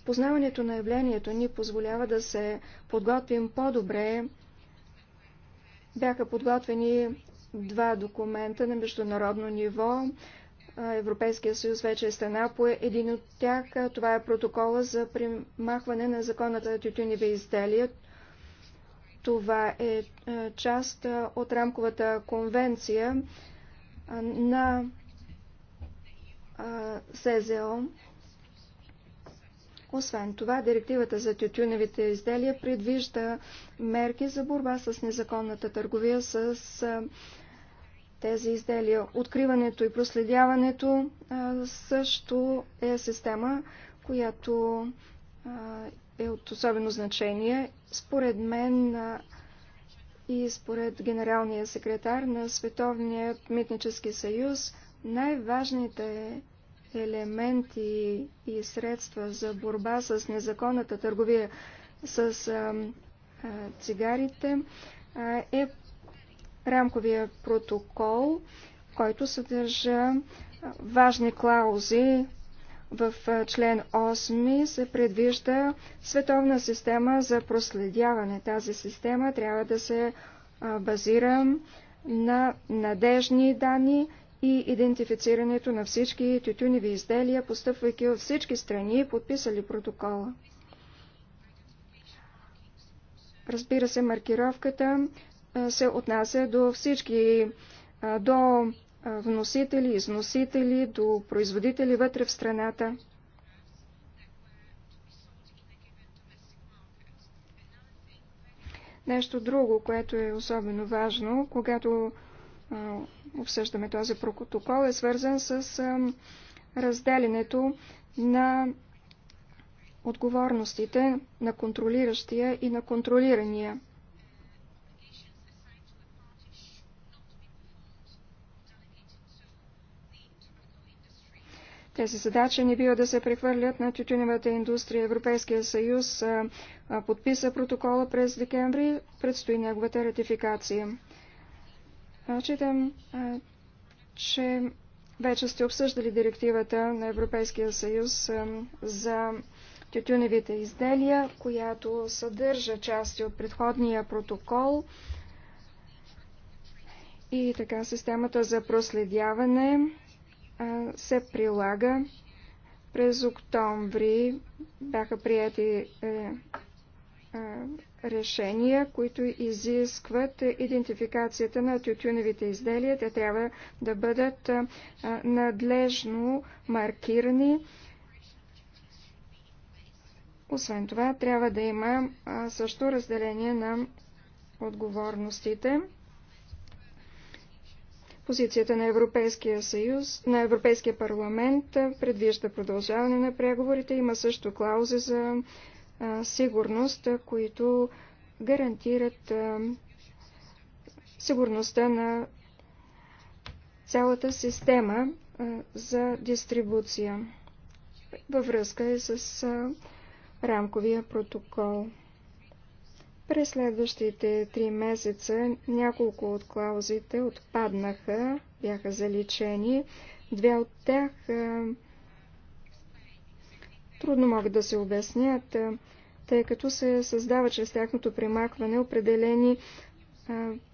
Познаването на явлението ни позволява да се подготвим по-добре. Бяха подготвени два документа на международно ниво Европейския съюз вече е страна по един от тях. Това е протокола за примахване на законната тютюневи изделия. Това е част от рамковата конвенция на СЗО. Освен това, директивата за тютюневите изделия предвижда мерки за борба с незаконната търговия с тези изделия. Откриването и проследяването също е система, която е от особено значение. Според мен и според генералния секретар на Световния митнически съюз, най-важните елементи и средства за борба с незаконната търговия с цигарите е рамковия протокол, който съдържа важни клаузи. В член 8 се предвижда световна система за проследяване. Тази система трябва да се базира на надежни данни и идентифицирането на всички тютюневи изделия, постъпвайки от всички страни, подписали протокола. Разбира се, маркировката се отнася до всички, до вносители, износители, до производители вътре в страната. Нещо друго, което е особено важно, когато обсъждаме този протокол, е свързан с разделенето на отговорностите на контролиращия и на контролирания. Тези задачи не бива да се прехвърлят на тютюневата индустрия. Европейския съюз подписа протокола през декември, предстои неговата ратификация. Читам, че вече сте обсъждали директивата на Европейския съюз за тютюневите изделия, която съдържа части от предходния протокол и така системата за проследяване се прилага. През октомври бяха прияти е, решения, които изискват идентификацията на тютюневите изделия. Те трябва да бъдат надлежно маркирани. Освен това, трябва да има също разделение на отговорностите. Позицията на Европейския съюз, на Европейския парламент предвижда продължаване на преговорите. Има също клаузи за а, сигурност, които гарантират а, сигурността на цялата система а, за дистрибуция във връзка и с рамковия протокол. През следващите три месеца няколко от клаузите отпаднаха, бяха заличени. Две от тях трудно могат да се обяснят, тъй като се създава чрез тяхното примахване определени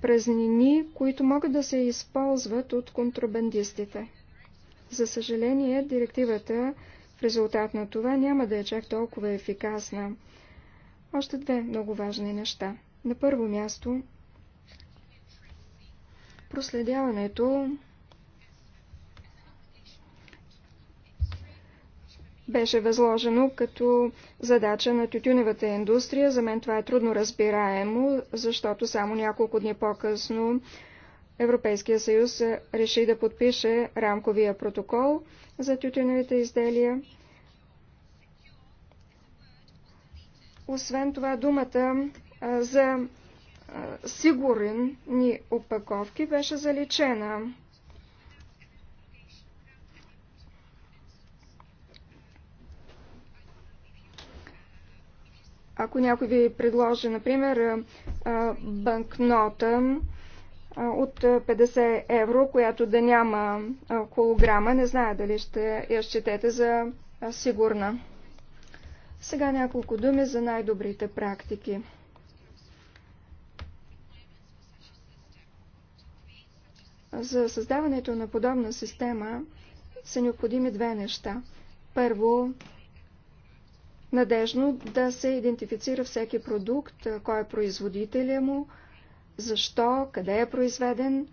празнини, които могат да се използват от контрабандистите. За съжаление, директивата в резултат на това няма да е чак толкова ефикасна още две много важни неща. На първо място, проследяването беше възложено като задача на тютюневата индустрия. За мен това е трудно разбираемо, защото само няколко дни по-късно Европейския съюз реши да подпише рамковия протокол за тютюневите изделия. Освен това, думата за сигурни опаковки беше заличена. Ако някой ви предложи, например, банкнота от 50 евро, която да няма холограма, не знае дали ще я счетете за сигурна. Сега няколко думи за най-добрите практики. За създаването на подобна система са необходими две неща. Първо, надежно да се идентифицира всеки продукт, кой е производителя му, защо, къде е произведен.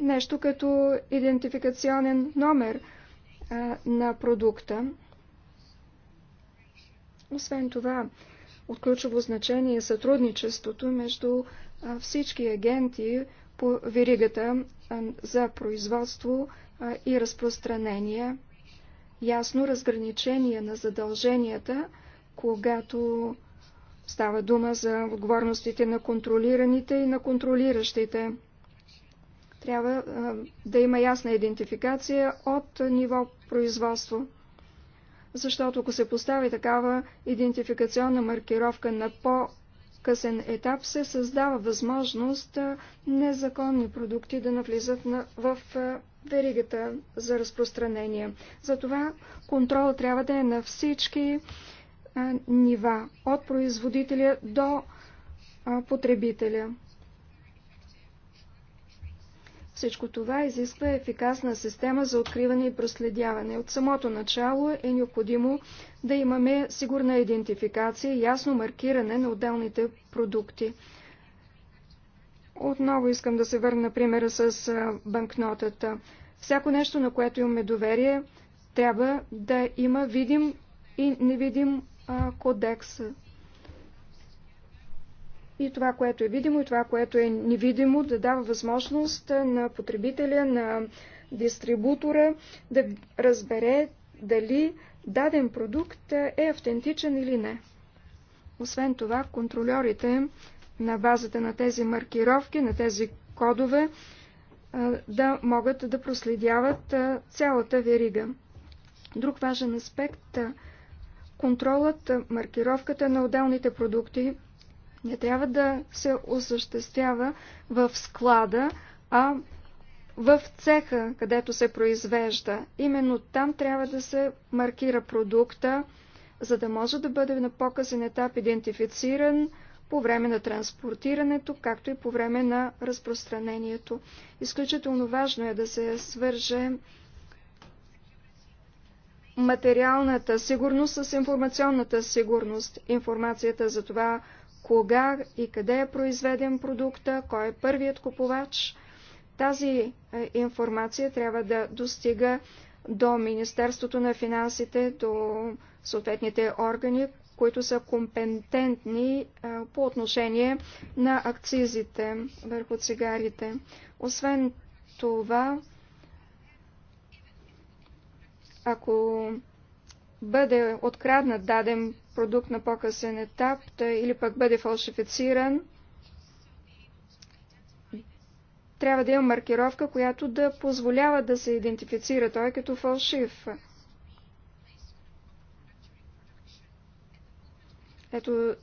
Нещо като идентификационен номер а, на продукта. Освен това, от ключово значение е сътрудничеството между всички агенти по веригата за производство и разпространение, ясно разграничение на задълженията, когато става дума за отговорностите на контролираните и на контролиращите. Трябва да има ясна идентификация от ниво производство защото ако се постави такава идентификационна маркировка на по-късен етап, се създава възможност незаконни продукти да навлизат в веригата за разпространение. Затова контрол трябва да е на всички нива, от производителя до потребителя. Всичко това изисква ефикасна система за откриване и проследяване. От самото начало е необходимо да имаме сигурна идентификация и ясно маркиране на отделните продукти. Отново искам да се върна примера с банкнотата. Всяко нещо, на което имаме доверие, трябва да има видим и невидим кодекс и това, което е видимо, и това, което е невидимо, да дава възможност на потребителя, на дистрибутора да разбере дали даден продукт е автентичен или не. Освен това, контролерите на базата на тези маркировки, на тези кодове, да могат да проследяват цялата верига. Друг важен аспект – контролът, маркировката на отделните продукти не трябва да се осъществява в склада, а в цеха, където се произвежда. Именно там трябва да се маркира продукта, за да може да бъде на по-късен етап идентифициран по време на транспортирането, както и по време на разпространението. Изключително важно е да се свърже материалната сигурност с информационната сигурност. Информацията за това кога и къде е произведен продукта, кой е първият купувач. Тази е, информация трябва да достига до Министерството на финансите, до съответните органи, които са компетентни е, по отношение на акцизите върху цигарите. Освен това, ако бъде откраднат даден продукт на по-късен етап да, или пък бъде фалшифициран, трябва да има маркировка, която да позволява да се идентифицира той е като фалшив. Ето е,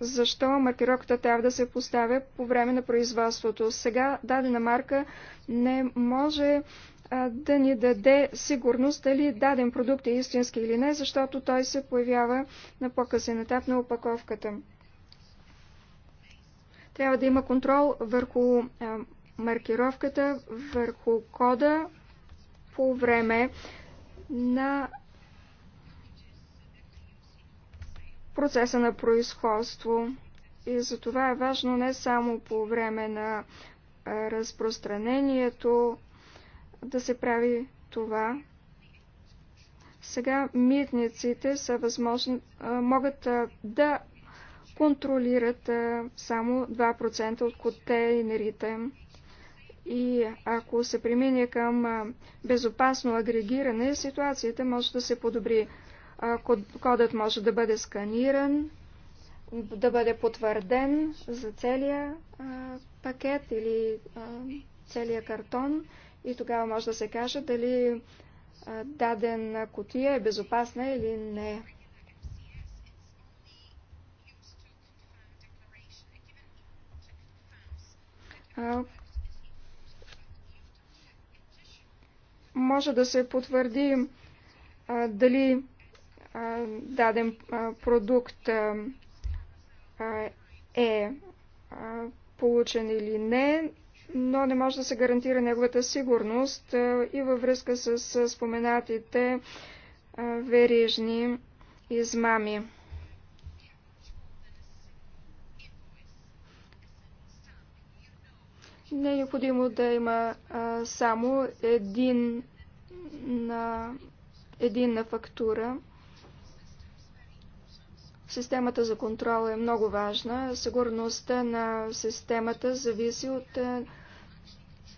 защо маркировката трябва да се поставя по време на производството. Сега дадена марка не може да ни даде сигурност дали даден продукт е истински или не, защото той се появява на по-късен етап на опаковката. Трябва да има контрол върху маркировката, върху кода по време на процеса на производство. И за това е важно не само по време на разпространението, да се прави това. Сега митниците са възможно, могат да контролират само 2% от контейнерите. И ако се премине към безопасно агрегиране, ситуацията може да се подобри. Кодът може да бъде сканиран, да бъде потвърден за целия пакет или целия картон и тогава може да се каже дали дадена котия е безопасна или не. може да се потвърди дали даден продукт е получен или не но не може да се гарантира неговата сигурност и във връзка с споменатите верижни измами. Не е необходимо да има само един на, на фактура. Системата за контрол е много важна. Сигурността на системата зависи от е,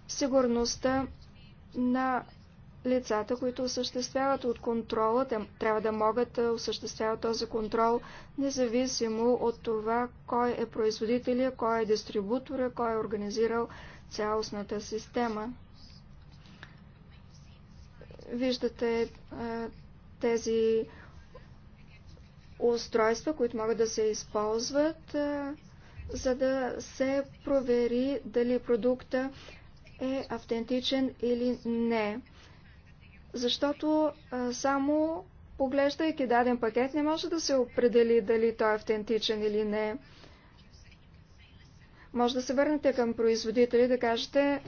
сигурността на лицата, които осъществяват от контрола. Те трябва да могат да осъществяват този контрол, независимо от това кой е производителя, кой е дистрибутора, кой е организирал цялостната система. Виждате е, тези устройства, които могат да се използват, за да се провери дали продукта е автентичен или не. Защото само поглеждайки даден пакет не може да се определи дали той е автентичен или не. Може да се върнете към производители и да кажете,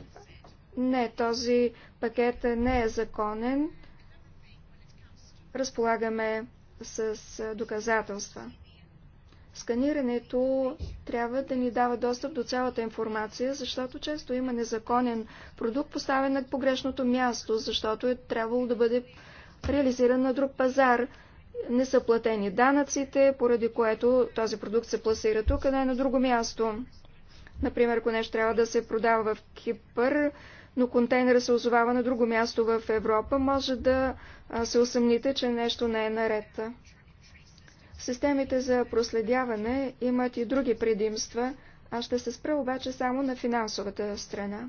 не, този пакет не е законен, разполагаме с доказателства. Сканирането трябва да ни дава достъп до цялата информация, защото често има незаконен продукт, поставен на погрешното място, защото е трябвало да бъде реализиран на друг пазар. Не са платени данъците, поради което този продукт се пласира тук, а не на друго място. Например, ако нещо трябва да се продава в Кипър, но контейнера се озовава на друго място в Европа, може да се усъмните, че нещо не е наред. Системите за проследяване имат и други предимства. а ще се спра обаче само на финансовата страна.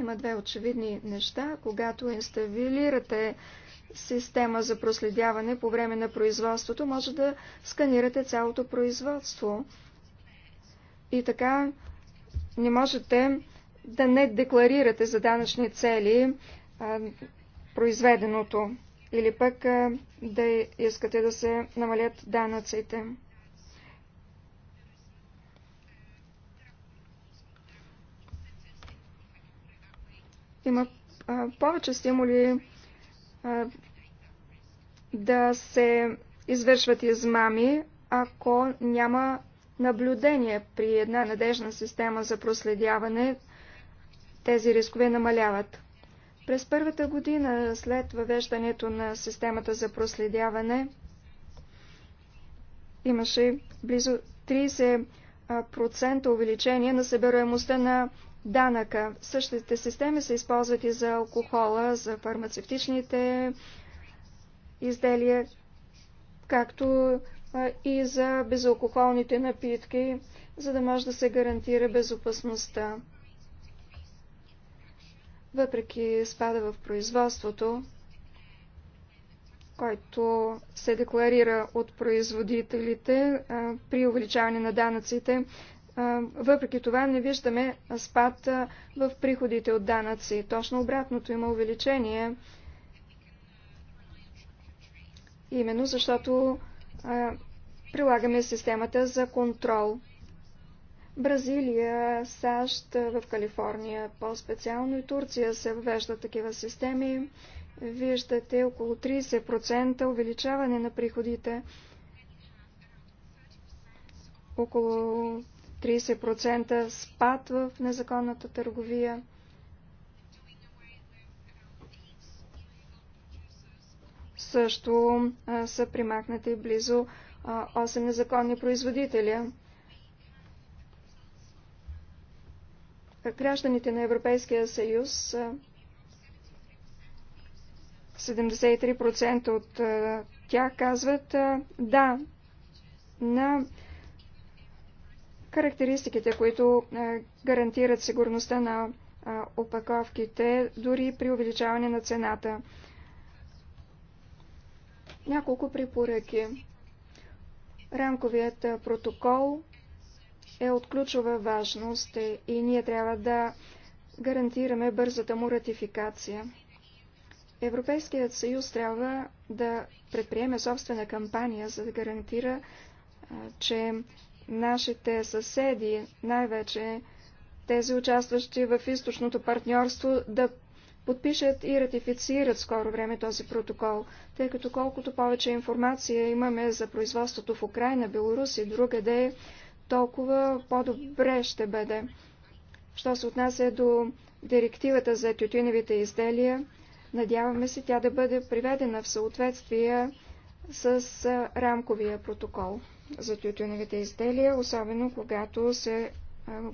Има две очевидни неща. Когато инсталирате система за проследяване по време на производството, може да сканирате цялото производство. И така не можете да не декларирате за данъчни цели а, произведеното или пък а, да искате да се намалят данъците. Има а, повече стимули а, да се извършват измами, ако няма наблюдение при една надежна система за проследяване – тези рискове намаляват. През първата година след въвеждането на системата за проследяване имаше близо 30% увеличение на събираемостта на данъка. Същите системи се използват и за алкохола, за фармацевтичните изделия, както и за безалкохолните напитки, за да може да се гарантира безопасността въпреки спада в производството, който се декларира от производителите а, при увеличаване на данъците. А, въпреки това не виждаме спад а, в приходите от данъци. Точно обратното има увеличение, именно защото прилагаме системата за контрол. Бразилия, САЩ, в Калифорния по-специално и Турция се въвеждат такива системи. Виждате около 30% увеличаване на приходите. Около 30% спад в незаконната търговия. Също а, са примахнати близо а, 8 незаконни производителя. гражданите на Европейския съюз, 73% от тях казват да на характеристиките, които гарантират сигурността на опаковките, дори при увеличаване на цената. Няколко препоръки. Рамковият протокол е от ключова важност и ние трябва да гарантираме бързата му ратификация. Европейският съюз трябва да предприеме собствена кампания, за да гарантира, че нашите съседи, най-вече тези участващи в източното партньорство, да подпишат и ратифицират скоро време този протокол, тъй като колкото повече информация имаме за производството в Украина, Беларус и другаде, да толкова по-добре ще бъде. Що се отнася до директивата за тютюневите изделия, надяваме се тя да бъде приведена в съответствие с рамковия протокол за тютюневите изделия, особено когато се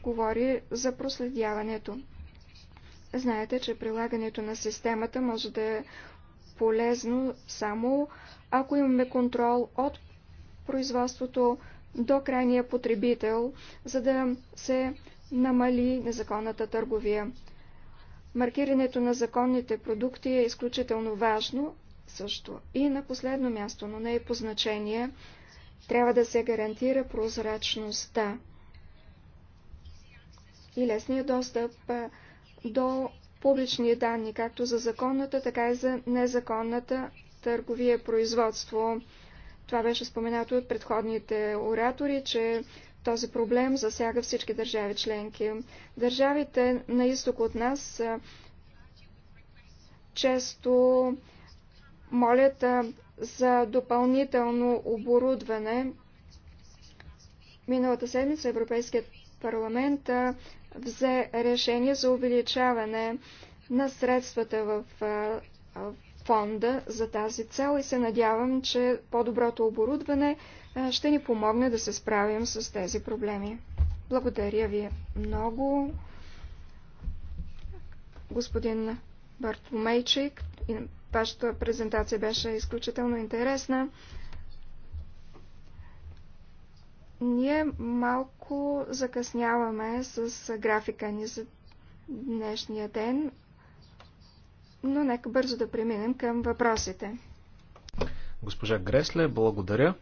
говори за проследяването. Знаете, че прилагането на системата може да е полезно само ако имаме контрол от производството до крайния потребител, за да се намали незаконната търговия. Маркирането на законните продукти е изключително важно също. И на последно място, но не е по значение, трябва да се гарантира прозрачността и лесния достъп до публични данни, както за законната, така и за незаконната търговия производство. Това беше споменато от предходните оратори, че този проблем засяга всички държави членки. Държавите на изток от нас често молят за допълнително оборудване. Миналата седмица Европейският парламент взе решение за увеличаване на средствата в фонда за тази цел и се надявам, че по-доброто оборудване ще ни помогне да се справим с тези проблеми. Благодаря ви много, господин Бартомейчик. Вашата презентация беше изключително интересна. Ние малко закъсняваме с графика ни за днешния ден но нека бързо да преминем към въпросите. Госпожа Гресле, благодаря.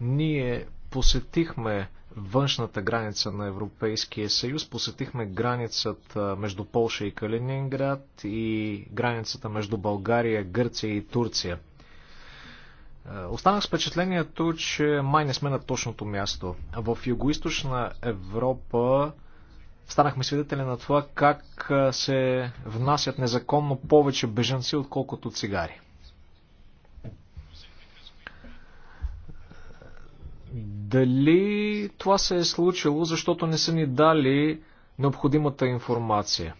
Ние посетихме външната граница на Европейския съюз, посетихме границата между Полша и Калининград и границата между България, Гърция и Турция. Останах с впечатлението, че май не сме на точното място. В Югоизточна Европа Станахме свидетели на това как се внасят незаконно повече бежанци, отколкото цигари. Дали това се е случило, защото не са ни дали необходимата информация?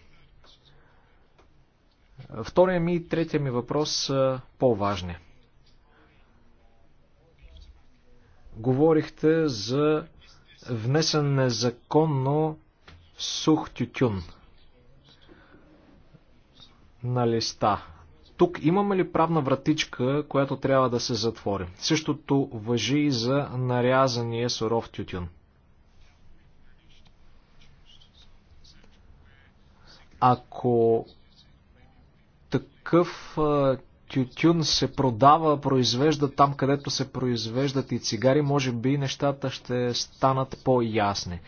Втория ми и третия ми въпрос са по-важни. Говорихте за внесен незаконно сух тютюн на листа. Тук имаме ли правна вратичка, която трябва да се затвори? Същото въжи и за нарязания суров тютюн. Ако такъв тютюн се продава, произвежда там, където се произвеждат и цигари, може би нещата ще станат по-ясни.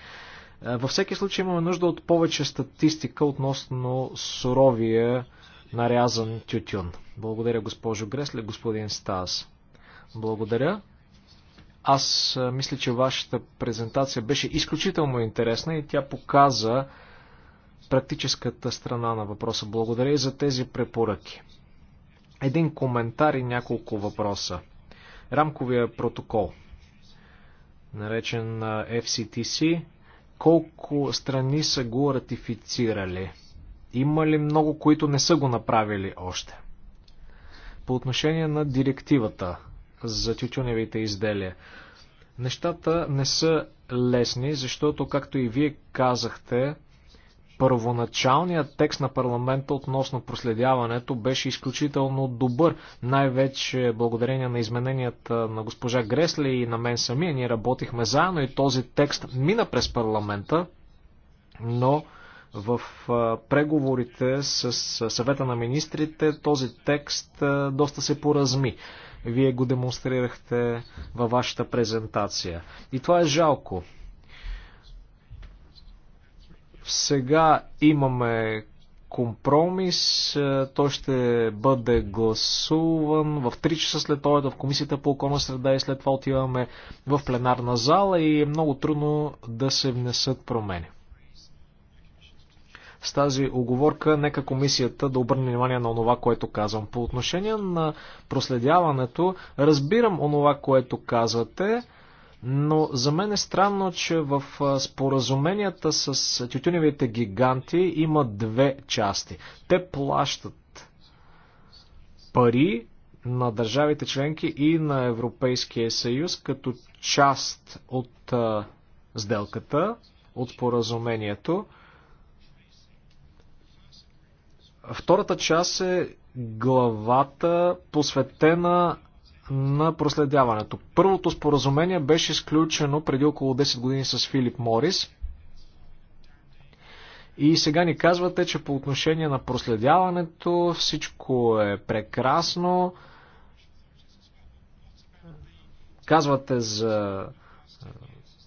Е, във всеки случай имаме нужда от повече статистика относно суровия нарязан тютюн. Благодаря, госпожо Гресле, господин Стас. Благодаря. Аз е, мисля, че вашата презентация беше изключително интересна и тя показа практическата страна на въпроса. Благодаря и за тези препоръки. Един коментар и няколко въпроса. Рамковия протокол, наречен е, FCTC, колко страни са го ратифицирали? Има ли много, които не са го направили още? По отношение на директивата за тютюневите изделия, нещата не са лесни, защото, както и вие казахте, първоначалният текст на парламента относно проследяването беше изключително добър, най-вече благодарение на измененията на госпожа Гресли и на мен самия. Ние работихме заедно и този текст мина през парламента, но в преговорите с съвета на министрите този текст доста се поразми. Вие го демонстрирахте във вашата презентация. И това е жалко. Сега имаме компромис. Е, той ще бъде гласуван в 3 часа след обеда в Комисията по околна среда и след това отиваме в пленарна зала и е много трудно да се внесат промени. С тази оговорка нека комисията да обърне внимание на онова, което казвам. По отношение на проследяването, разбирам онова, което казвате. Но за мен е странно, че в споразуменията с тютюневите гиганти има две части. Те плащат пари на държавите членки и на Европейския съюз като част от сделката, от споразумението. Втората част е главата посветена на проследяването. Първото споразумение беше изключено преди около 10 години с Филип Морис. И сега ни казвате, че по отношение на проследяването всичко е прекрасно. Казвате за е,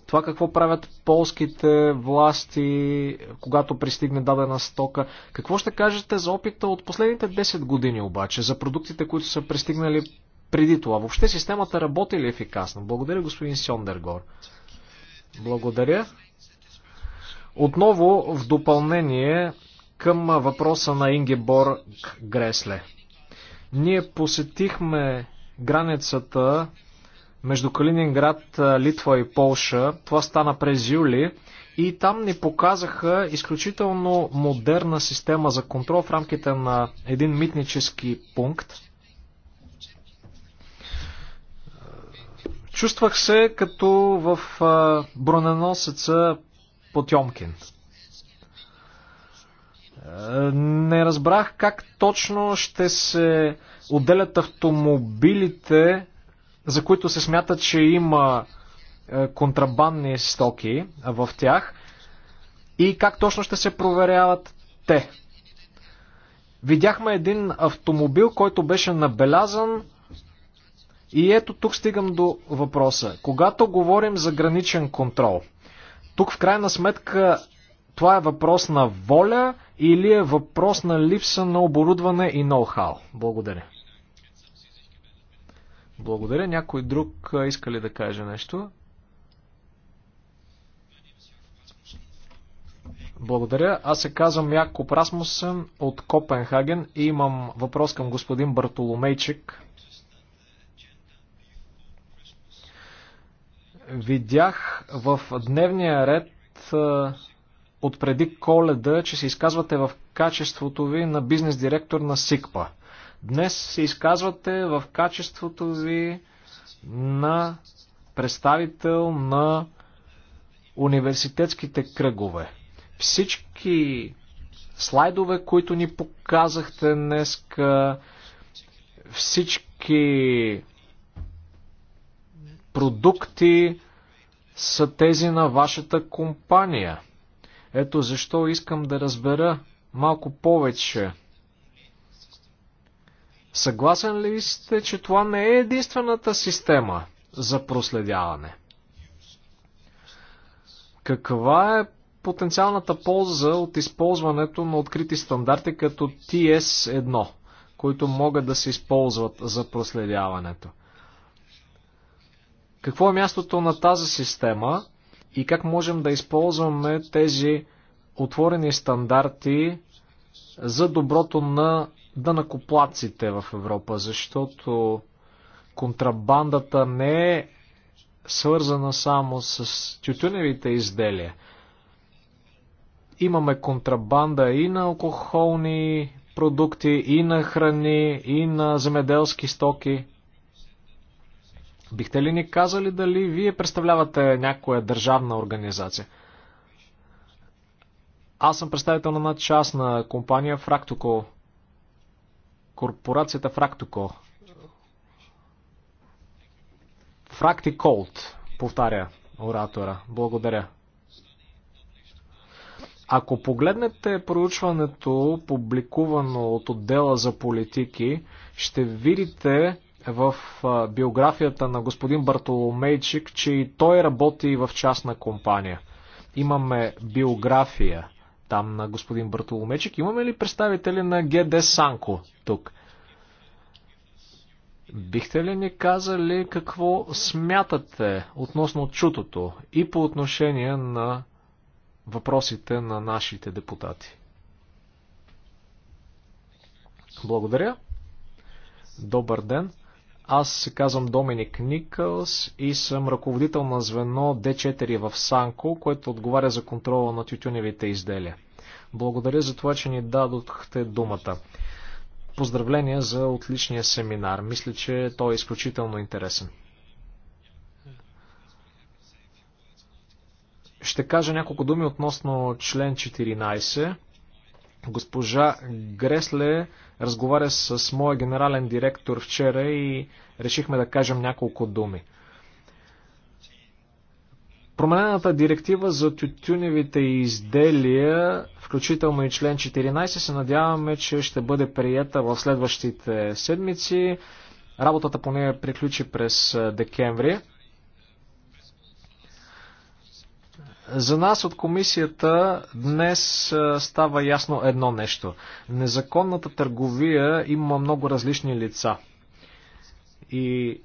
това какво правят полските власти, когато пристигне дадена стока. Какво ще кажете за опита от последните 10 години обаче, за продуктите, които са пристигнали преди това? Въобще системата работи ли ефикасно? Благодаря, господин Сьондергор. Благодаря. Отново в допълнение към въпроса на Ингеборг Гресле. Ние посетихме границата между Калининград, Литва и Полша. Това стана през юли. И там ни показаха изключително модерна система за контрол в рамките на един митнически пункт. Чувствах се като в броненосеца Потьомкин. Е, не разбрах как точно ще се отделят автомобилите, за които се смята, че има е, контрабандни стоки в тях и как точно ще се проверяват те. Видяхме един автомобил, който беше набелязан и ето тук стигам до въпроса. Когато говорим за граничен контрол, тук в крайна сметка това е въпрос на воля или е въпрос на липса на оборудване и ноу-хау? Благодаря. Благодаря. Някой друг иска ли да каже нещо? Благодаря. Аз се казвам Яко Прасмусен от Копенхаген и имам въпрос към господин Бартоломейчик. Видях в дневния ред от преди коледа, че се изказвате в качеството ви на бизнес директор на СИКПА. Днес се изказвате в качеството ви на представител на университетските кръгове. Всички слайдове, които ни показахте днес, всички продукти са тези на вашата компания. Ето защо искам да разбера малко повече. Съгласен ли сте, че това не е единствената система за проследяване? Каква е потенциалната полза от използването на открити стандарти като TS1, които могат да се използват за проследяването? Какво е мястото на тази система и как можем да използваме тези отворени стандарти за доброто на дънакоплаците в Европа, защото контрабандата не е свързана само с тютюневите изделия. Имаме контрабанда и на алкохолни продукти, и на храни, и на земеделски стоки. Бихте ли ни казали дали вие представлявате някоя държавна организация? Аз съм представител на една частна компания Фрактоко. Корпорацията Фрактоко. Фрактиколт, повтаря оратора. Благодаря. Ако погледнете проучването, публикувано от отдела за политики, ще видите, в биографията на господин Бартоломейчик, че и той работи в частна компания. Имаме биография там на господин Бартоломейчик. Имаме ли представители на ГД Санко тук? Бихте ли ни казали какво смятате относно чутото и по отношение на въпросите на нашите депутати? Благодаря. Добър ден. Аз се казвам Доминик Никълс и съм ръководител на звено D4 в Санко, което отговаря за контрола на тютюневите изделия. Благодаря за това, че ни дадохте думата. Поздравления за отличния семинар. Мисля, че той е изключително интересен. Ще кажа няколко думи относно член 14. Госпожа Гресле разговаря с моя генерален директор вчера и решихме да кажем няколко думи. Променената директива за тютюневите изделия, включително и член 14, се надяваме, че ще бъде приета в следващите седмици. Работата по нея приключи през декември. За нас от комисията днес става ясно едно нещо. Незаконната търговия има много различни лица. И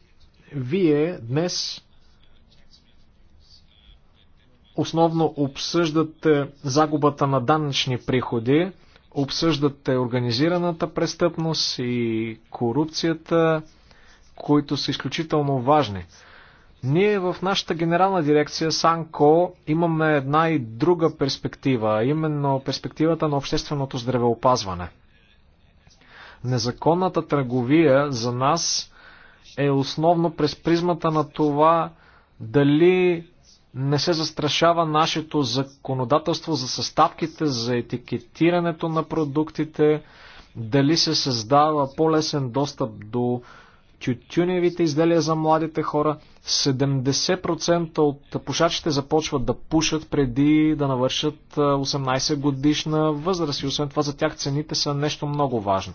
вие днес основно обсъждате загубата на данъчни приходи, обсъждате организираната престъпност и корупцията, които са изключително важни ние в нашата генерална дирекция Санко имаме една и друга перспектива, именно перспективата на общественото здравеопазване. Незаконната търговия за нас е основно през призмата на това дали не се застрашава нашето законодателство за съставките, за етикетирането на продуктите, дали се създава по-лесен достъп до тютюневите изделия за младите хора. 70% от пушачите започват да пушат преди да навършат 18 годишна възраст и освен това за тях цените са нещо много важно.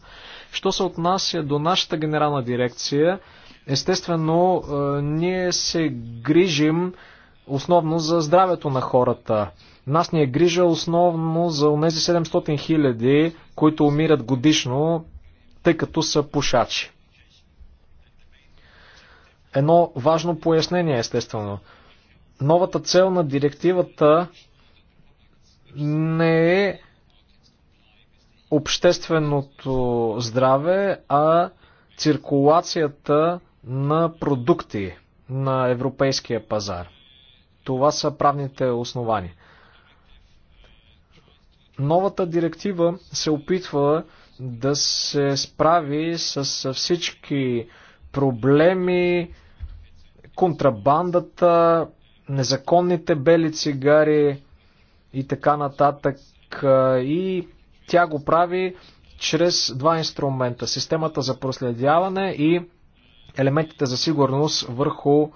Що се отнася до нашата генерална дирекция, естествено ние се грижим основно за здравето на хората. Нас ни е грижа основно за тези 700 хиляди, които умират годишно, тъй като са пушачи. Едно важно пояснение, естествено. Новата цел на директивата не е общественото здраве, а циркулацията на продукти на европейския пазар. Това са правните основания. Новата директива се опитва да се справи с всички проблеми, контрабандата, незаконните бели цигари и така нататък. И тя го прави чрез два инструмента. Системата за проследяване и елементите за сигурност върху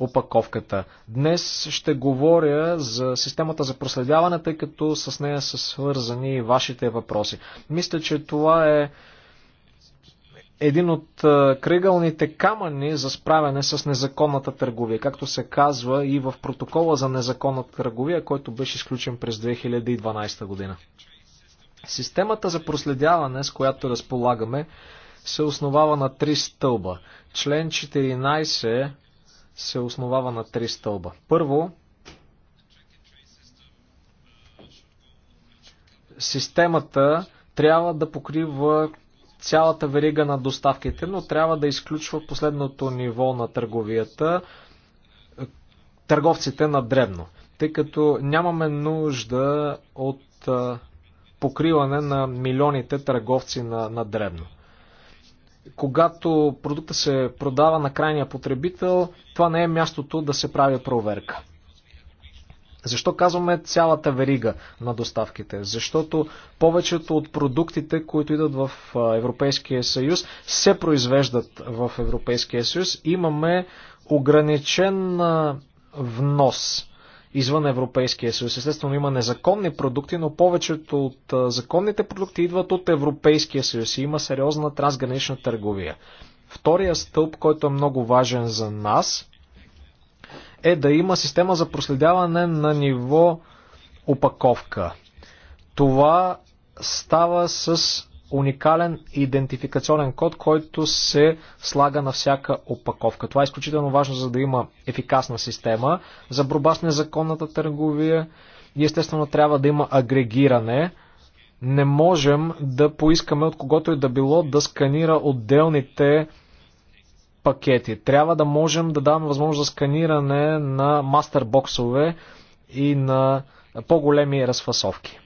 опаковката. Днес ще говоря за системата за проследяване, тъй като с нея са свързани и вашите въпроси. Мисля, че това е един от кръгълните камъни за справяне с незаконната търговия, както се казва и в протокола за незаконната търговия, който беше изключен през 2012 година. Системата за проследяване, с която разполагаме, се основава на три стълба. Член 14 се основава на три стълба. Първо, системата трябва да покрива цялата верига на доставките, но трябва да изключва последното ниво на търговията, търговците на дребно, тъй като нямаме нужда от покриване на милионите търговци на, на дребно. Когато продукта се продава на крайния потребител, това не е мястото да се прави проверка. Защо казваме цялата верига на доставките? Защото повечето от продуктите, които идват в Европейския съюз, се произвеждат в Европейския съюз. Имаме ограничен внос извън Европейския съюз. Естествено има незаконни продукти, но повечето от законните продукти идват от Европейския съюз и има сериозна трансгранична търговия. Втория стълб, който е много важен за нас, е да има система за проследяване на ниво опаковка. Това става с уникален идентификационен код, който се слага на всяка опаковка. Това е изключително важно, за да има ефикасна система за борба с незаконната търговия и естествено трябва да има агрегиране. Не можем да поискаме от когото и да било да сканира отделните пакети. Трябва да можем да даваме възможност за сканиране на мастербоксове и на по-големи разфасовки.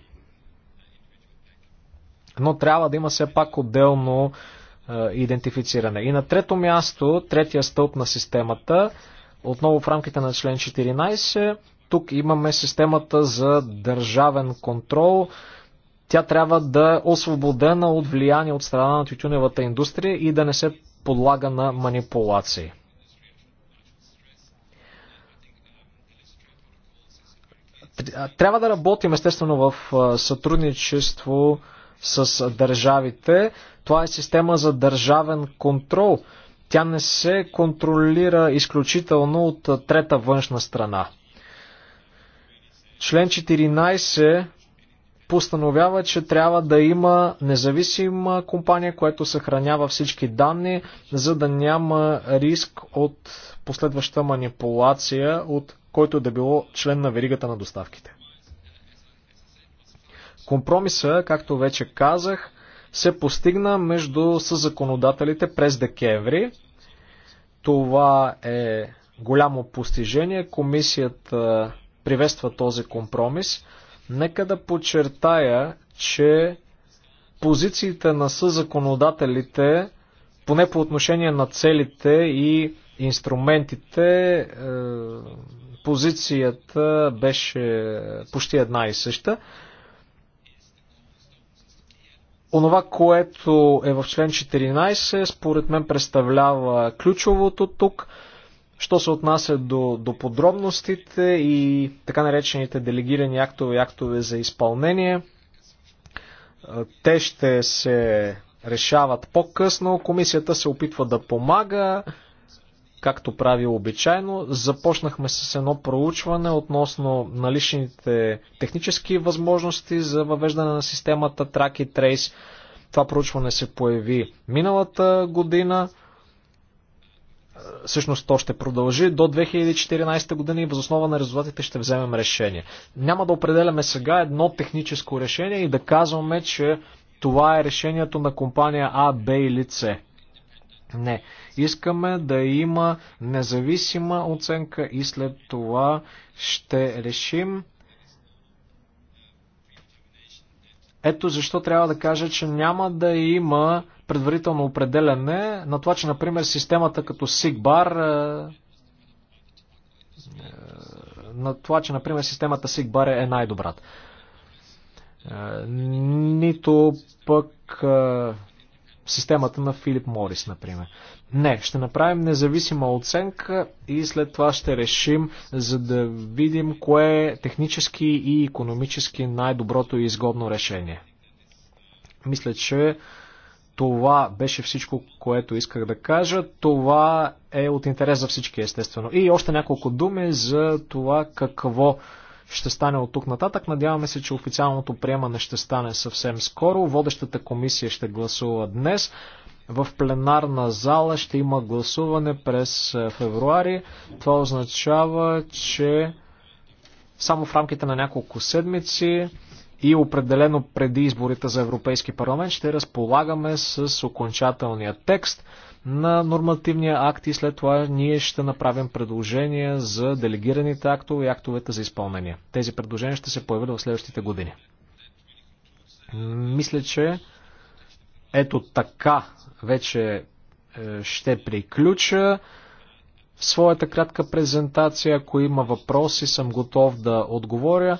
Но трябва да има все пак отделно е, идентифициране. И на трето място, третия стълб на системата, отново в рамките на член 14, тук имаме системата за държавен контрол. Тя трябва да е освободена от влияние от страна на тютюневата индустрия и да не се подлага на манипулации. Трябва да работим естествено в сътрудничество с държавите. Това е система за държавен контрол. Тя не се контролира изключително от трета външна страна. Член 14 постановява, че трябва да има независима компания, която съхранява всички данни, за да няма риск от последваща манипулация от който е да било член на веригата на доставките. Компромиса, както вече казах, се постигна между съзаконодателите през декември. Това е голямо постижение. Комисията приветства този компромис. Нека да подчертая, че позициите на съзаконодателите, поне по отношение на целите и инструментите, е, позицията беше почти една и съща. Онова, което е в член 14, според мен представлява ключовото тук – Що се отнася до, до подробностите и така наречените делегирани актове и актове за изпълнение, е, те ще се решават по-късно. Комисията се опитва да помага, както прави обичайно. Започнахме с едно проучване относно наличните технически възможности за въвеждане на системата Track и Trace. Това проучване се появи миналата година всъщност то ще продължи до 2014 година и възоснова на резултатите ще вземем решение. Няма да определяме сега едно техническо решение и да казваме, че това е решението на компания А, Б или С. Не. Искаме да има независима оценка и след това ще решим. Ето защо трябва да кажа, че няма да има предварително определяне на това, че, например, системата като SIGBAR е, е, на това, че, например, системата SIGBAR е най-добрата. Е, нито пък системата на Филип Морис, например. Не, ще направим независима оценка и след това ще решим, за да видим кое е технически и економически най-доброто и изгодно решение. Мисля, че това беше всичко, което исках да кажа. Това е от интерес за всички, естествено. И още няколко думи за това какво ще стане от тук нататък. Надяваме се, че официалното приемане ще стане съвсем скоро. Водещата комисия ще гласува днес. В пленарна зала ще има гласуване през е, февруари. Това означава, че само в рамките на няколко седмици и определено преди изборите за Европейски парламент ще разполагаме с окончателния текст на нормативния акт и след това ние ще направим предложения за делегираните актове и актовете за изпълнение. Тези предложения ще се появят в следващите години. Мисля, че ето така вече е, ще приключа своята кратка презентация. Ако има въпроси, съм готов да отговоря.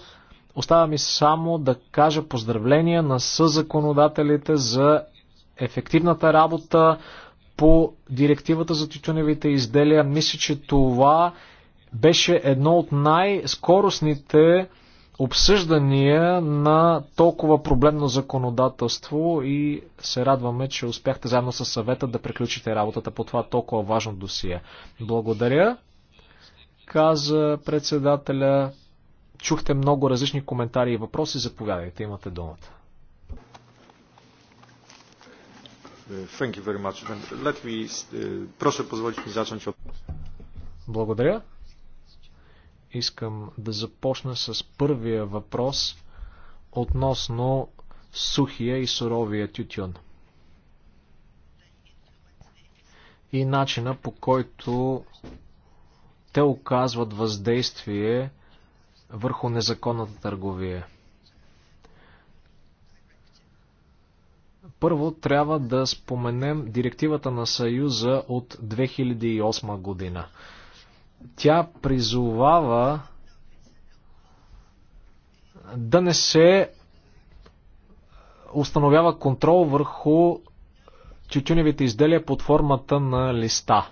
Остава ми само да кажа поздравления на съзаконодателите за ефективната работа по директивата за тютюневите изделия. Мисля, че това беше едно от най-скоростните обсъждания на толкова проблемно законодателство и се радваме, че успяхте заедно с съвета да приключите работата по това толкова важно досие. Благодаря, каза председателя. Чухте много различни коментари и въпроси. Заповядайте, имате думата. Thank you very much. Let me, позволите uh, ми Благодаря. Искам да започна с първия въпрос относно сухия и суровия тютюн. И начина по който те оказват въздействие върху незаконната търговия. Първо трябва да споменем директивата на Съюза от 2008 година. Тя призовава да не се установява контрол върху тютюневите изделия под формата на листа.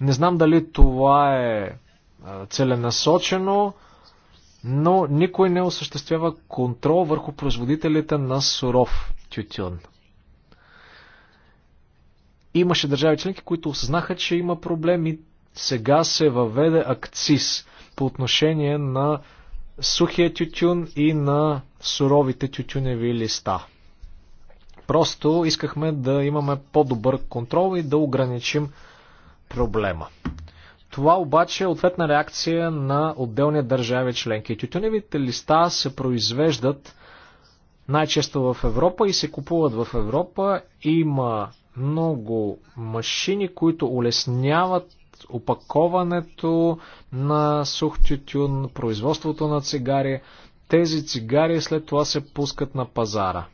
Не знам дали това е целенасочено, но никой не осъществява контрол върху производителите на суров тютюн. Имаше държави членки, които осъзнаха, че има проблеми. Сега се въведе акциз по отношение на сухия тютюн и на суровите тютюневи листа. Просто искахме да имаме по-добър контрол и да ограничим проблема. Това обаче е ответна реакция на отделни държави членки. Тютюневите листа се произвеждат най-често в Европа и се купуват в Европа. Има много машини, които улесняват опаковането на сух тютюн, производството на цигари. Тези цигари след това се пускат на пазара.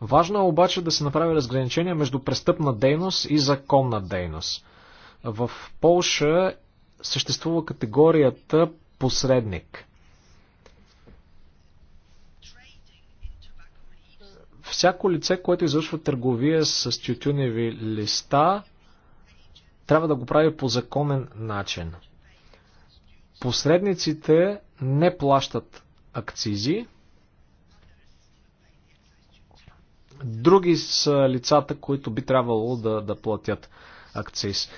Важно е обаче да се направи разграничение между престъпна дейност и законна дейност. В Полша съществува категорията посредник. Всяко лице, което извършва търговия с тютюневи листа, трябва да го прави по законен начин. Посредниците не плащат акцизи, Други са лицата, които би трябвало да, да платят акциз.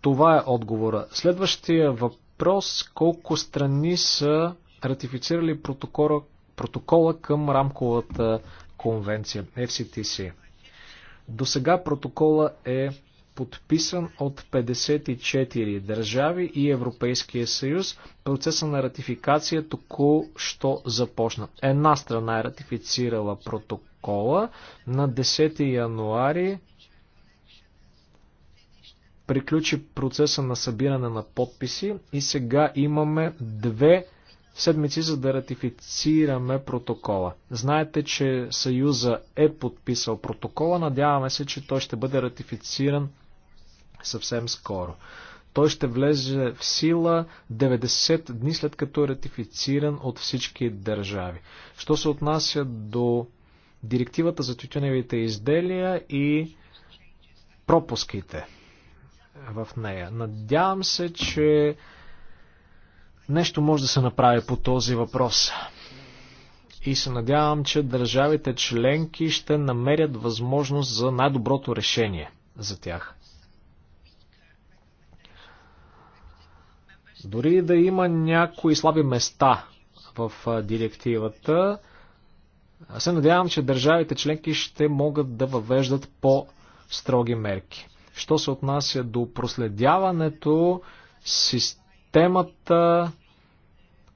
Това е отговора. Следващия въпрос колко страни са ратифицирали протокола, протокола към рамковата конвенция FCTC. До сега протокола е подписан от 54 държави и Европейския съюз. Процеса на ратификация току-що започна. Една страна е ратифицирала протокола на 10 януари приключи процеса на събиране на подписи и сега имаме две седмици, за да ратифицираме протокола. Знаете, че Съюза е подписал протокола, надяваме се, че той ще бъде ратифициран съвсем скоро. Той ще влезе в сила 90 дни след като е ратифициран от всички държави. Що се отнася до директивата за тютюневите изделия и пропуските в нея. Надявам се, че нещо може да се направи по този въпрос. И се надявам, че държавите членки ще намерят възможност за най-доброто решение за тях. Дори да има някои слаби места в директивата, се надявам, че държавите членки ще могат да въвеждат по-строги мерки. Що се отнася до проследяването, системата,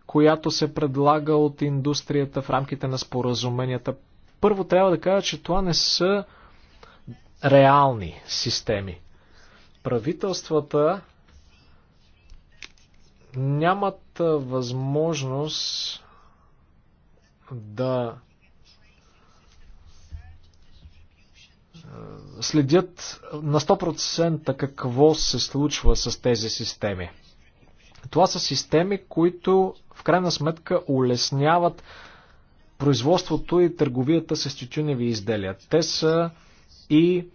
която се предлага от индустрията в рамките на споразуменията, първо трябва да кажа, че това не са реални системи. Правителствата нямат възможност да следят на 100% какво се случва с тези системи. Това са системи, които в крайна сметка улесняват производството и търговията с тютюневи изделия. Те са и е,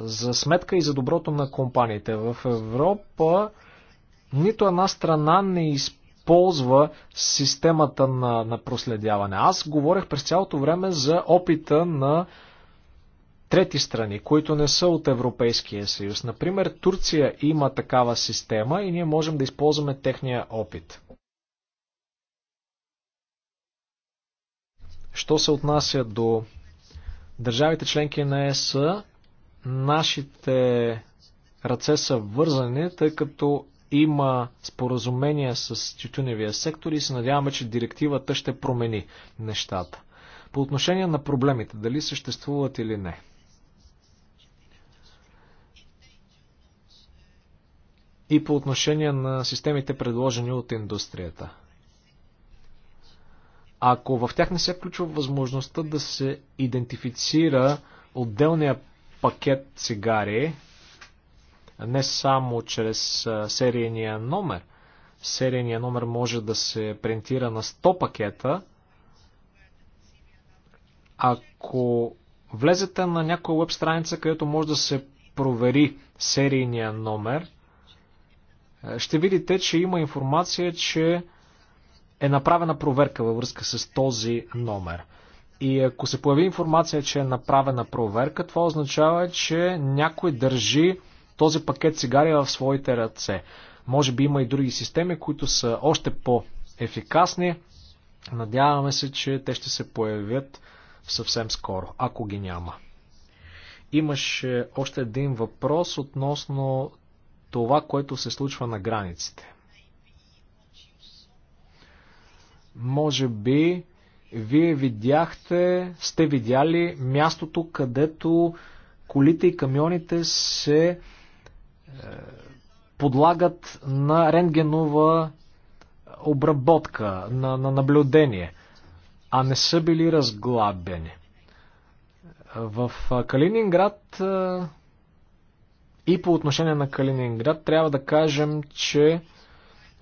за сметка и за доброто на компаниите. В Европа е, нито една страна не използва системата на, на проследяване. Аз говорех през цялото време за опита на трети страни, които не са от Европейския съюз. Например, Турция има такава система и ние можем да използваме техния опит. Що се отнася до държавите членки на ЕС, нашите ръце са вързани, тъй като има споразумение с тютюневия сектор и се надяваме, че директивата ще промени нещата. По отношение на проблемите, дали съществуват или не. И по отношение на системите, предложени от индустрията. Ако в тях не се включва възможността да се идентифицира отделния пакет цигари, не само чрез серийния номер. Серийния номер може да се принтира на 100 пакета. Ако влезете на някоя веб страница, където може да се провери серийния номер, ще видите, че има информация, че е направена проверка във връзка с този номер. И ако се появи информация, че е направена проверка, това означава, че някой държи този пакет цигари е в своите ръце. Може би има и други системи, които са още по-ефикасни. Надяваме се, че те ще се появят съвсем скоро, ако ги няма. Имаш още един въпрос относно това, което се случва на границите. Може би вие видяхте, сте видяли мястото, където колите и камионите се подлагат на рентгенова обработка, на, на наблюдение, а не са били разглабени. В Калининград и по отношение на Калининград трябва да кажем, че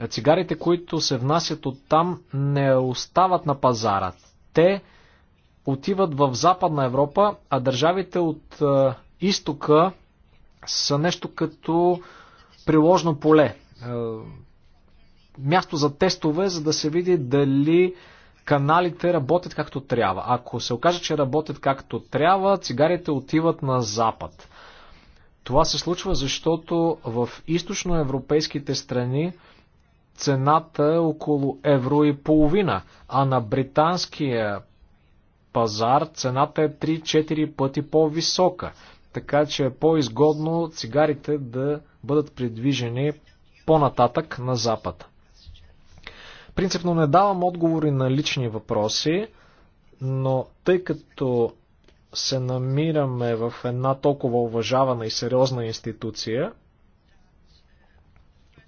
цигарите, които се внасят от там, не остават на пазара. Те отиват в Западна Европа, а държавите от изтока са нещо като приложно поле. Е, място за тестове, за да се види дали каналите работят както трябва. Ако се окаже, че работят както трябва, цигарите отиват на запад. Това се случва, защото в източноевропейските страни цената е около евро и половина, а на британския пазар цената е 3-4 пъти по-висока така че е по-изгодно цигарите да бъдат придвижени по-нататък на запад. Принципно не давам отговори на лични въпроси, но тъй като се намираме в една толкова уважавана и сериозна институция,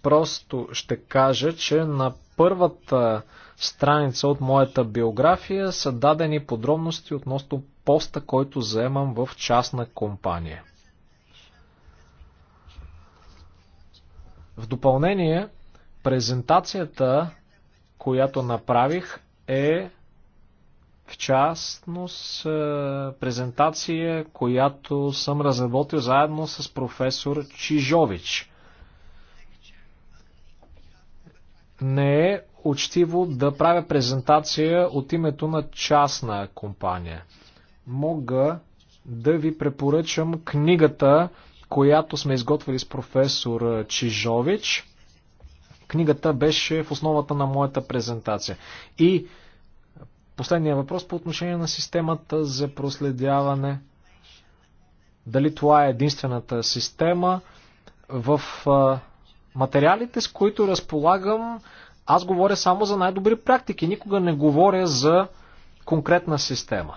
просто ще кажа, че на първата страница от моята биография са дадени подробности относно поста, който заемам в частна компания. В допълнение, презентацията, която направих, е в частност е, презентация, която съм разработил заедно с професор Чижович. Не е учтиво да правя презентация от името на частна компания мога да ви препоръчам книгата, която сме изготвили с професор Чижович. Книгата беше в основата на моята презентация. И последния въпрос по отношение на системата за проследяване. Дали това е единствената система? В материалите, с които разполагам, аз говоря само за най-добри практики. Никога не говоря за конкретна система.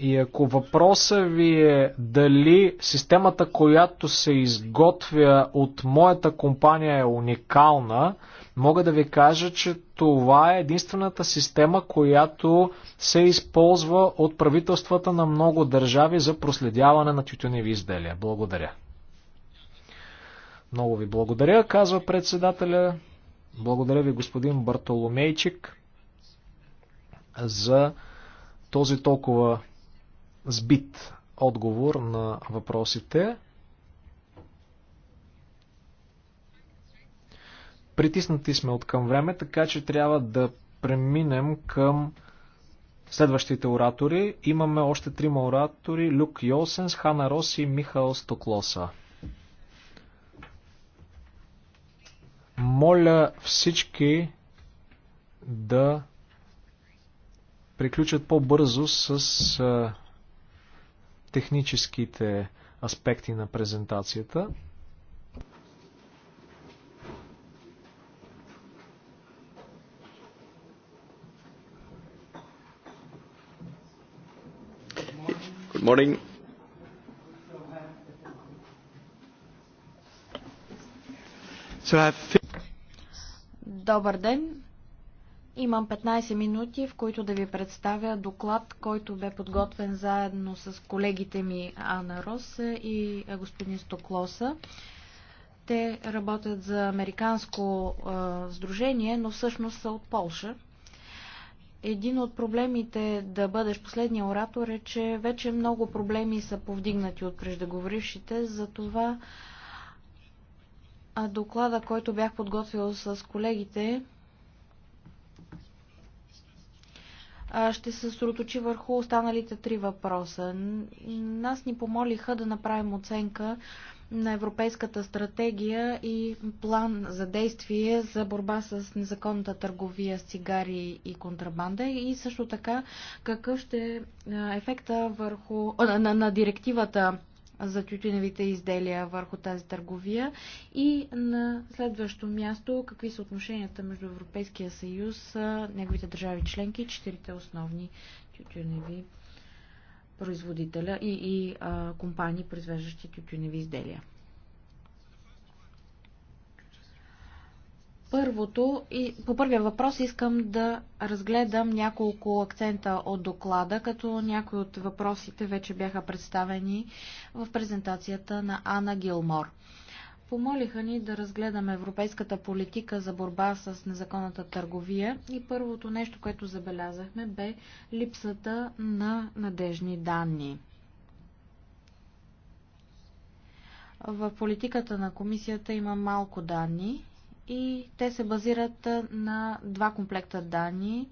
И ако въпроса ви е дали системата, която се изготвя от моята компания е уникална, мога да ви кажа, че това е единствената система, която се използва от правителствата на много държави за проследяване на тютюневи изделия. Благодаря. Много ви благодаря, казва председателя. Благодаря ви, господин Бартоломейчик, за този толкова сбит отговор на въпросите. Притиснати сме от към време, така че трябва да преминем към следващите оратори. Имаме още трима оратори Люк Йосенс, Хана Рос и Михаил Стоклоса. Моля всички да приключат по-бързо с техническите аспекти на презентацията. Good morning. Добър ден! Имам 15 минути, в които да ви представя доклад, който бе подготвен заедно с колегите ми Ана Рос и господин Стоклоса. Те работят за американско а, сдружение, но всъщност са от Полша. Един от проблемите да бъдеш последния оратор е, че вече много проблеми са повдигнати от преждеговорившите, затова доклада, който бях подготвил с колегите, ще се сроточи върху останалите три въпроса. Нас ни помолиха да направим оценка на Европейската стратегия и план за действие за борба с незаконната търговия с цигари и контрабанда и също така какъв ще е ефекта върху, на, на, на директивата за тютюневите изделия върху тази търговия? И на следващо място, какви са отношенията между Европейския съюз, неговите държави членки и четирите основни тютюневи производителя и, и а, компании, произвеждащи тютюневи изделия? първото и по първия въпрос искам да разгледам няколко акцента от доклада, като някои от въпросите вече бяха представени в презентацията на Ана Гилмор. Помолиха ни да разгледаме европейската политика за борба с незаконната търговия и първото нещо, което забелязахме, бе липсата на надежни данни. В политиката на комисията има малко данни и те се базират на два комплекта данни.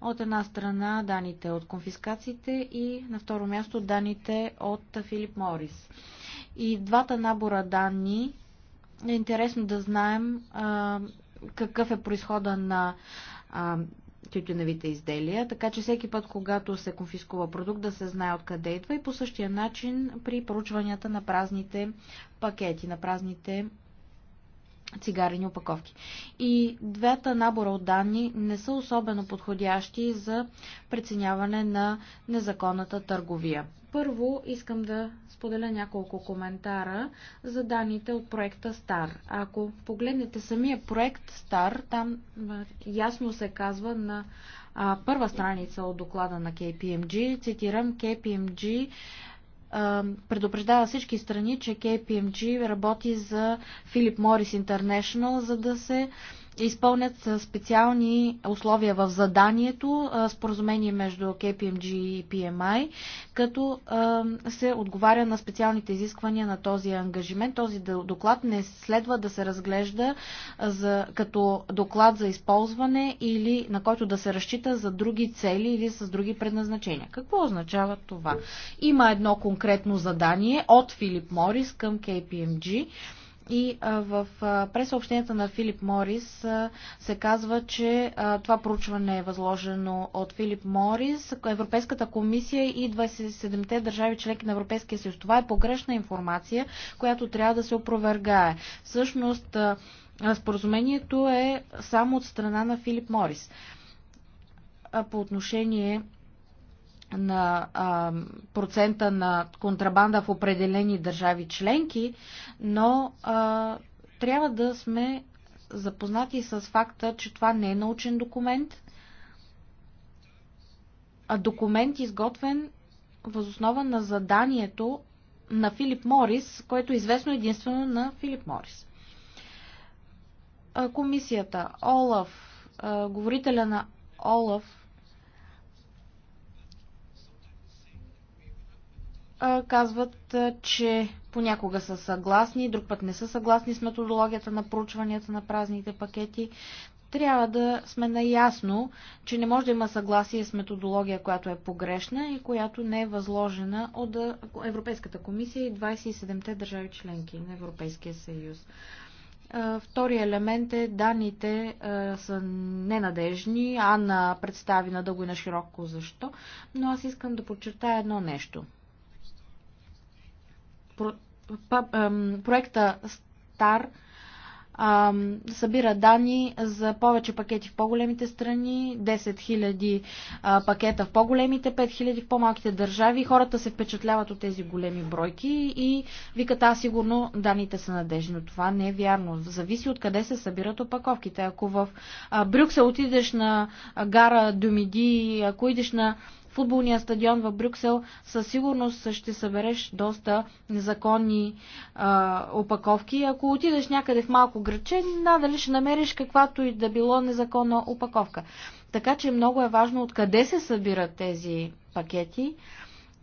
От една страна данните от конфискациите и на второ място данните от Филип Морис. И двата набора данни е интересно да знаем а, какъв е происхода на а, тютюневите изделия, така че всеки път, когато се конфискува продукт, да се знае откъде идва и по същия начин при поручванията на празните пакети, на празните цигарени опаковки. И двата набора от данни не са особено подходящи за преценяване на незаконната търговия. Първо искам да споделя няколко коментара за данните от проекта Стар. Ако погледнете самия проект Стар, там ясно се казва на първа страница от доклада на KPMG, цитирам KPMG предупреждава всички страни, че KPMG работи за Philip Morris International, за да се изпълнят специални условия в заданието, споразумение между KPMG и PMI, като се отговаря на специалните изисквания на този ангажимент. Този доклад не следва да се разглежда за, като доклад за използване или на който да се разчита за други цели или с други предназначения. Какво означава това? Има едно конкретно задание от Филип Морис към KPMG. И в пресъобщенията на Филип Морис се казва, че това проучване е възложено от Филип Морис, Европейската комисия и 27-те държави членки на Европейския съюз. Това е погрешна информация, която трябва да се опровергае. Всъщност, споразумението е само от страна на Филип Морис. По отношение на а, процента на контрабанда в определени държави членки, но а, трябва да сме запознати с факта, че това не е научен документ, а документ изготвен възоснова на заданието на Филип Морис, което е известно единствено на Филип Морис. Комисията, Олаф, говорителя на Олаф казват, че понякога са съгласни, друг път не са съгласни с методологията на проучванията на празните пакети. Трябва да сме наясно, че не може да има съгласие с методология, която е погрешна и която не е възложена от Европейската комисия и 27-те държави членки на Европейския съюз. Втория елемент е данните а, са ненадежни. Анна представи на дълго и на широко защо, но аз искам да подчертая едно нещо – проекта Стар събира данни за повече пакети в по-големите страни, 10 000 пакета в по-големите, 5 000 в по-малките държави. Хората се впечатляват от тези големи бройки и викат, а сигурно данните са надежни. Това не е вярно. Зависи от къде се събират опаковките. Ако в Брюксел отидеш на гара Думиди, ако идеш на футболния стадион в Брюксел, със сигурност ще събереш доста незаконни а, опаковки. Ако отидеш някъде в малко градче, надали ще намериш каквато и да било незаконна опаковка. Така че много е важно откъде се събират тези пакети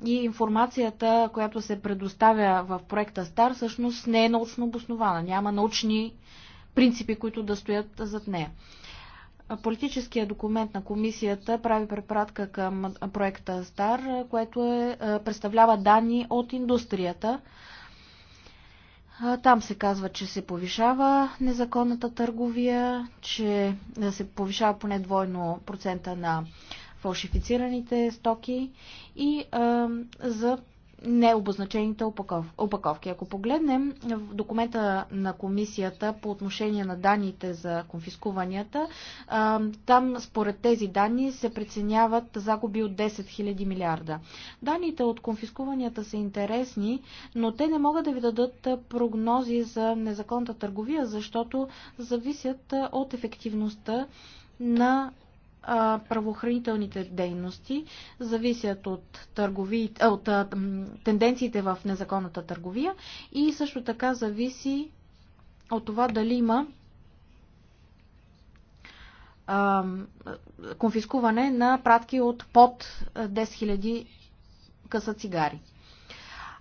и информацията, която се предоставя в проекта Стар, всъщност не е научно обоснована. Няма научни принципи, които да стоят зад нея. Политическия документ на комисията прави препратка към проекта СТАР, което е, е представлява данни от индустрията. Там се казва, че се повишава незаконната търговия, че се повишава поне двойно процента на фалшифицираните стоки и а, е, за необозначените опаковки. Ако погледнем в документа на комисията по отношение на данните за конфискуванията, там според тези данни се преценяват загуби от 10 000 милиарда. Данните от конфискуванията са интересни, но те не могат да ви дадат прогнози за незаконната търговия, защото зависят от ефективността на правоохранителните дейности зависят от, търгови, от тенденциите в незаконната търговия и също така зависи от това дали има конфискуване на пратки от под 10 000 къса цигари.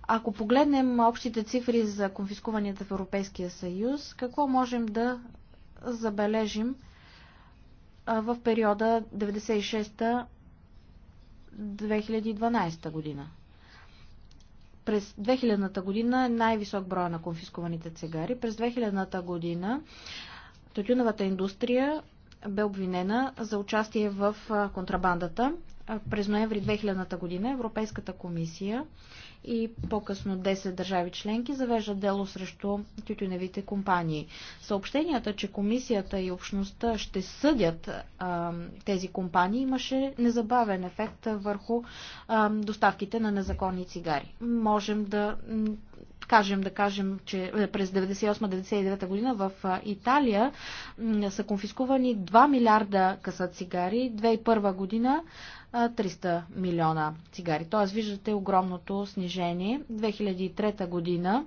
Ако погледнем общите цифри за конфискуванията в Европейския съюз, какво можем да забележим – в периода 96-2012 година. През 2000-та година е най-висок брой на конфискуваните цигари. През 2000-та година тютюновата индустрия бе обвинена за участие в контрабандата през ноември 2000 година Европейската комисия и по-късно 10 държави членки завеждат дело срещу тютюневите компании. Съобщенията, че комисията и общността ще съдят а, тези компании, имаше незабавен ефект върху а, доставките на незаконни цигари. Можем да кажем, да кажем, че е, през 98-99 година в Италия са конфискувани 2 милиарда къса цигари, 2001 година 300 милиона цигари. Тоест, виждате огромното снижение. 2003 година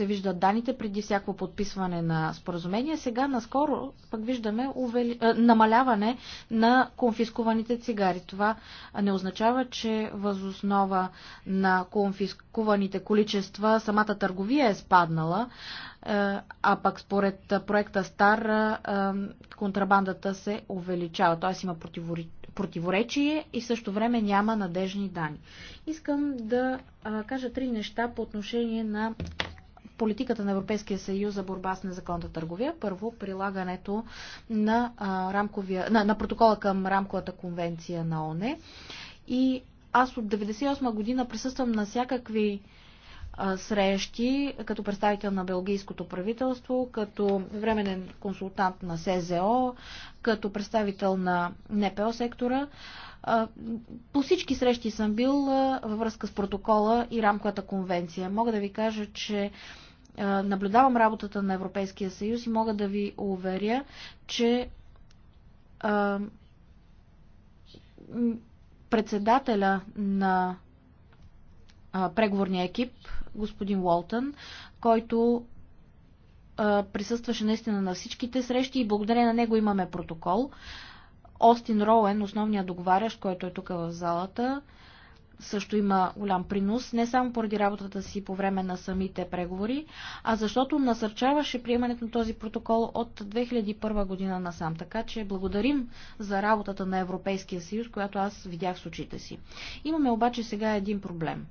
се виждат данните преди всяко подписване на споразумение. Сега наскоро пък виждаме увели... намаляване на конфискуваните цигари. Това не означава, че възоснова на конфискуваните количества самата търговия е спаднала, а пък според проекта Стар контрабандата се увеличава. Т.е. има противоречие противоречие и също време няма надежни данни. Искам да а, кажа три неща по отношение на политиката на Европейския съюз за борба с незаконната търговия. Първо, прилагането на, рамковия, на, на протокола към рамковата конвенция на ОНЕ. И аз от 1998 година присъствам на всякакви срещи като представител на белгийското правителство, като временен консултант на СЗО, като представител на НПО сектора. По всички срещи съм бил във връзка с протокола и рамковата конвенция. Мога да ви кажа, че наблюдавам работата на Европейския съюз и мога да ви уверя, че председателя на преговорния екип, господин Уолтън, който присъстваше наистина на всичките срещи и благодарение на него имаме протокол. Остин Роуен, основният договарящ, който е тук в залата, също има голям принос, не само поради работата си по време на самите преговори, а защото насърчаваше приемането на този протокол от 2001 година насам. Така че благодарим за работата на Европейския съюз, която аз видях с очите си. Имаме обаче сега един проблем.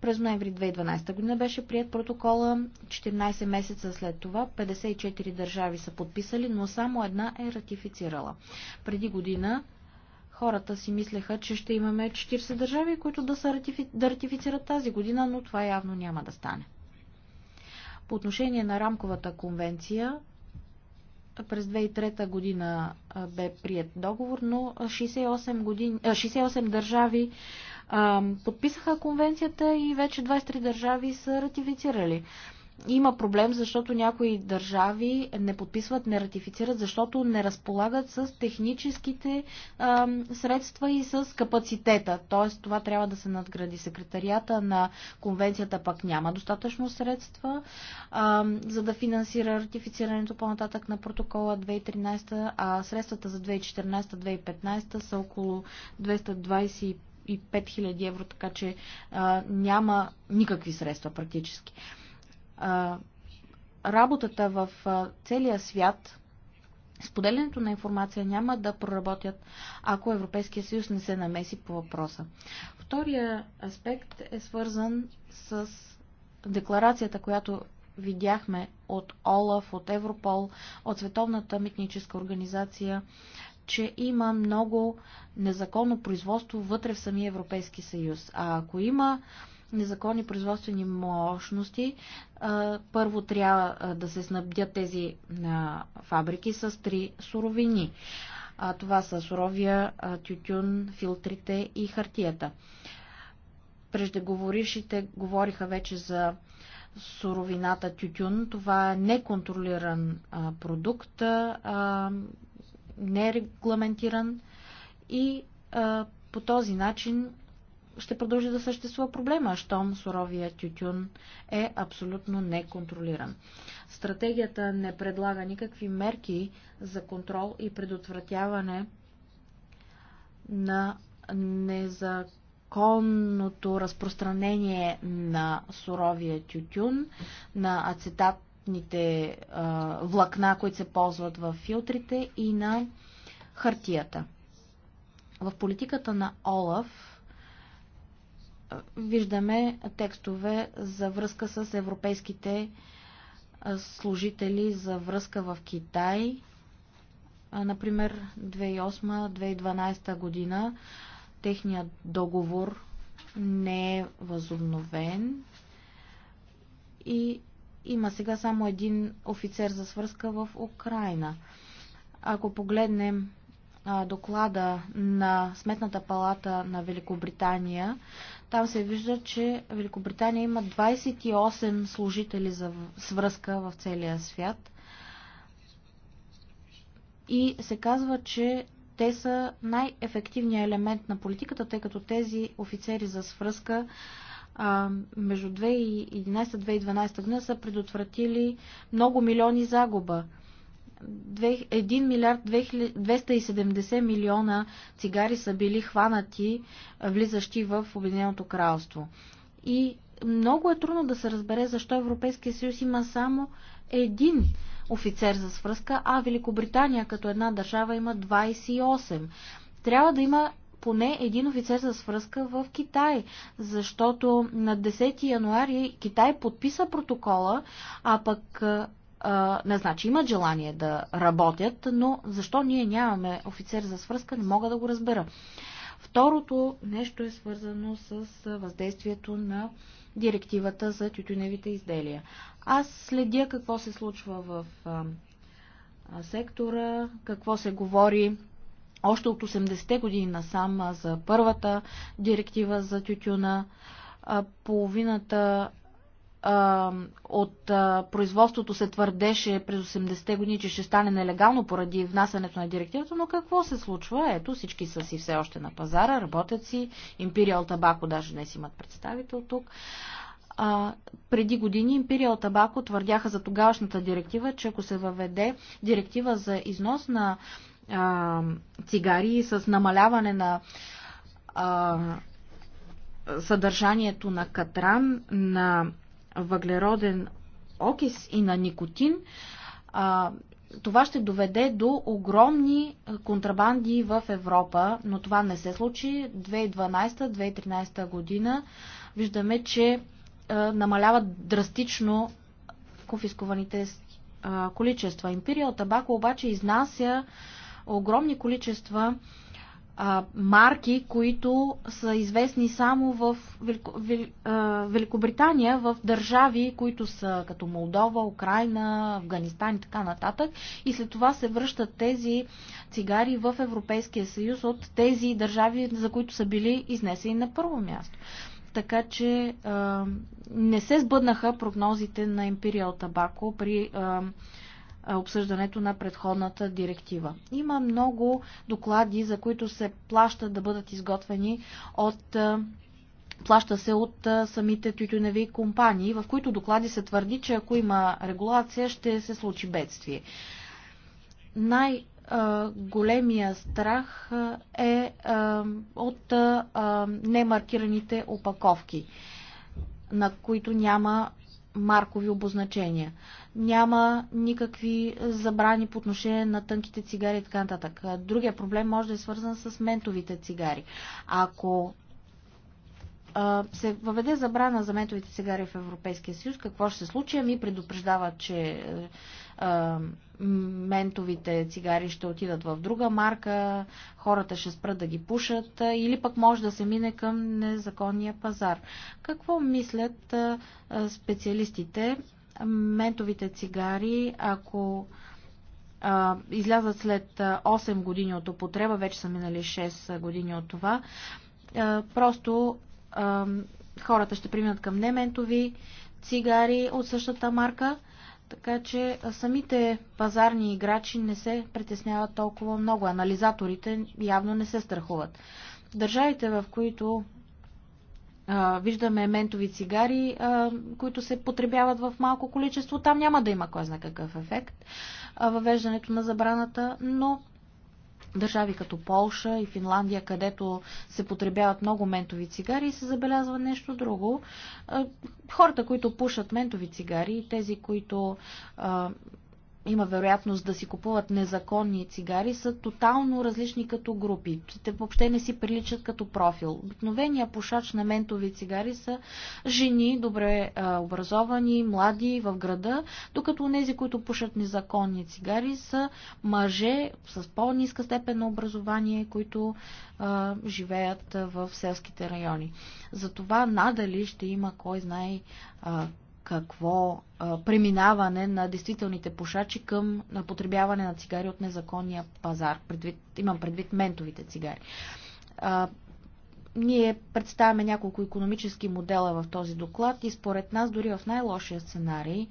През ноември 2012 година беше прият протокола, 14 месеца след това 54 държави са подписали, но само една е ратифицирала. Преди година Хората си мислеха, че ще имаме 40 държави, които да, са ратифи... да ратифицират тази година, но това явно няма да стане. По отношение на рамковата конвенция, през 2003 година бе прият договор, но 68, години, 68 държави подписаха конвенцията и вече 23 държави са ратифицирали има проблем, защото някои държави не подписват, не ратифицират, защото не разполагат с техническите а, средства и с капацитета. Тоест това трябва да се надгради. Секретарията на конвенцията пък няма достатъчно средства, а, за да финансира ратифицирането по-нататък на протокола 2013, а средствата за 2014-2015 са около 225 000 евро, така че а, няма никакви средства практически. А, работата в целия свят, споделянето на информация няма да проработят, ако Европейския съюз не се намеси по въпроса. Втория аспект е свързан с декларацията, която видяхме от ОЛАФ, от Европол, от Световната митническа организация, че има много незаконно производство вътре в самия Европейски съюз. А ако има незаконни производствени мощности, първо трябва да се снабдят тези фабрики с три суровини. Това са суровия, тютюн, филтрите и хартията. Преждеговорившите говориха вече за суровината тютюн. Това е неконтролиран продукт, нерегламентиран и по този начин ще продължи да съществува проблема, щом суровия тютюн е абсолютно неконтролиран. Стратегията не предлага никакви мерки за контрол и предотвратяване на незаконното разпространение на суровия тютюн, на ацетатните а, влакна, които се ползват в филтрите и на хартията. В политиката на Олаф виждаме текстове за връзка с европейските служители за връзка в Китай. Например, 2008-2012 година техният договор не е възобновен и има сега само един офицер за свързка в Украина. Ако погледнем доклада на Сметната палата на Великобритания, там се вижда, че Великобритания има 28 служители за свръзка в целия свят. И се казва, че те са най-ефективният елемент на политиката, тъй като тези офицери за свръзка а, между 2011-2012 година са предотвратили много милиони загуба. 1 милиард 270 милиона цигари са били хванати, влизащи в Обединеното кралство. И много е трудно да се разбере защо Европейския съюз има само един офицер за свръзка, а Великобритания като една държава има 28. Трябва да има поне един офицер за свръзка в Китай, защото на 10 януари Китай подписа протокола, а пък не значи имат желание да работят, но защо ние нямаме офицер за свръзка, не мога да го разбера. Второто нещо е свързано с въздействието на директивата за тютюневите изделия. Аз следя какво се случва в а, сектора, какво се говори още от 80-те години насам за първата директива за тютюна. Половината от производството се твърдеше през 80-те години, че ще стане нелегално поради внасянето на директивата, но какво се случва? Ето, всички са си все още на пазара, работят си, Imperial Табако даже днес имат представител тук. А, преди години Империал Табако твърдяха за тогавашната директива, че ако се въведе директива за износ на а, цигари с намаляване на а, съдържанието на катран, на въглероден окис и на никотин, а, това ще доведе до огромни контрабанди в Европа, но това не се случи. 2012-2013 година виждаме, че а, намаляват драстично конфискуваните а, количества. Империал Табако обаче изнася огромни количества а, марки, които са известни само в Велико, Вел, а, Великобритания, в държави, които са като Молдова, Украина, Афганистан и така нататък. И след това се връщат тези цигари в Европейския съюз от тези държави, за които са били изнесени на първо място. Така че а, не се сбъднаха прогнозите на Imperial Tobacco при. А, обсъждането на предходната директива. Има много доклади, за които се плащат да бъдат изготвени от плаща се от самите тютюневи компании, в които доклади се твърди, че ако има регулация, ще се случи бедствие. Най- големия страх е от немаркираните опаковки, на които няма маркови обозначения няма никакви забрани по отношение на тънките цигари и така нататък. Другия проблем може да е свързан с ментовите цигари. Ако се въведе забрана за ментовите цигари в Европейския съюз, какво ще се случи? Ами предупреждава, че ментовите цигари ще отидат в друга марка, хората ще спрат да ги пушат или пък може да се мине към незаконния пазар. Какво мислят специалистите ментовите цигари, ако а, излязат след 8 години от употреба, вече са минали 6 години от това, а, просто а, хората ще преминат към нементови цигари от същата марка, така че самите пазарни играчи не се притесняват толкова много. Анализаторите явно не се страхуват. Държавите, в които виждаме ментови цигари, които се потребяват в малко количество. Там няма да има кой знае какъв ефект въвеждането на забраната, но държави като Полша и Финландия, където се потребяват много ментови цигари, се забелязва нещо друго. Хората, които пушат ментови цигари и тези, които има вероятност да си купуват незаконни цигари, са тотално различни като групи. Те въобще не си приличат като профил. Обикновения пушач на ментови цигари са жени, добре а, образовани, млади в града, докато тези, които пушат незаконни цигари, са мъже с по низка степен на образование, които а, живеят в селските райони. Затова надали ще има кой знае а, какво а, преминаване на действителните пушачи към на потребяване на цигари от незаконния пазар. Предвид, имам предвид ментовите цигари. А, ние представяме няколко економически модела в този доклад и според нас дори в най-лошия сценарий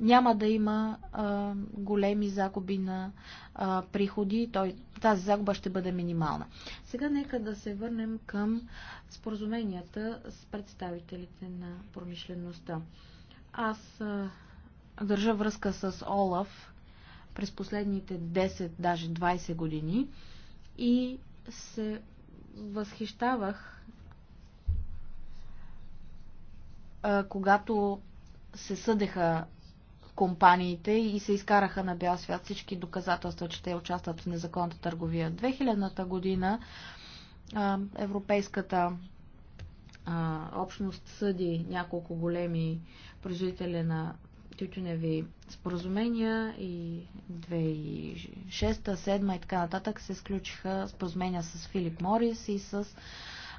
няма да има а, големи загуби на а, приходи. Той, тази загуба ще бъде минимална. Сега нека да се върнем към споразуменията с представителите на промишлеността. Аз държа връзка с Олаф през последните 10, даже 20 години и се възхищавах, когато се съдеха компаниите и се изкараха на бял свят всички доказателства, че те участват в незаконната търговия. 2000-та година Европейската общност съди няколко големи производителя на тютюневи споразумения и 2006, 2007 и така нататък се сключиха споразумения с Филип Морис и с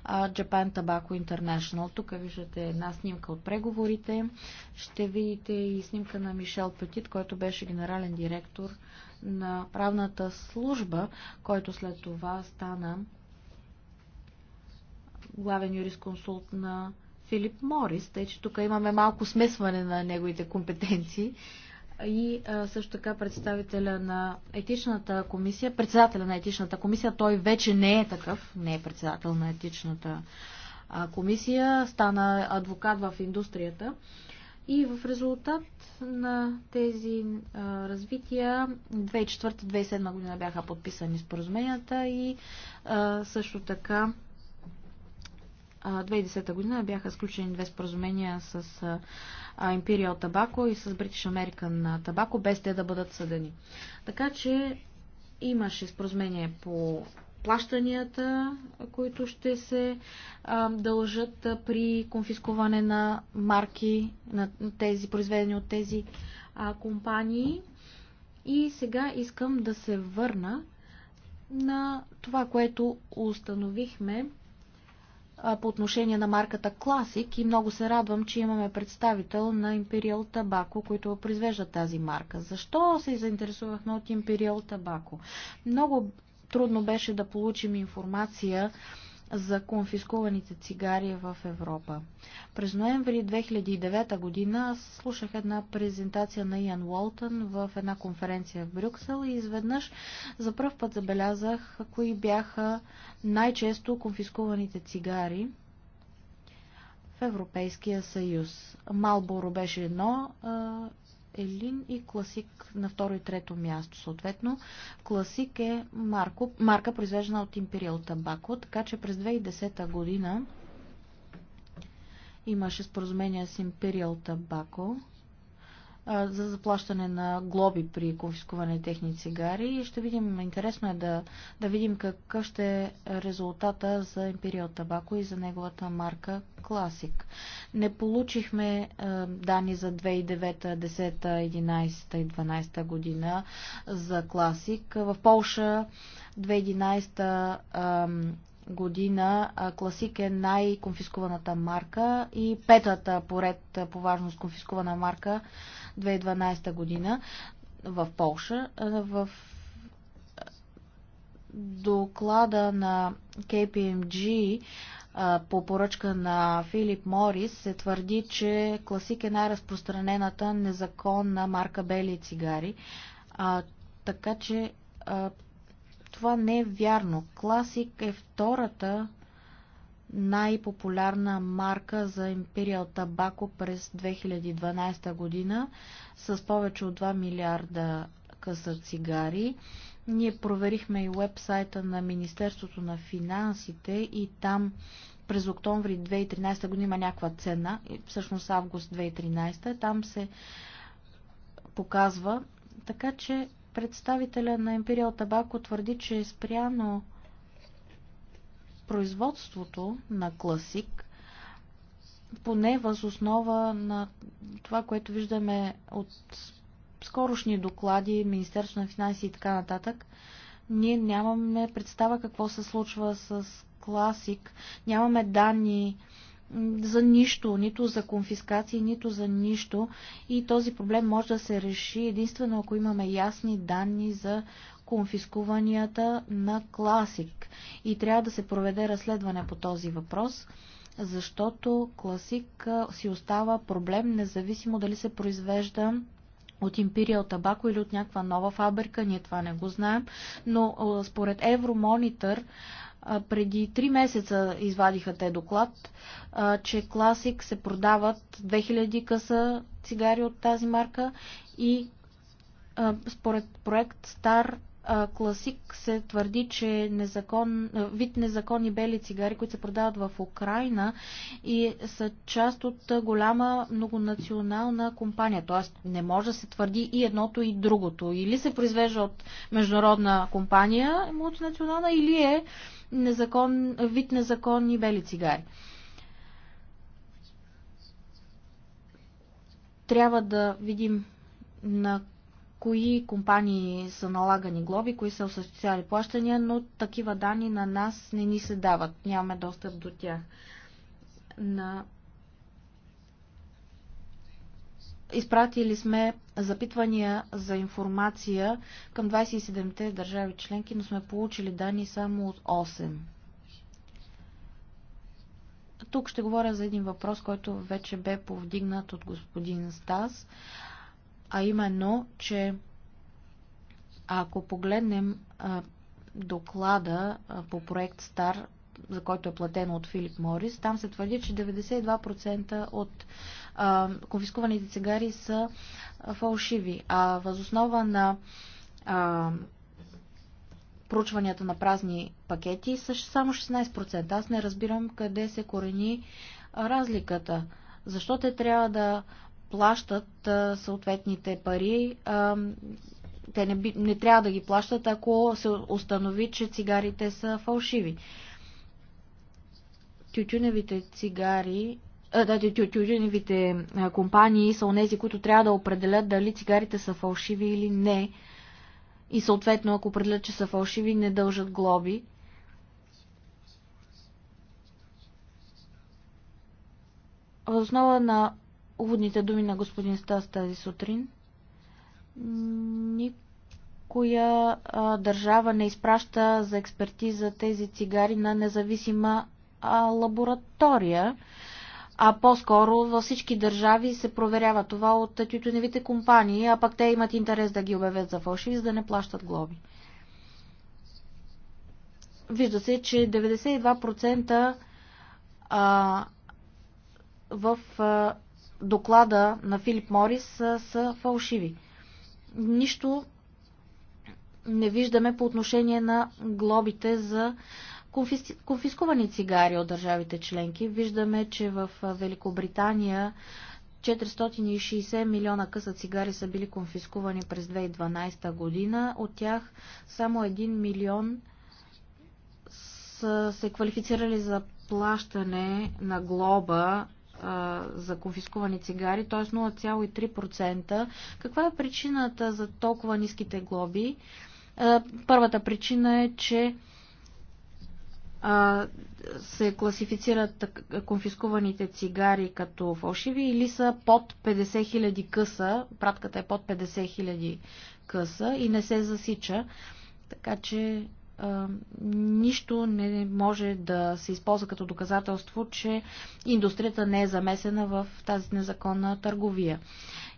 Japan Tobacco International. Тук виждате една снимка от преговорите. Ще видите и снимка на Мишел Петит, който беше генерален директор на правната служба, който след това стана главен юрисконсулт на Филип Морис, тъй че тук имаме малко смесване на неговите компетенции и а, също така представителя на етичната комисия, председателя на етичната комисия, той вече не е такъв, не е председател на етичната а, комисия, стана адвокат в индустрията. И в резултат на тези а, развития 2004-2007 година бяха подписани споразуменията и а, също така 2010 година бяха сключени две споразумения с Imperial Tobacco и с British American Tobacco, без те да бъдат съдени. Така че имаше споразумение по плащанията, които ще се а, дължат при конфискуване на марки на тези, произведени от тези а, компании. И сега искам да се върна на това, което установихме по отношение на марката Classic и много се радвам, че имаме представител на Imperial Tobacco, който произвежда тази марка. Защо се заинтересувахме от Imperial Tobacco? Много трудно беше да получим информация за конфискуваните цигари в Европа. През ноември 2009 година слушах една презентация на Иан Уолтън в една конференция в Брюксел и изведнъж за първ път забелязах кои бяха най-често конфискуваните цигари в Европейския съюз. Малборо беше едно Елин и Класик на второ и трето място. Съответно, Класик е марко, марка, произвеждана от Imperial Tobacco, така че през 2010 година имаше споразумение с Imperial Tobacco за заплащане на глоби при конфискуване на техни цигари и ще видим, интересно е да, да видим какъв ще е резултата за Империал Табако и за неговата марка Класик. Не получихме е, данни за 2009, 10, 11 и 12 година за Класик. В Полша 2011 е, година Класик е най-конфискуваната марка и петата поред по важност конфискувана марка 2012 година в Полша. В доклада на KPMG по поръчка на Филип Морис се твърди, че класик е най-разпространената незаконна марка бели цигари. А, така че а, това не е вярно. Класик е втората най-популярна марка за Imperial Tobacco през 2012 година с повече от 2 милиарда къса цигари. Ние проверихме и вебсайта на Министерството на финансите и там през октомври 2013 година има някаква цена, всъщност август 2013, там се показва. Така че представителя на Imperial Tobacco твърди, че е спряно производството на класик, поне въз основа на това, което виждаме от скорошни доклади, Министерство на финанси и така нататък, ние нямаме представа какво се случва с класик, нямаме данни за нищо, нито за конфискации, нито за нищо. И този проблем може да се реши единствено ако имаме ясни данни за конфискуванията на Класик. И трябва да се проведе разследване по този въпрос, защото Класик си остава проблем, независимо дали се произвежда от Imperial Табако или от някаква нова фабрика, ние това не го знаем, но според Евромонитър преди 3 месеца извадиха те доклад, че Класик се продават 2000 къса цигари от тази марка и според проект Стар класик се твърди, че незакон, вид незаконни бели цигари, които се продават в Украина и са част от голяма многонационална компания. Тоест не може да се твърди и едното и другото. Или се произвежда от международна компания, мултинационална, или е незакон, вид незаконни бели цигари. Трябва да видим на кои компании са налагани глоби, кои са осъществявали плащания, но такива данни на нас не ни се дават. Нямаме достъп до тях. На... Изпратили сме запитвания за информация към 27-те държави членки, но сме получили данни само от 8. Тук ще говоря за един въпрос, който вече бе повдигнат от господин Стас. А, а именно, че ако погледнем а, доклада а, по проект Стар, за който е платено от Филип Морис, там се твърди, че 92% от а, конфискуваните цигари са а, фалшиви. А възоснова на а, проучванията на празни пакети са само 16%. Аз не разбирам къде се корени разликата. Защо те трябва да плащат съответните пари. Те не, би, не трябва да ги плащат, ако се установи, че цигарите са фалшиви. Тютюневите цигари да, тютюневите компании са онези, които трябва да определят дали цигарите са фалшиви или не. И съответно, ако определят, че са фалшиви, не дължат глоби. В основа на уводните думи на господин Стас тази сутрин. Никоя а, държава не изпраща за експертиза тези цигари на независима а, лаборатория, а по-скоро във всички държави се проверява това от тютюневите компании, а пък те имат интерес да ги обявят за фалшиви, за да не плащат глоби. Вижда се, че 92% а, в а, доклада на Филип Морис са, са фалшиви. Нищо не виждаме по отношение на глобите за конфискувани цигари от държавите членки. Виждаме, че в Великобритания 460 милиона къса цигари са били конфискувани през 2012 година. От тях само 1 милион са се квалифицирали за плащане на глоба за конфискувани цигари, т.е. 0,3%. Каква е причината за толкова ниските глоби? Първата причина е, че се класифицират конфискуваните цигари като фалшиви или са под 50 000 къса, пратката е под 50 000 къса и не се засича. Така че нищо не може да се използва като доказателство, че индустрията не е замесена в тази незаконна търговия.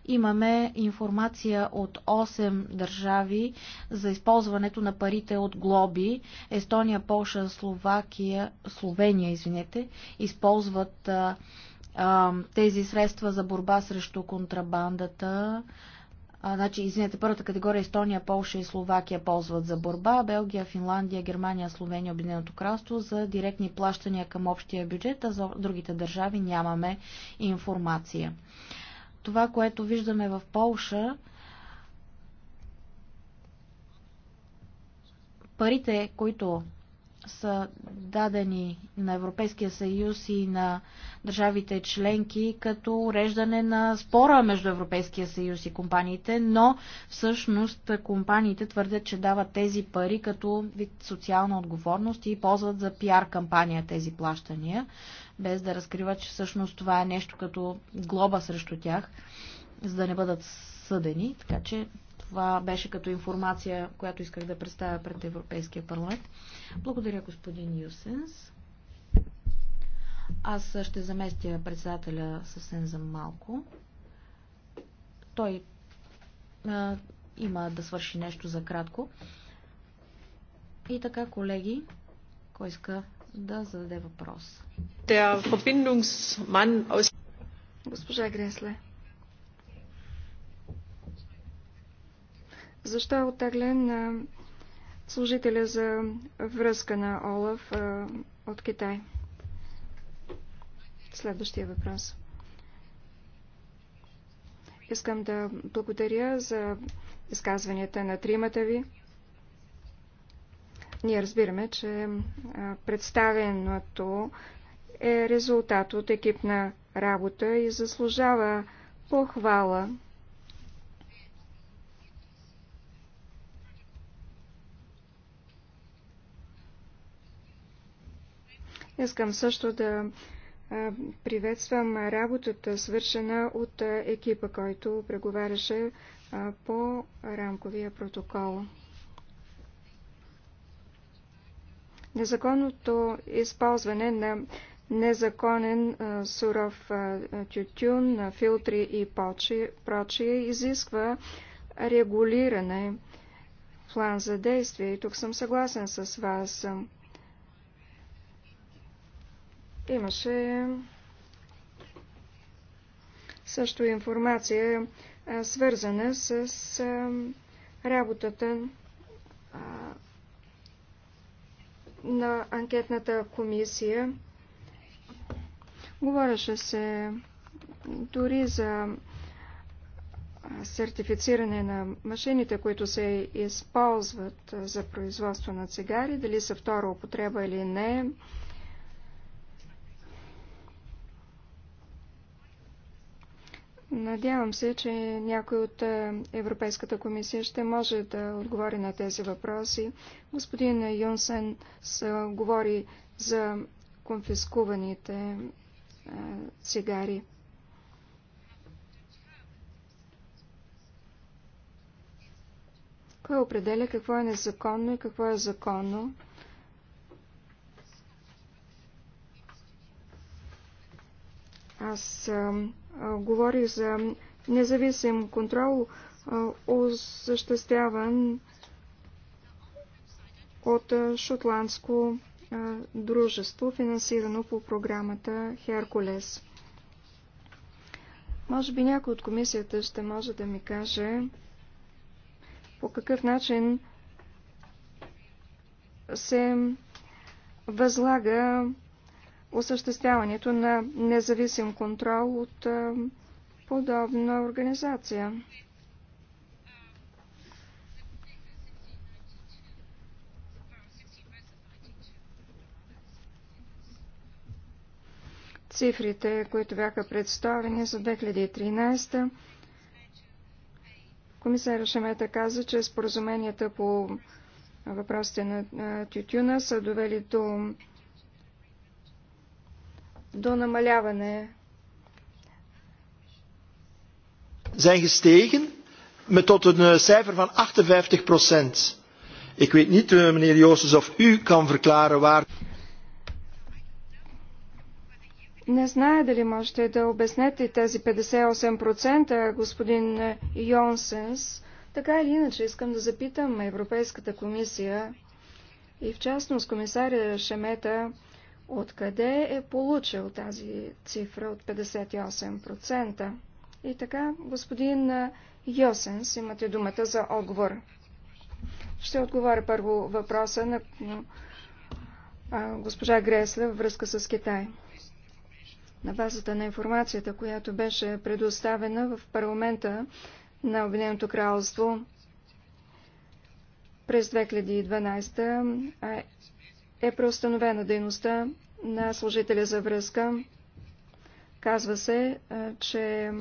Имаме информация от 8 държави за използването на парите от глоби. Естония, Полша, Словакия, Словения, извинете, използват а, а, тези средства за борба срещу контрабандата. А, а, значи, извинете, първата категория е Естония, Полша и Словакия ползват за борба, Белгия, Финландия, Германия, Словения, Обединеното кралство за директни плащания към общия бюджет, а за другите държави нямаме информация. Това, което виждаме в Полша, парите, които са дадени на Европейския съюз и на държавите членки като уреждане на спора между Европейския съюз и компаниите, но всъщност компаниите твърдят, че дават тези пари като вид социална отговорност и ползват за пиар кампания тези плащания, без да разкриват, че всъщност това е нещо като глоба срещу тях, за да не бъдат съдени. Така че това беше като информация, която исках да представя пред Европейския парламент. Благодаря, господин Юсенс. Аз ще заместя председателя съвсем за малко. Той а, има да свърши нещо за кратко. И така, колеги, кой иска да зададе въпрос? Госпожа Гресле. Защо е оттеглен на служителя за връзка на Олаф от Китай? Следващия въпрос. Искам да благодаря за изказванията на тримата ви. Ние разбираме, че представеното е резултат от екипна работа и заслужава похвала. Искам също да приветствам работата, свършена от екипа, който преговаряше по рамковия протокол. Незаконното използване на незаконен суров тютюн, на филтри и прочие изисква регулиране, план за действие. И тук съм съгласен с вас. Имаше също информация, свързана с работата на анкетната комисия. Говореше се дори за сертифициране на машините, които се използват за производство на цигари, дали са втора употреба или не. Надявам се, че някой от е, Европейската комисия ще може да отговори на тези въпроси. Господин Юнсен е, говори за конфискуваните е, цигари. Кой определя какво е незаконно и какво е законно? Аз говори за независим контрол, осъществяван от шотландско дружество, финансирано по програмата Херкулес. Може би някой от комисията ще може да ми каже по какъв начин се възлага осъществяването на независим контрол от подобна организация. Цифрите, които бяха представени за 2013, комисаря Шамета каза, че споразуменията по въпросите на тютюна са довели до до намаляване. Zijn gestegen met tot een eh, cijfer van 58 Ik weet niet, eh, meneer Joostes, of u kan verklaren waar. Не знае дали можете да обяснете тези 58%, господин eh, Йонсенс. Така или иначе искам да запитам Европейската комисия и в частност комисаря Шемета Откъде е получил тази цифра от 58%? И така, господин Йосенс, имате думата за отговор. Ще отговоря първо въпроса на госпожа Гресле във връзка с Китай. На базата на информацията, която беше предоставена в парламента на Обединеното кралство през 2012 е преустановена дейността на служителя за връзка. Казва се, че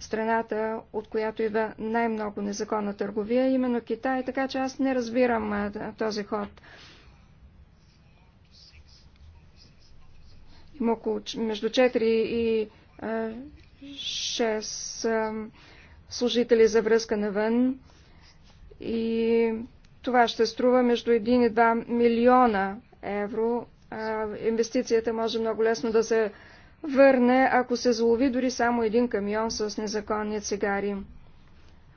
страната, от която идва най-много незаконна търговия, е именно Китай, така че аз не разбирам този ход. Има около между 4 и 6 служители за връзка навън и това ще струва между 1 и 2 милиона евро. Инвестицията може много лесно да се върне, ако се залови дори само един камион с незаконни цигари.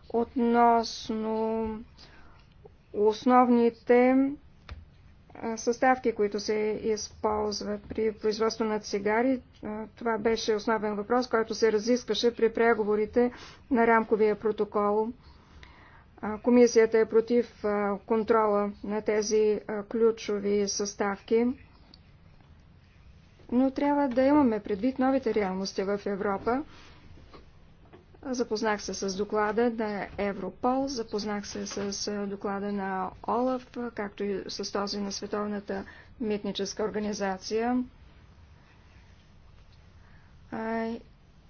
Относно основните съставки, които се използват при производство на цигари. Това беше основен въпрос, който се разискваше при преговорите на рамковия протокол. Комисията е против контрола на тези ключови съставки, но трябва да имаме предвид новите реалности в Европа. Запознах се с доклада на Европол, запознах се с доклада на ОЛАФ, както и с този на Световната митническа организация.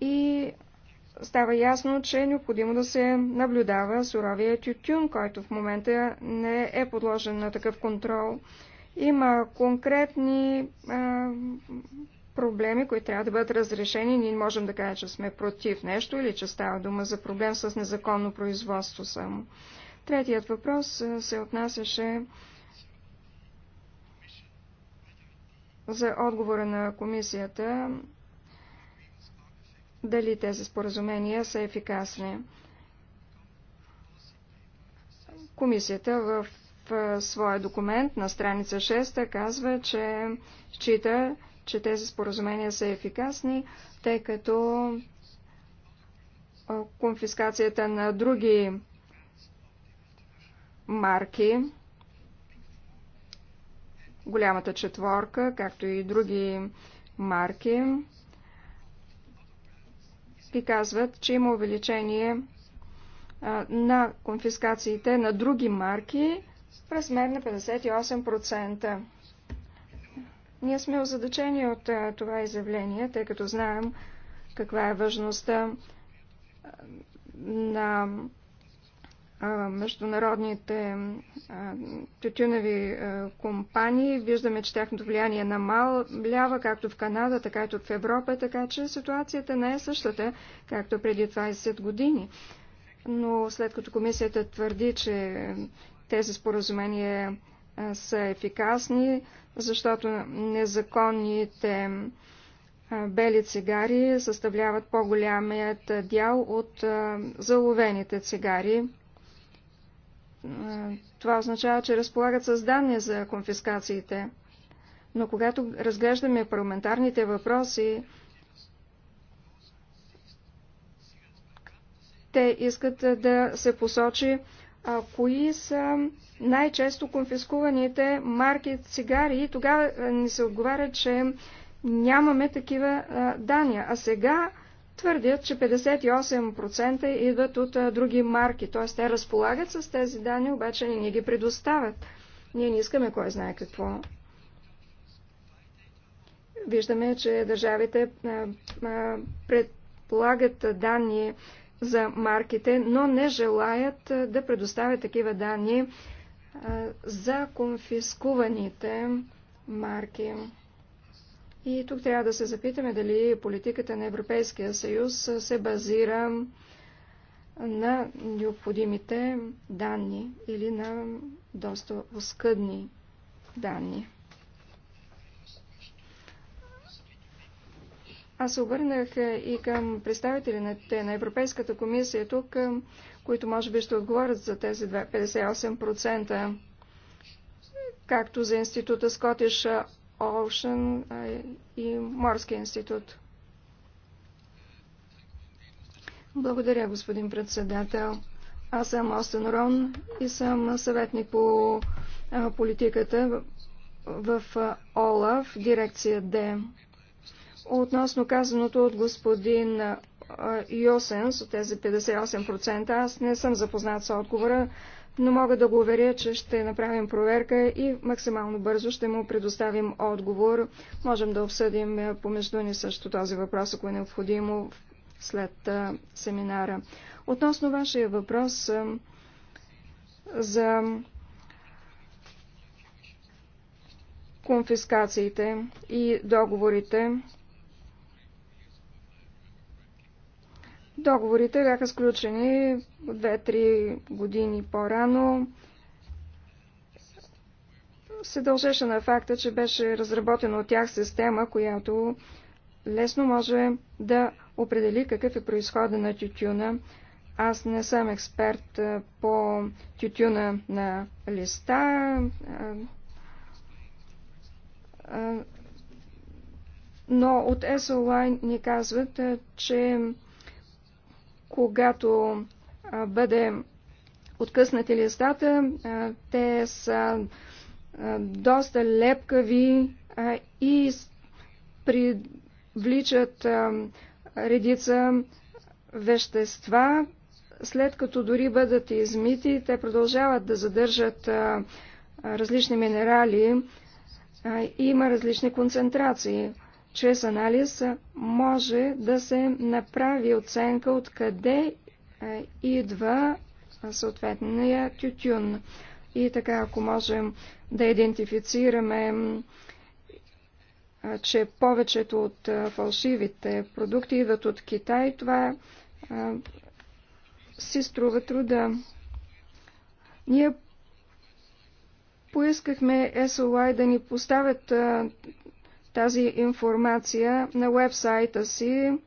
И става ясно, че е необходимо да се наблюдава суровия тютюн, който в момента не е подложен на такъв контрол. Има конкретни а, проблеми, които трябва да бъдат разрешени. Ние можем да кажем, че сме против нещо или че става дума за проблем с незаконно производство само. Третият въпрос се отнасяше за отговора на комисията дали тези споразумения са ефикасни. Комисията в своя документ на страница 6 казва, че счита, че тези споразумения са ефикасни, тъй като конфискацията на други марки, голямата четворка, както и други марки, ви казват, че има увеличение на конфискациите на други марки в размер на 58%. Ние сме озадачени от това изявление, тъй като знаем каква е важността на международните тютюневи компании. Виждаме, че тяхното влияние е намалява както в Канада, така и в Европа, така че ситуацията не е същата, както преди 20 години. Но след като комисията твърди, че тези споразумения са ефикасни, защото незаконните бели цигари съставляват по-голямият дял от заловените цигари това означава, че разполагат с данни за конфискациите. Но когато разглеждаме парламентарните въпроси, те искат да се посочи а, кои са най-често конфискуваните марки цигари и тогава ни се отговаря, че нямаме такива а, данни. А сега твърдят, че 58% идват от а, други марки, т.е. те разполагат с тези данни, обаче не ни ги предоставят. Ние не искаме кой знае какво. Виждаме, че държавите а, а, предполагат данни за марките, но не желаят да предоставят такива данни за конфискуваните марки. И тук трябва да се запитаме дали политиката на Европейския съюз се базира на необходимите данни или на доста оскъдни данни. Аз се обърнах и към представителите на Европейската комисия тук, които може би ще отговорят за тези 58%, както за института Scottish Ocean и Морския институт. Благодаря, господин председател. Аз съм Остен Рон и съм съветник по политиката в ОЛАВ, дирекция Д. Относно казаното от господин Йосенс, от тези 58%, аз не съм запознат с отговора, но мога да го уверя, че ще направим проверка и максимално бързо ще му предоставим отговор. Можем да обсъдим е, помежду ни също този въпрос, ако е необходимо след е, семинара. Относно вашия въпрос е, за конфискациите и договорите, Договорите бяха сключени 2-3 години по-рано. Се дължеше на факта, че беше разработена от тях система, която лесно може да определи какъв е происхода на тютюна. Аз не съм експерт по тютюна на листа. Но от SOLINE ни казват, че когато бъде откъснати листата, те са доста лепкави и привличат редица вещества. След като дори бъдат измити, те продължават да задържат различни минерали. Има различни концентрации чрез анализ може да се направи оценка откъде е, идва е, съответния тютюн. И така, ако можем да идентифицираме, е, че повечето от фалшивите продукти идват от Китай, това си струва труда. Ние поискахме SOI да ни поставят тази информация на вебсайта си,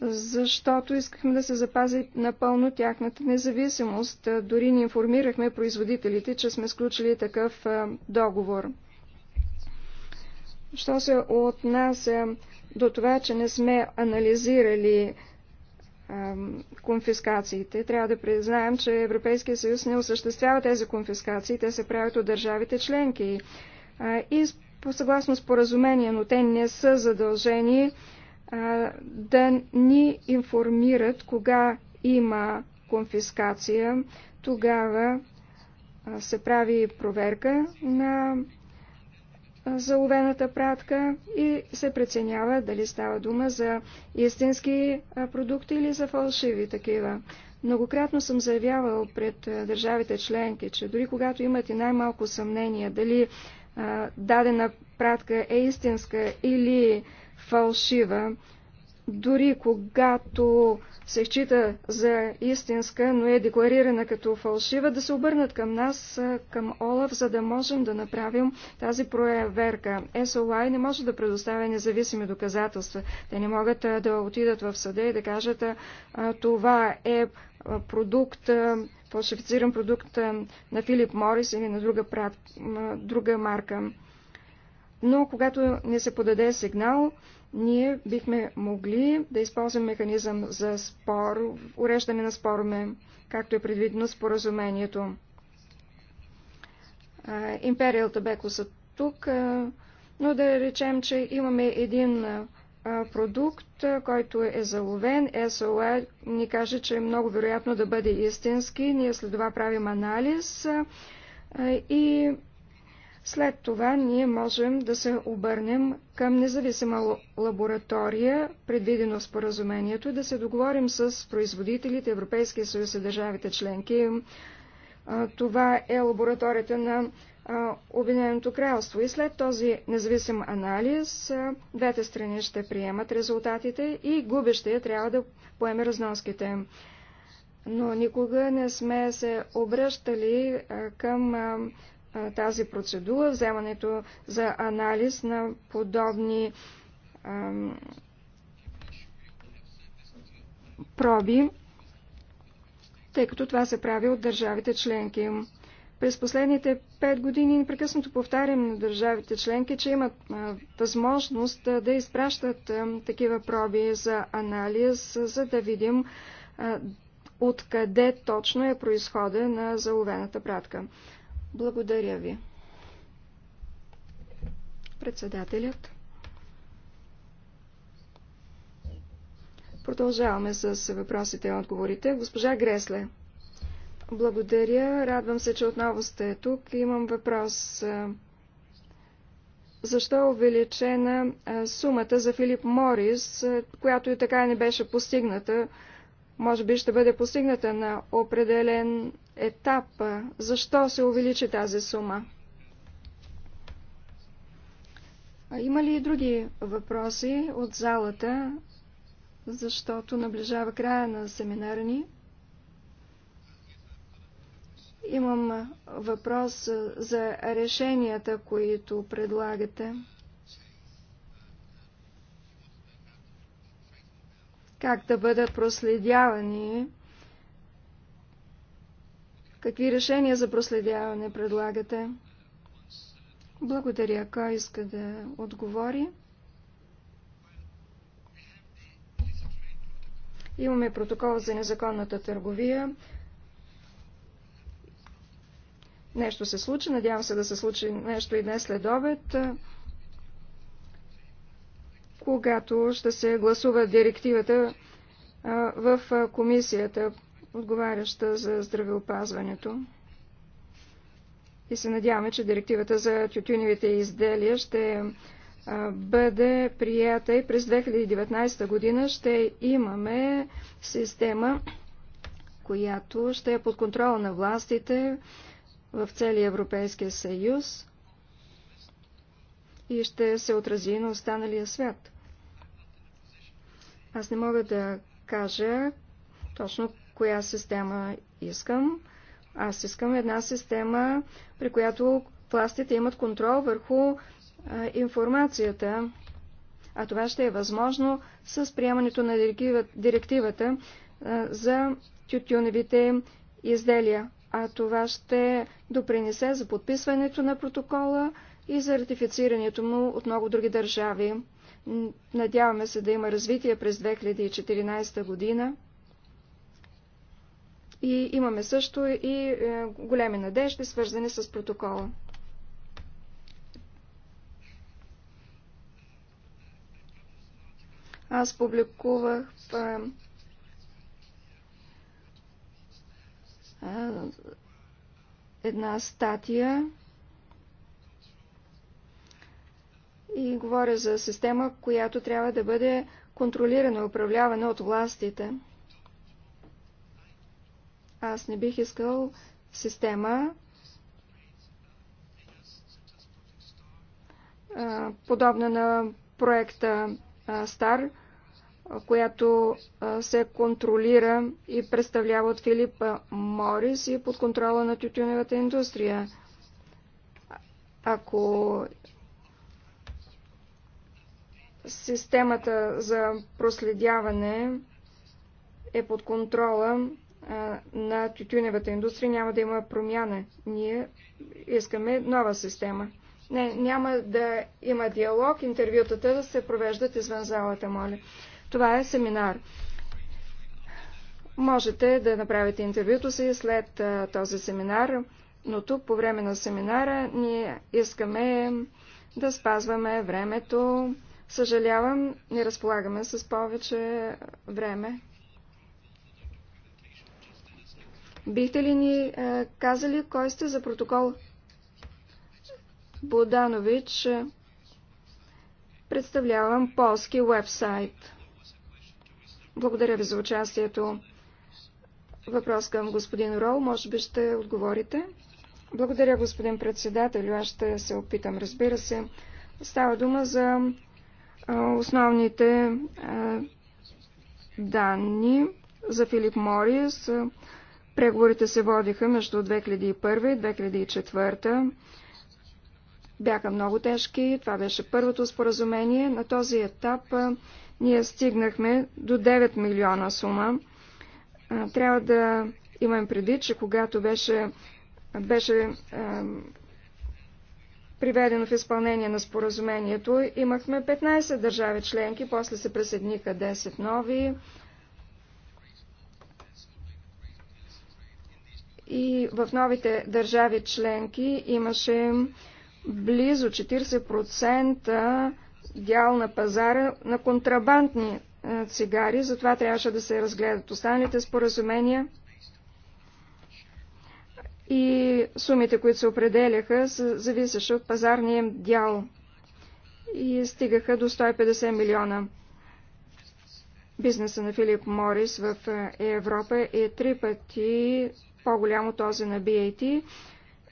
защото искахме да се запази напълно тяхната независимост. Дори не информирахме производителите, че сме сключили такъв договор. Що се отнася до това, че не сме анализирали конфискациите. Трябва да признаем, че Европейския съюз не осъществява тези конфискации, те се правят от държавите членки. И по съгласно споразумение, но те не са задължени а, да ни информират кога има конфискация. Тогава а, се прави проверка на заловената пратка и се преценява дали става дума за истински продукти или за фалшиви такива. Многократно съм заявявал пред държавите членки, че дори когато имате най-малко съмнение дали дадена пратка е истинска или фалшива, дори когато се счита за истинска, но е декларирана като фалшива, да се обърнат към нас, към Олаф, за да можем да направим тази проверка. SOI не може да предоставя независими доказателства. Те не могат да отидат в съда и да кажат, това е продукт фалшифициран продукт на Филип Морис или на друга, прав... друга марка. Но когато не се подаде сигнал, ние бихме могли да използваме механизъм за спор, уреждане на спорове, както е предвидено споразумението. Империал Табеко са тук, но да речем, че имаме един продукт, който е заловен, СОЕ ни каже, че е много вероятно да бъде истински. Ние след това правим анализ и след това ние можем да се обърнем към независима лаборатория, предвидено споразумението, да се договорим с производителите, Европейския съюз и държавите членки. Това е лабораторията на Обединеното кралство. И след този независим анализ, двете страни ще приемат резултатите и губещия трябва да поеме разноските. Но никога не сме се обръщали към тази процедура, вземането за анализ на подобни ам, проби, тъй като това се прави от държавите членки. През последните пет години непрекъснато повтарям на държавите членки, че имат възможност да изпращат такива проби за анализ, за да видим откъде точно е происхода на заловената пратка. Благодаря ви. Председателят. Продължаваме с въпросите и отговорите. Госпожа Гресле. Благодаря. Радвам се, че отново сте тук. Имам въпрос. Защо е увеличена сумата за Филип Морис, която и така не беше постигната? Може би ще бъде постигната на определен етап. Защо се увеличи тази сума? Има ли и други въпроси от залата, защото наближава края на семинара ни? Имам въпрос за решенията, които предлагате. Как да бъдат проследявани? Какви решения за проследяване предлагате? Благодаря. Кой иска да отговори? Имаме протокол за незаконната търговия нещо се случи. Надявам се да се случи нещо и днес след обед, когато ще се гласува директивата в комисията, отговаряща за здравеопазването. И се надяваме, че директивата за тютюневите изделия ще бъде прията и през 2019 година ще имаме система, която ще е под контрол на властите, в целия Европейския съюз и ще се отрази на останалия свят. Аз не мога да кажа точно коя система искам. Аз искам една система, при която властите имат контрол върху а, информацията, а това ще е възможно с приемането на директивата а, за тютюневите изделия а това ще допринесе за подписването на протокола и за ратифицирането му от много други държави. Надяваме се да има развитие през 2014 година. И имаме също и е, големи надежди, свързани с протокола. Аз публикувах е, една статия и говоря за система, която трябва да бъде контролирана, управлявана от властите. Аз не бих искал система, подобна на проекта Стар, която се контролира и представлява от Филип Морис и под контрола на тютюневата индустрия. Ако системата за проследяване е под контрола на тютюневата индустрия, няма да има промяна. Ние искаме нова система. Не, няма да има диалог. Интервютата да се провеждат извън залата, моля. Това е семинар. Можете да направите интервюто си след този семинар, но тук по време на семинара ние искаме да спазваме времето. Съжалявам, не разполагаме с повече време. Бихте ли ни казали кой сте за протокол? Боданович. Представлявам полски вебсайт. Благодаря ви за участието. Въпрос към господин Рол. Може би ще отговорите. Благодаря, господин председател. Аз ще се опитам, разбира се. Става дума за основните данни за Филип Морис. Преговорите се водиха между 2001 и 2004. Бяха много тежки. Това беше първото споразумение. На този етап ние стигнахме до 9 милиона сума. Трябва да имам предвид, че когато беше, беше е, приведено в изпълнение на споразумението, имахме 15 държави членки, после се присъединиха 10 нови. И в новите държави членки имаше близо 40% дял на пазара на контрабандни е, цигари, затова трябваше да се разгледат останалите споразумения и сумите, които се определяха, зависеше от пазарния дял и стигаха до 150 милиона. Бизнеса на Филип Морис в е, Европа е три пъти по-голям от този на BAT,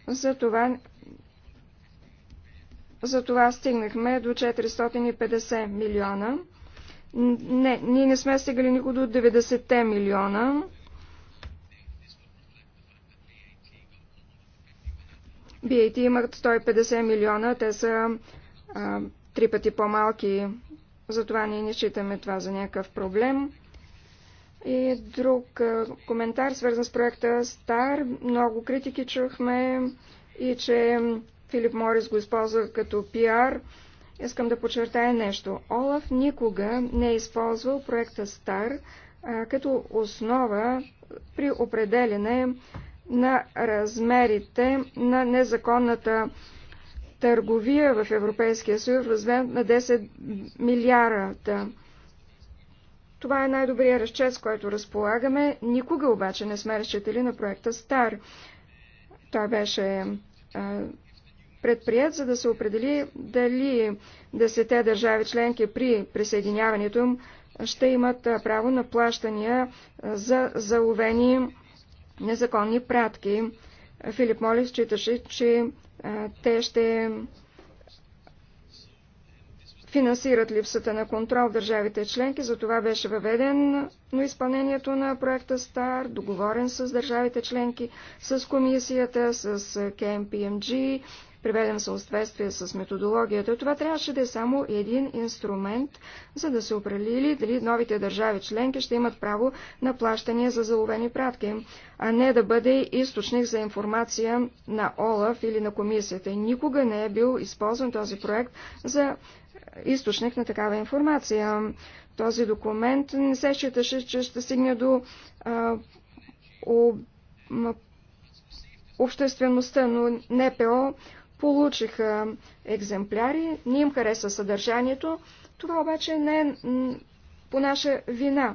затова затова стигнахме до 450 милиона. Не, ние не сме стигали никога до 90 милиона. BAT имат 150 милиона, те са а, три пъти по-малки, затова ние не считаме това за някакъв проблем. И друг а, коментар, свързан с проекта Стар. Много критики чухме и че Филип Морис го използва като пиар. Искам да подчертая нещо. Олаф никога не е използвал проекта Стар като основа при определене на размерите на незаконната търговия в Европейския съюз в размер на 10 милиарда. Това е най-добрият разчет, с който разполагаме. Никога обаче не сме разчитали на проекта Стар. Той беше предприят, за да се определи дали десете държави членки при присъединяването им ще имат право на плащания за заловени незаконни пратки. Филип Молис считаше, че те ще финансират липсата на контрол в държавите членки, за това беше въведен на изпълнението на проекта СТАР, договорен с държавите членки, с комисията, с КМПМГ, приведен в съответствие с методологията. Това трябваше да е само един инструмент, за да се определи дали новите държави членки ще имат право на плащания за заловени пратки, а не да бъде източник за информация на ОЛАФ или на комисията. Никога не е бил използван този проект за източник на такава информация. Този документ не се считаше, че ще стигне до а, об, обществеността, но НПО получиха екземпляри, не им хареса съдържанието. Това обаче не е по наша вина.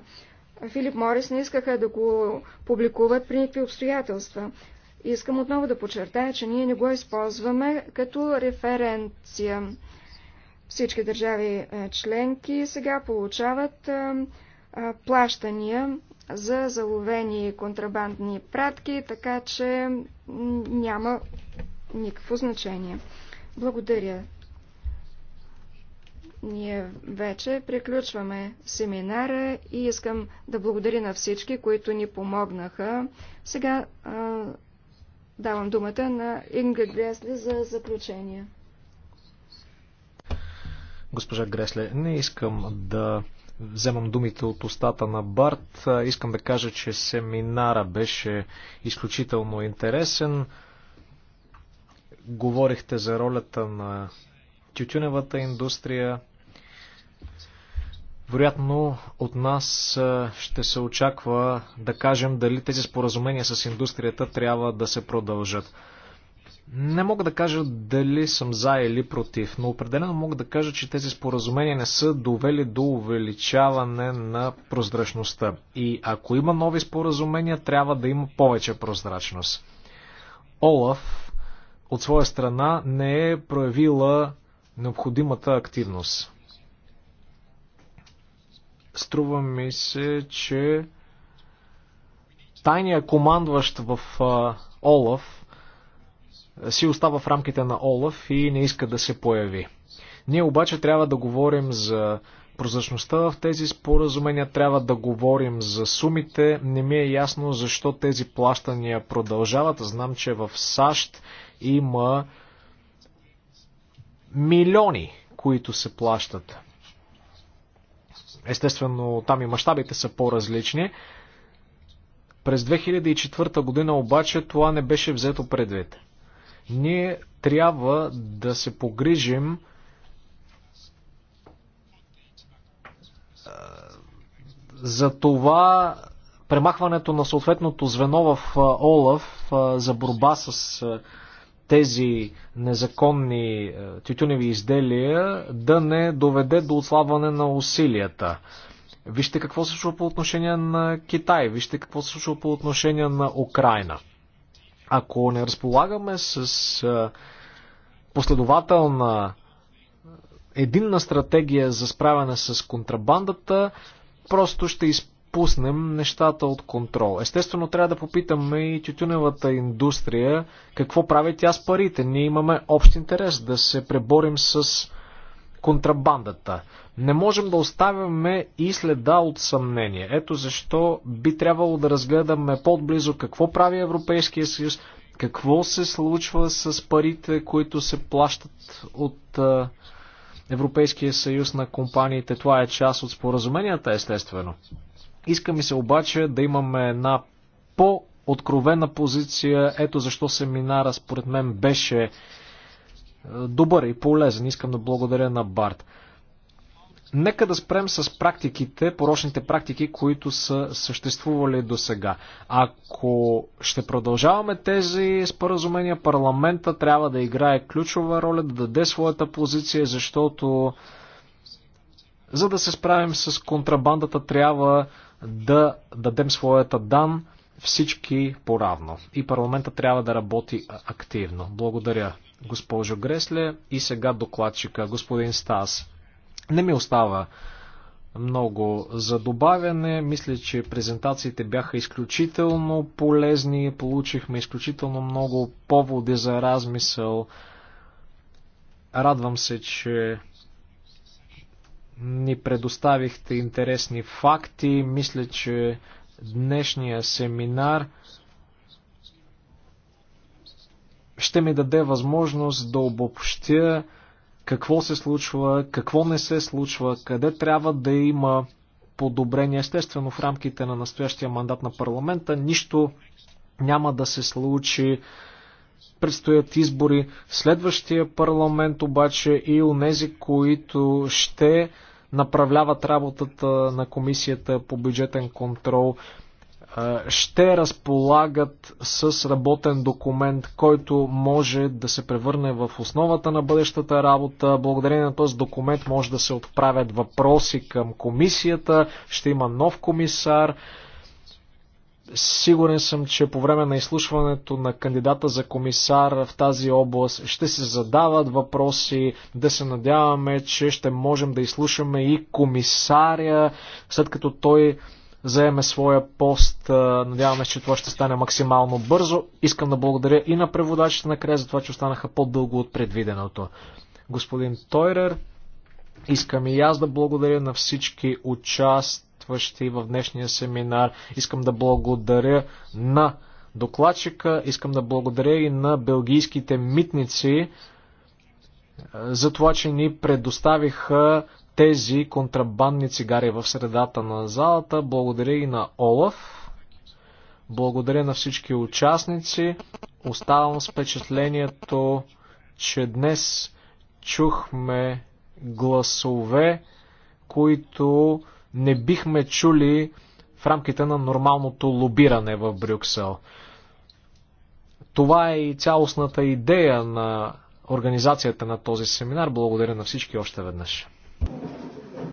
Филип Морис не искаха да го публикуват при никакви обстоятелства. Искам отново да подчертая, че ние не го използваме като референция. Всички държави е, членки сега получават е, е, плащания за заловени контрабандни пратки, така че няма никакво значение. Благодаря. Ние вече приключваме семинара и искам да благодаря на всички, които ни помогнаха. Сега а, давам думата на Инга Гресли за заключение. Госпожа Гресле, не искам да вземам думите от устата на Барт. Искам да кажа, че семинара беше изключително интересен говорихте за ролята на тютюневата индустрия. Вероятно от нас ще се очаква да кажем дали тези споразумения с индустрията трябва да се продължат. Не мога да кажа дали съм за или против, но определено мога да кажа, че тези споразумения не са довели до увеличаване на прозрачността. И ако има нови споразумения, трябва да има повече прозрачност. Олаф от своя страна не е проявила необходимата активност. Струва ми се, че тайният командващ в Олаф си остава в рамките на Олаф и не иска да се появи. Ние обаче трябва да говорим за прозрачността в тези споразумения, трябва да говорим за сумите. Не ми е ясно защо тези плащания продължават. Знам, че в САЩ има милиони, които се плащат. Естествено, там и мащабите са по-различни. През 2004 година обаче това не беше взето предвид. Ние трябва да се погрижим за това премахването на съответното звено в ОЛАФ за борба с тези незаконни е, тютюневи изделия да не доведе до отслабване на усилията. Вижте какво се случва по отношение на Китай, вижте какво се случва по отношение на Украина. Ако не разполагаме с е, последователна е, единна стратегия за справяне с контрабандата, просто ще изпълняваме пуснем нещата от контрол. Естествено, трябва да попитаме и тютюневата индустрия какво прави тя с парите. Ние имаме общ интерес да се преборим с контрабандата. Не можем да оставяме и следа от съмнение. Ето защо би трябвало да разгледаме по-близо какво прави Европейския съюз, какво се случва с парите, които се плащат от Европейския съюз на компаниите. Това е част от споразуменията, естествено. Иска ми се обаче да имаме една по-откровена позиция. Ето защо семинара според мен беше е, добър и полезен. Искам да благодаря на Барт. Нека да спрем с практиките, порочните практики, които са съществували до сега. Ако ще продължаваме тези споразумения, парламента трябва да играе ключова роля, да даде своята позиция, защото за да се справим с контрабандата трябва да дадем своята дан всички по-равно. И парламента трябва да работи активно. Благодаря, госпожо Гресле. И сега докладчика, господин Стас. Не ми остава много за добавяне. Мисля, че презентациите бяха изключително полезни. Получихме изключително много поводи за размисъл. Радвам се, че ни предоставихте интересни факти. Мисля, че днешния семинар ще ми даде възможност да обобщя какво се случва, какво не се случва, къде трябва да има подобрение. Естествено, в рамките на настоящия мандат на парламента нищо няма да се случи. Предстоят избори. Следващия парламент обаче и у нези, които ще направляват работата на комисията по бюджетен контрол, ще разполагат с работен документ, който може да се превърне в основата на бъдещата работа. Благодарение на този документ може да се отправят въпроси към комисията, ще има нов комисар, Сигурен съм, че по време на изслушването на кандидата за комисар в тази област ще се задават въпроси, да се надяваме, че ще можем да изслушаме и комисаря, след като той заеме своя пост. Надяваме се, че това ще стане максимално бързо. Искам да благодаря и на преводачите на края за това, че останаха по-дълго от предвиденото. Господин Тойрер, искам и аз да благодаря на всички участ участващи в днешния семинар. Искам да благодаря на докладчика, искам да благодаря и на белгийските митници е, за това, че ни предоставиха тези контрабандни цигари в средата на залата. Благодаря и на Олаф. Благодаря на всички участници. Оставам с впечатлението, че днес чухме гласове, които не бихме чули в рамките на нормалното лобиране в Брюксел. Това е и цялостната идея на организацията на този семинар. Благодаря на всички още веднъж.